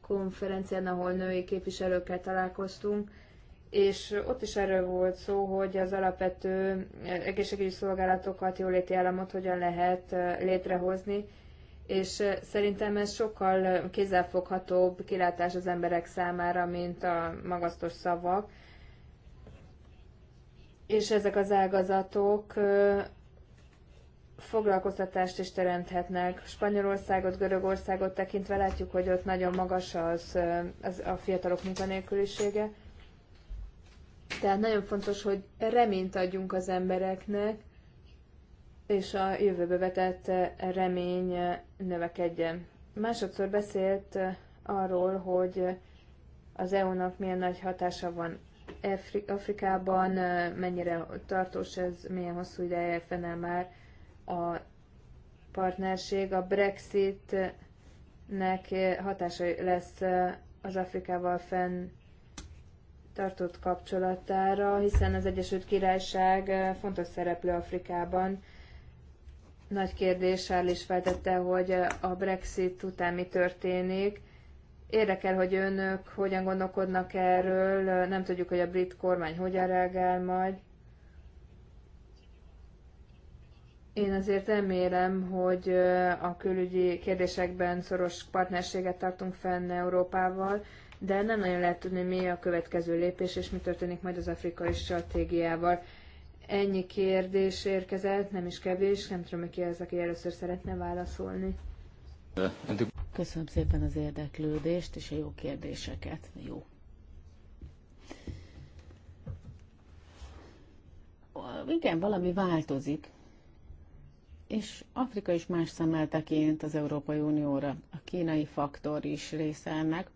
Speaker 2: konferencián, ahol női képviselőkkel találkoztunk, és ott is erről volt szó, hogy az alapvető egészségügyi szolgálatokat, jóléti államot hogyan lehet létrehozni, és szerintem ez sokkal kézzelfoghatóbb kilátás az emberek számára, mint a magasztos szavak és ezek az ágazatok foglalkoztatást is teremthetnek. Spanyolországot, Görögországot tekintve látjuk, hogy ott nagyon magas az, az a fiatalok munkanélkülisége. Tehát nagyon fontos, hogy reményt adjunk az embereknek, és a jövőbe vetett remény növekedjen. Másodszor beszélt arról, hogy az EU-nak milyen nagy hatása van Afrikában mennyire tartós ez, milyen hosszú ideje fennáll már a partnerség. A Brexitnek hatása lesz az Afrikával fenn tartott kapcsolatára, hiszen az Egyesült Királyság fontos szereplő Afrikában. Nagy kérdés, Sárl is feltette, hogy a Brexit után mi történik. Érdekel, hogy önök hogyan gondolkodnak erről, nem tudjuk, hogy a brit kormány hogyan reagál majd. Én azért remélem, hogy a külügyi kérdésekben szoros partnerséget tartunk fenn Európával, de nem nagyon lehet tudni, mi a következő lépés, és mi történik majd az afrikai stratégiával. Ennyi kérdés érkezett, nem is kevés, nem tudom, ki az, aki először szeretne válaszolni.
Speaker 3: Köszönöm szépen az érdeklődést és a jó kérdéseket. Jó. Igen, valami változik, és Afrika is más szemmel tekint az Európai Unióra. A kínai faktor is része ennek,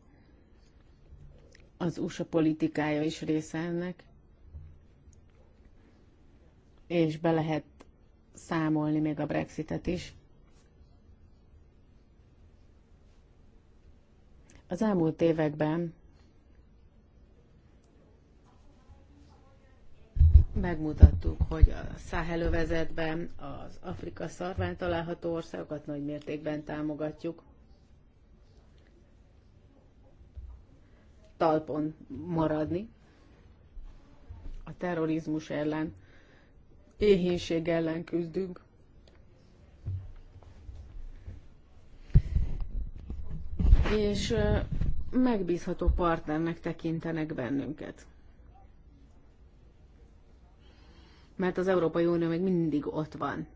Speaker 3: az USA politikája is része ennek, és be lehet számolni még a Brexitet is. Az elmúlt években megmutattuk, hogy a Száhelövezetben az Afrika szarván található országokat nagy mértékben támogatjuk. Talpon maradni a terrorizmus ellen, éhínség ellen küzdünk, és megbízható partnernek tekintenek bennünket. Mert az Európai Unió még mindig ott van.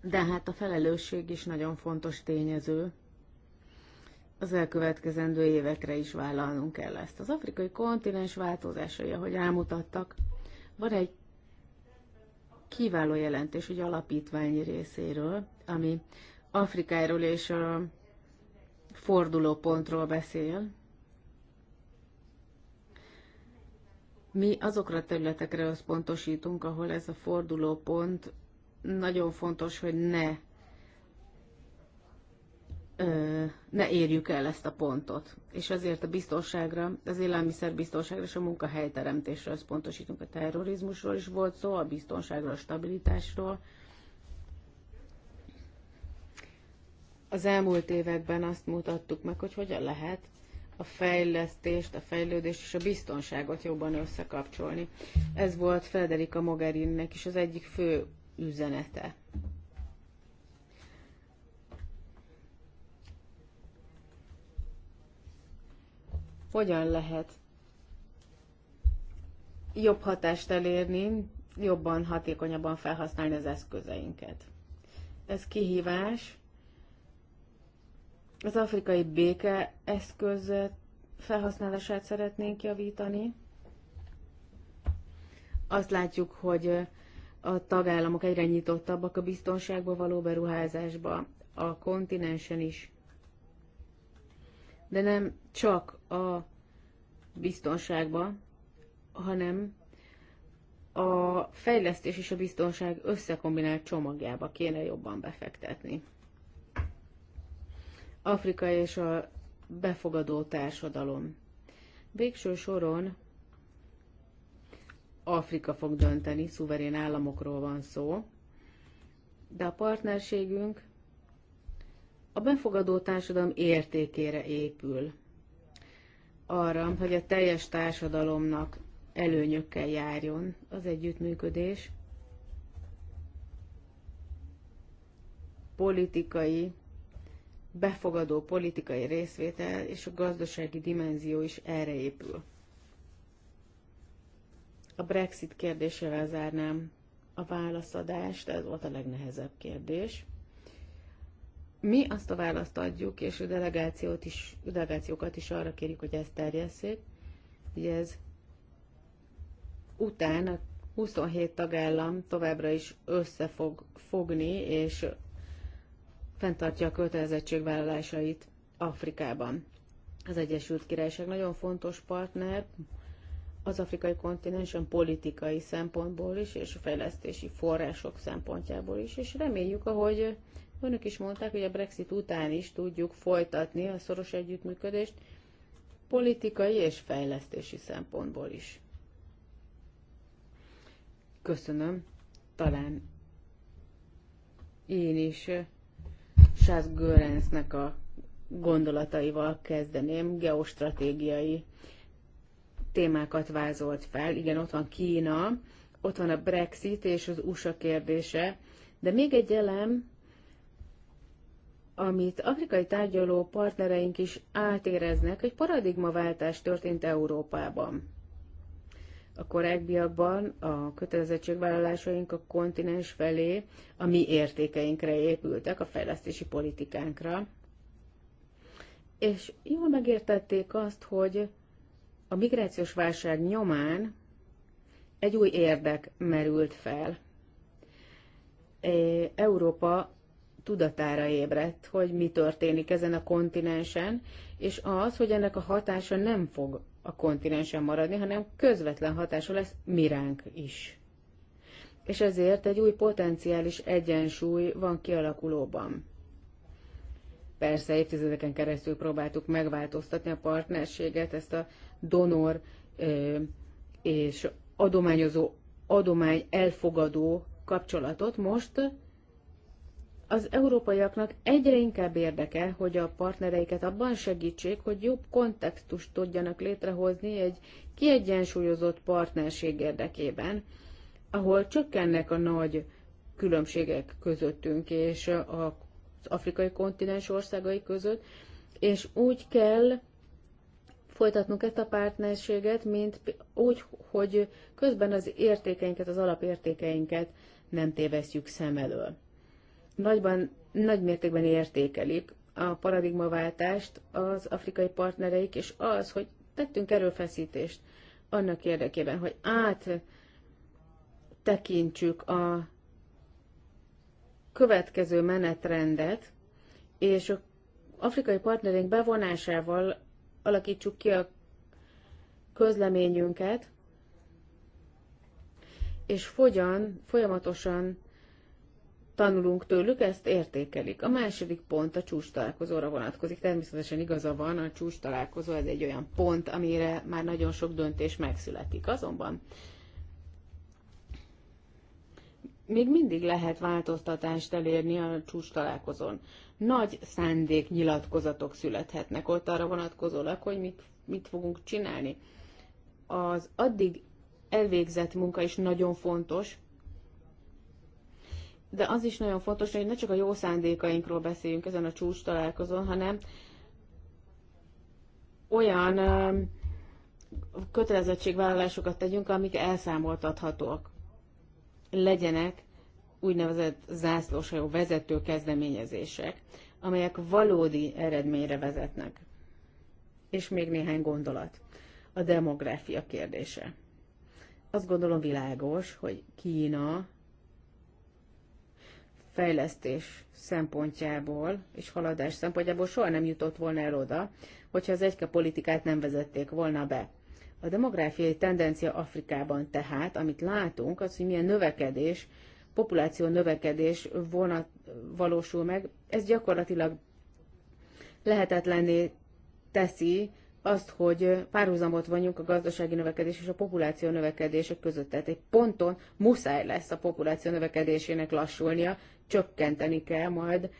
Speaker 3: De hát a felelősség is nagyon fontos tényező. Az elkövetkezendő évekre is vállalnunk kell ezt. Az afrikai kontinens változásai, ahogy elmutattak, van egy kiváló jelentés, hogy alapítványi részéről, ami Afrikáról és fordulópontról beszél. Mi azokra a területekre összpontosítunk, ahol ez a fordulópont nagyon fontos, hogy ne, ö, ne érjük el ezt a pontot. És azért a biztonságra, az élelmiszerbiztonságra és a munkahelyteremtésre összpontosítunk. A terrorizmusról is volt szó, a biztonságról, a stabilitásról, az elmúlt években azt mutattuk meg, hogy hogyan lehet a fejlesztést, a fejlődést és a biztonságot jobban összekapcsolni. Ez volt Federica Mogherinnek is az egyik fő üzenete. Hogyan lehet jobb hatást elérni, jobban, hatékonyabban felhasználni az eszközeinket? Ez kihívás, az afrikai béke eszköz felhasználását szeretnénk javítani. Azt látjuk, hogy a tagállamok egyre nyitottabbak a biztonságba való beruházásba, a kontinensen is. De nem csak a biztonságba, hanem a fejlesztés és a biztonság összekombinált csomagjába kéne jobban befektetni. Afrika és a befogadó társadalom. Végső soron Afrika fog dönteni, szuverén államokról van szó, de a partnerségünk a befogadó társadalom értékére épül. Arra, hogy a teljes társadalomnak előnyökkel járjon az együttműködés, politikai, befogadó politikai részvétel és a gazdasági dimenzió is erre épül. A Brexit kérdésével zárnám a válaszadást, ez volt a legnehezebb kérdés. Mi azt a választ adjuk, és a delegációt is, a delegációkat is arra kérjük, hogy ezt terjesszék, hogy ez utána 27 tagállam továbbra is össze fog fogni, és fenntartja a kötelezettségvállalásait Afrikában. Az Egyesült Királyság nagyon fontos partner az afrikai kontinensen politikai szempontból is, és a fejlesztési források szempontjából is, és reméljük, ahogy önök is mondták, hogy a Brexit után is tudjuk folytatni a szoros együttműködést politikai és fejlesztési szempontból is. Köszönöm. Talán én is Charles Görensnek a gondolataival kezdeném, geostratégiai témákat vázolt fel. Igen, ott van Kína, ott van a Brexit és az USA kérdése, de még egy elem, amit afrikai tárgyaló partnereink is átéreznek, egy paradigmaváltás történt Európában a korábbiakban a kötelezettségvállalásaink a kontinens felé a mi értékeinkre épültek, a fejlesztési politikánkra. És jól megértették azt, hogy a migrációs válság nyomán egy új érdek merült fel. E, Európa tudatára ébredt, hogy mi történik ezen a kontinensen, és az, hogy ennek a hatása nem fog a kontinensen maradni, hanem közvetlen hatása lesz miránk is. És ezért egy új potenciális egyensúly van kialakulóban. Persze évtizedeken keresztül próbáltuk megváltoztatni a partnerséget, ezt a donor ö, és adományozó, adomány elfogadó kapcsolatot. Most az európaiaknak egyre inkább érdeke, hogy a partnereiket abban segítsék, hogy jobb kontextust tudjanak létrehozni egy kiegyensúlyozott partnerség érdekében, ahol csökkennek a nagy különbségek közöttünk és az afrikai kontinens országai között, és úgy kell folytatnunk ezt a partnerséget, mint úgy, hogy közben az értékeinket, az alapértékeinket nem tévesztjük szem elől nagyban, nagy mértékben értékelik a paradigmaváltást az afrikai partnereik, és az, hogy tettünk erőfeszítést annak érdekében, hogy át tekintsük a következő menetrendet, és a afrikai partnerünk bevonásával alakítsuk ki a közleményünket, és fogyan, folyamatosan tanulunk tőlük, ezt értékelik. A második pont a csúcs találkozóra vonatkozik. Természetesen igaza van, a csúcs találkozó ez egy olyan pont, amire már nagyon sok döntés megszületik. Azonban még mindig lehet változtatást elérni a csúcs találkozón. Nagy szándéknyilatkozatok születhetnek ott arra vonatkozólag, hogy mit, mit fogunk csinálni. Az addig elvégzett munka is nagyon fontos, de az is nagyon fontos, hogy ne csak a jó szándékainkról beszéljünk ezen a csúcs találkozón, hanem olyan kötelezettségvállalásokat tegyünk, amik elszámoltathatóak. Legyenek úgynevezett zászlóshajó vezető kezdeményezések, amelyek valódi eredményre vezetnek. És még néhány gondolat. A demográfia kérdése. Azt gondolom világos, hogy Kína fejlesztés szempontjából és haladás szempontjából soha nem jutott volna el oda, hogyha az egyke politikát nem vezették volna be. A demográfiai tendencia Afrikában tehát, amit látunk, az, hogy milyen növekedés, populáció növekedés vonat, valósul meg, ez gyakorlatilag lehetetlenné teszi azt, hogy párhuzamot vonjunk a gazdasági növekedés és a populáció növekedése között. Tehát egy ponton muszáj lesz a populáció növekedésének lassulnia, csökkenteni kell majd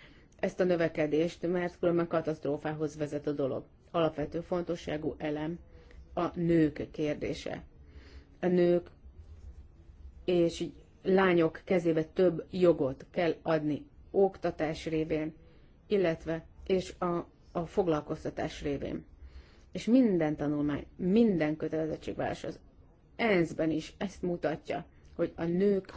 Speaker 3: ezt a növekedést, mert különben katasztrófához vezet a dolog. Alapvető fontosságú elem a nők kérdése. A nők és lányok kezébe több jogot kell adni oktatás révén, illetve és a, a foglalkoztatás révén és minden tanulmány, minden kötelezettségvállás az ENSZ-ben is ezt mutatja, hogy a nők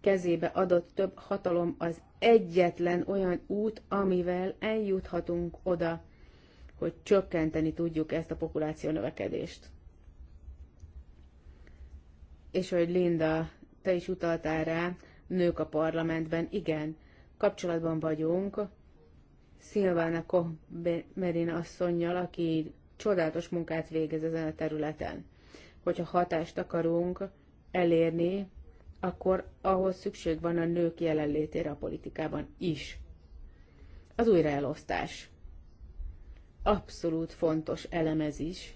Speaker 3: kezébe adott több hatalom az egyetlen olyan út, amivel eljuthatunk oda, hogy csökkenteni tudjuk ezt a populáció növekedést. És hogy Linda, te is utaltál rá, nők a parlamentben, igen, kapcsolatban vagyunk Szilvána Kohmerin asszonynal, aki csodálatos munkát végez ezen a területen. Hogyha hatást akarunk elérni, akkor ahhoz szükség van a nők jelenlétére a politikában is. Az újraelosztás. Abszolút fontos elemez is,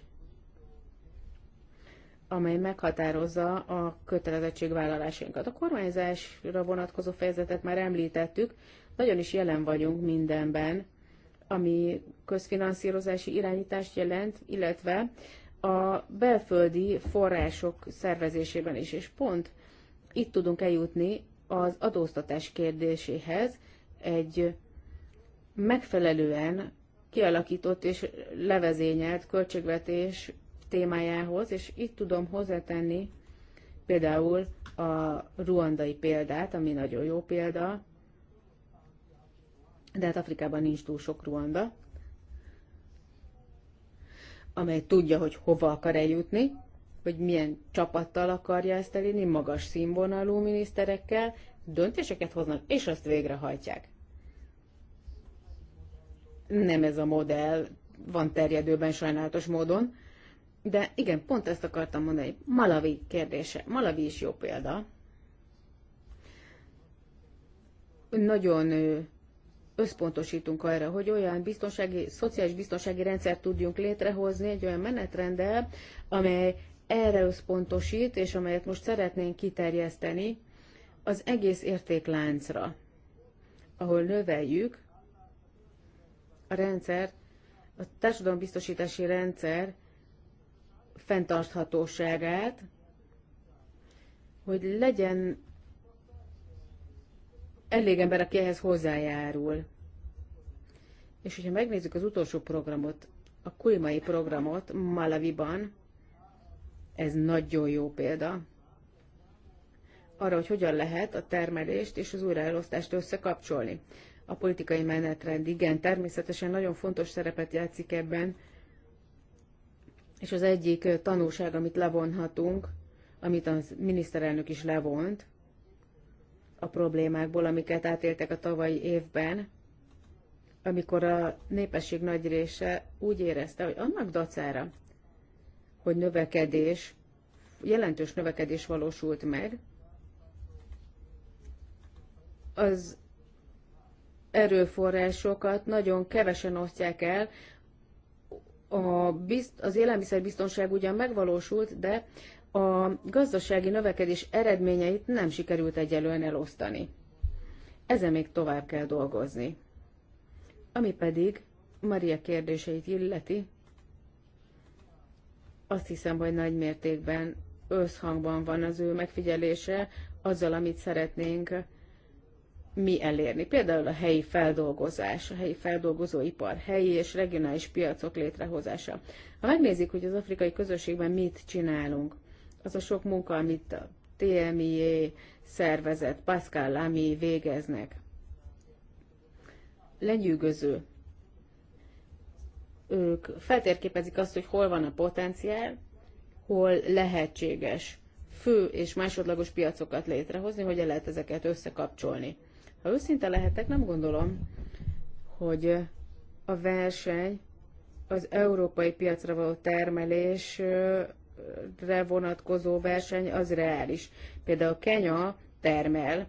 Speaker 3: amely meghatározza a kötelezettségvállalásainkat. A kormányzásra vonatkozó fejezetet már említettük, nagyon is jelen vagyunk mindenben, ami közfinanszírozási irányítást jelent, illetve a belföldi források szervezésében is. És pont itt tudunk eljutni az adóztatás kérdéséhez egy megfelelően kialakított és levezényelt költségvetés témájához, és itt tudom hozzátenni például a ruandai példát, ami nagyon jó példa, de hát Afrikában nincs túl sok Ruanda, amely tudja, hogy hova akar eljutni, hogy milyen csapattal akarja ezt elérni, magas színvonalú miniszterekkel, döntéseket hoznak, és azt végrehajtják. Nem ez a modell van terjedőben sajnálatos módon, de igen, pont ezt akartam mondani. Malawi kérdése. Malawi is jó példa. Nagyon összpontosítunk arra, hogy olyan biztonsági, szociális biztonsági rendszert tudjunk létrehozni, egy olyan menetrendel, amely erre összpontosít, és amelyet most szeretnénk kiterjeszteni az egész értékláncra, ahol növeljük a rendszer, a társadalombiztosítási rendszer fenntarthatóságát, hogy legyen elég ember, aki ehhez hozzájárul. És hogyha megnézzük az utolsó programot, a Kulmai programot Malaviban, ez nagyon jó példa arra, hogy hogyan lehet a termelést és az újraelosztást összekapcsolni. A politikai menetrend igen, természetesen nagyon fontos szerepet játszik ebben, és az egyik tanulság, amit levonhatunk, amit a miniszterelnök is levont, a problémákból, amiket átéltek a tavalyi évben, amikor a népesség nagy része úgy érezte, hogy annak dacára, hogy növekedés, jelentős növekedés valósult meg, az erőforrásokat nagyon kevesen osztják el. A bizt, az élelmiszerbiztonság ugyan megvalósult, de a gazdasági növekedés eredményeit nem sikerült egyelően elosztani. Ezen még tovább kell dolgozni. Ami pedig Maria kérdéseit illeti, azt hiszem, hogy nagy mértékben összhangban van az ő megfigyelése azzal, amit szeretnénk mi elérni. Például a helyi feldolgozás, a helyi feldolgozóipar, helyi és regionális piacok létrehozása. Ha megnézik, hogy az afrikai közösségben mit csinálunk, az a sok munka, amit a TMIA szervezet, Pascal Lamy végeznek. Lenyűgöző. Ők feltérképezik azt, hogy hol van a potenciál, hol lehetséges fő és másodlagos piacokat létrehozni, hogy el lehet ezeket összekapcsolni. Ha őszinte lehetek, nem gondolom, hogy a verseny az európai piacra való termelés vonatkozó verseny az reális. Például Kenya termel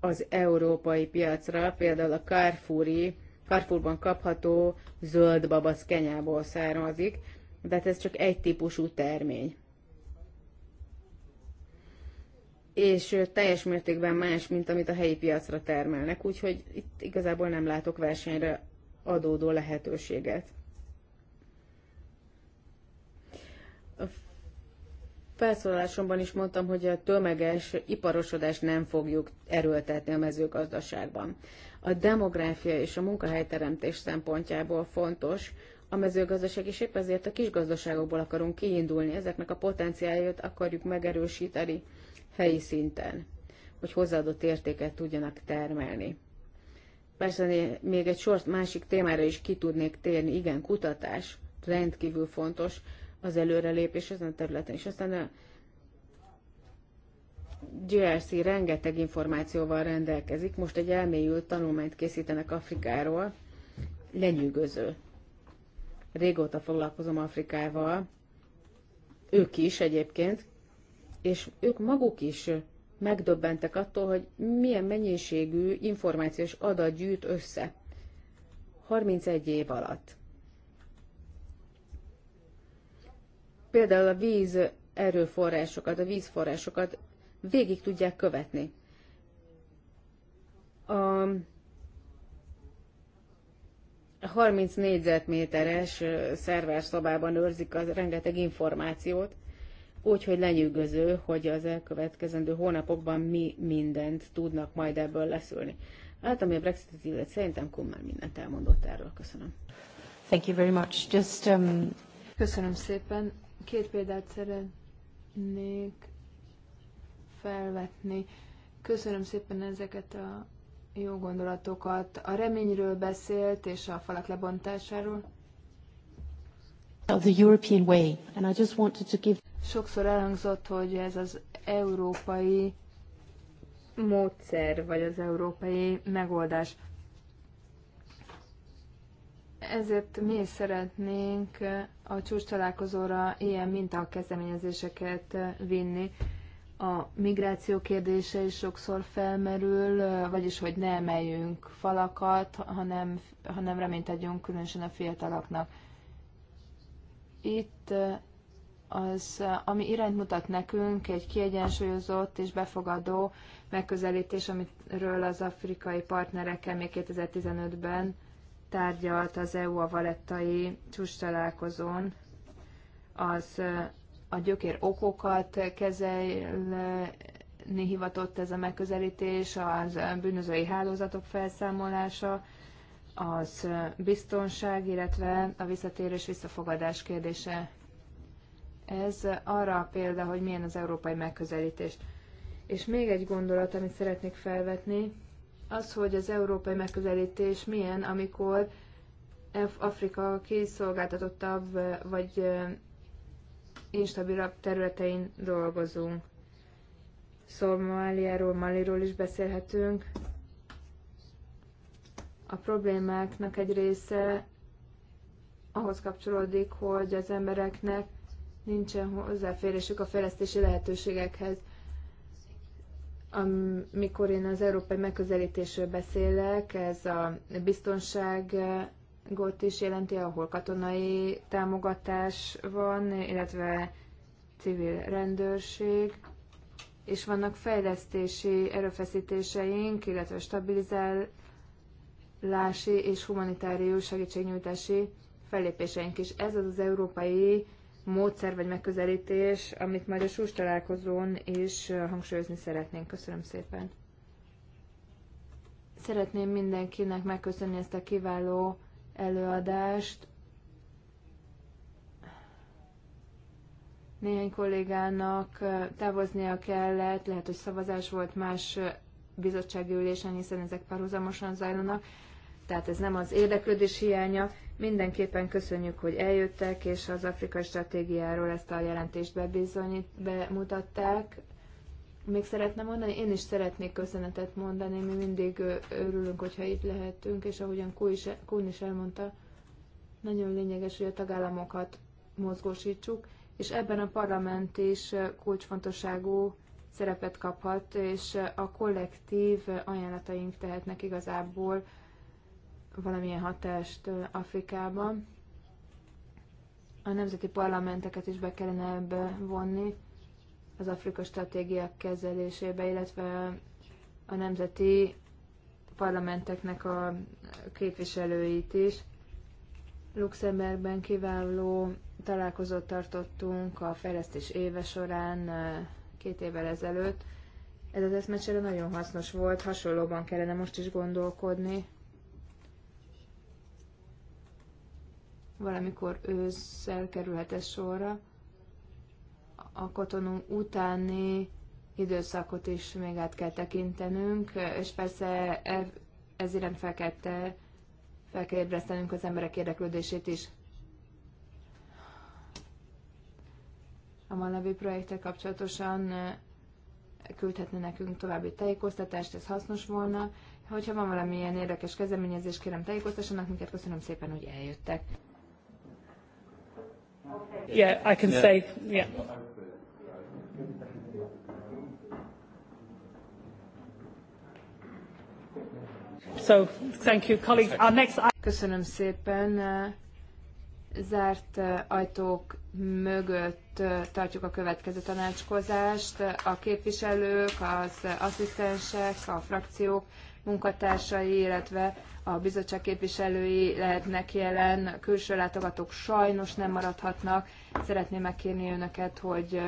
Speaker 3: az európai piacra, például a Carrefouri, Carrefourban kapható zöld babasz Kenyából származik, de hát ez csak egy típusú termény. És teljes mértékben más, mint amit a helyi piacra termelnek, úgyhogy itt igazából nem látok versenyre adódó lehetőséget felszólalásomban is mondtam, hogy a tömeges iparosodást nem fogjuk erőltetni a mezőgazdaságban. A demográfia és a munkahelyteremtés szempontjából fontos, a mezőgazdaság, is épp ezért a kisgazdaságokból akarunk kiindulni, ezeknek a potenciálját akarjuk megerősíteni helyi szinten, hogy hozzáadott értéket tudjanak termelni. Persze még egy sort másik témára is ki tudnék térni, igen, kutatás rendkívül fontos, az előrelépés ezen a területen, és aztán a GRC rengeteg információval rendelkezik, most egy elmélyült tanulmányt készítenek Afrikáról, lenyűgöző. Régóta foglalkozom Afrikával, ők is egyébként, és ők maguk is megdöbbentek attól, hogy milyen mennyiségű információs adat gyűjt össze 31 év alatt. például a víz erőforrásokat, a vízforrásokat végig tudják követni. A 30 négyzetméteres szerverszobában őrzik az rengeteg információt, úgyhogy lenyűgöző, hogy az elkövetkezendő hónapokban mi mindent tudnak majd ebből leszülni. Hát, ami a Brexit illet, szerintem Kun már mindent elmondott
Speaker 2: erről. Köszönöm.
Speaker 4: Thank you very much. Just, um...
Speaker 2: Köszönöm szépen. Két példát szeretnék felvetni. Köszönöm szépen ezeket a jó gondolatokat. A reményről beszélt, és a falak lebontásáról.
Speaker 3: Of the European way, and I just wanted to give...
Speaker 2: Sokszor elhangzott, hogy ez az európai módszer, vagy az európai megoldás. Ezért mi szeretnénk a csúcs találkozóra ilyen mintakezdeményezéseket vinni. A migráció kérdése is sokszor felmerül, vagyis hogy ne emeljünk falakat, hanem, hanem reményt adjunk különösen a fiataloknak. Itt az, ami irányt mutat nekünk, egy kiegyensúlyozott és befogadó megközelítés, amiről az afrikai partnerekkel még 2015-ben tárgyalt az EU a valettai csúcs találkozón, az a gyökér okokat kezelni hivatott ez a megközelítés, az bűnözői hálózatok felszámolása, az biztonság, illetve a visszatérés visszafogadás kérdése. Ez arra a példa, hogy milyen az európai megközelítés. És még egy gondolat, amit szeretnék felvetni, az, hogy az európai megközelítés milyen, amikor Afrika kiszolgáltatottabb vagy instabilabb területein dolgozunk. Szomáliáról, szóval Maliról is beszélhetünk. A problémáknak egy része ahhoz kapcsolódik, hogy az embereknek nincsen hozzáférésük a fejlesztési lehetőségekhez. Amikor én az európai megközelítésről beszélek, ez a biztonságot is jelenti, ahol katonai támogatás van, illetve civil rendőrség, és vannak fejlesztési erőfeszítéseink, illetve stabilizálási és humanitárius segítségnyújtási fellépéseink is. Ez az az európai módszer vagy megközelítés, amit majd a sús találkozón is hangsúlyozni szeretnénk. Köszönöm szépen! Szeretném mindenkinek megköszönni ezt a kiváló előadást. Néhány kollégának távoznia kellett, lehet, hogy szavazás volt más bizottsági ülésen, hiszen ezek párhuzamosan zajlanak, tehát ez nem az érdeklődés hiánya. Mindenképpen köszönjük, hogy eljöttek, és az afrikai stratégiáról ezt a jelentést bebizonyít, bemutatták. Még szeretne mondani? Én is szeretnék köszönetet mondani, mi mindig örülünk, hogyha itt lehetünk, és ahogyan Kuhn is, is elmondta, nagyon lényeges, hogy a tagállamokat mozgósítsuk, és ebben a parlament is kulcsfontosságú szerepet kaphat, és a kollektív ajánlataink tehetnek igazából valamilyen hatást Afrikában. A nemzeti parlamenteket is be kellene ebbe vonni az Afrika stratégiák kezelésébe, illetve a nemzeti parlamenteknek a képviselőit is. Luxemburgben kiváló találkozót tartottunk a fejlesztés éve során két évvel ezelőtt. Ez az eszmecsere nagyon hasznos volt, hasonlóban kellene most is gondolkodni, valamikor ősszel kerülhet ez sorra, a kotonú utáni időszakot is még át kell tekintenünk, és persze ez iránt fel kell, fel kell ébresztenünk az emberek érdeklődését is. A Malavi projektek kapcsolatosan küldhetne nekünk további tájékoztatást, ez hasznos volna. Hogyha van valamilyen érdekes kezdeményezés, kérem tájékoztassanak minket. Köszönöm szépen, hogy eljöttek.
Speaker 5: Yeah, I can yeah. say, yeah. So, thank you, colleagues. Our next...
Speaker 1: Köszönöm
Speaker 2: szépen. Zárt eh, ajtók mögött eh, tartjuk a következő tanácskozást. A képviselők, az asszisztensek, a frakciók munkatársai, illetve a bizottság képviselői lehetnek jelen, külső látogatók sajnos nem maradhatnak. Szeretném megkérni önöket, hogy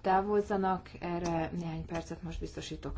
Speaker 2: távozzanak, erre néhány percet most
Speaker 5: biztosítok.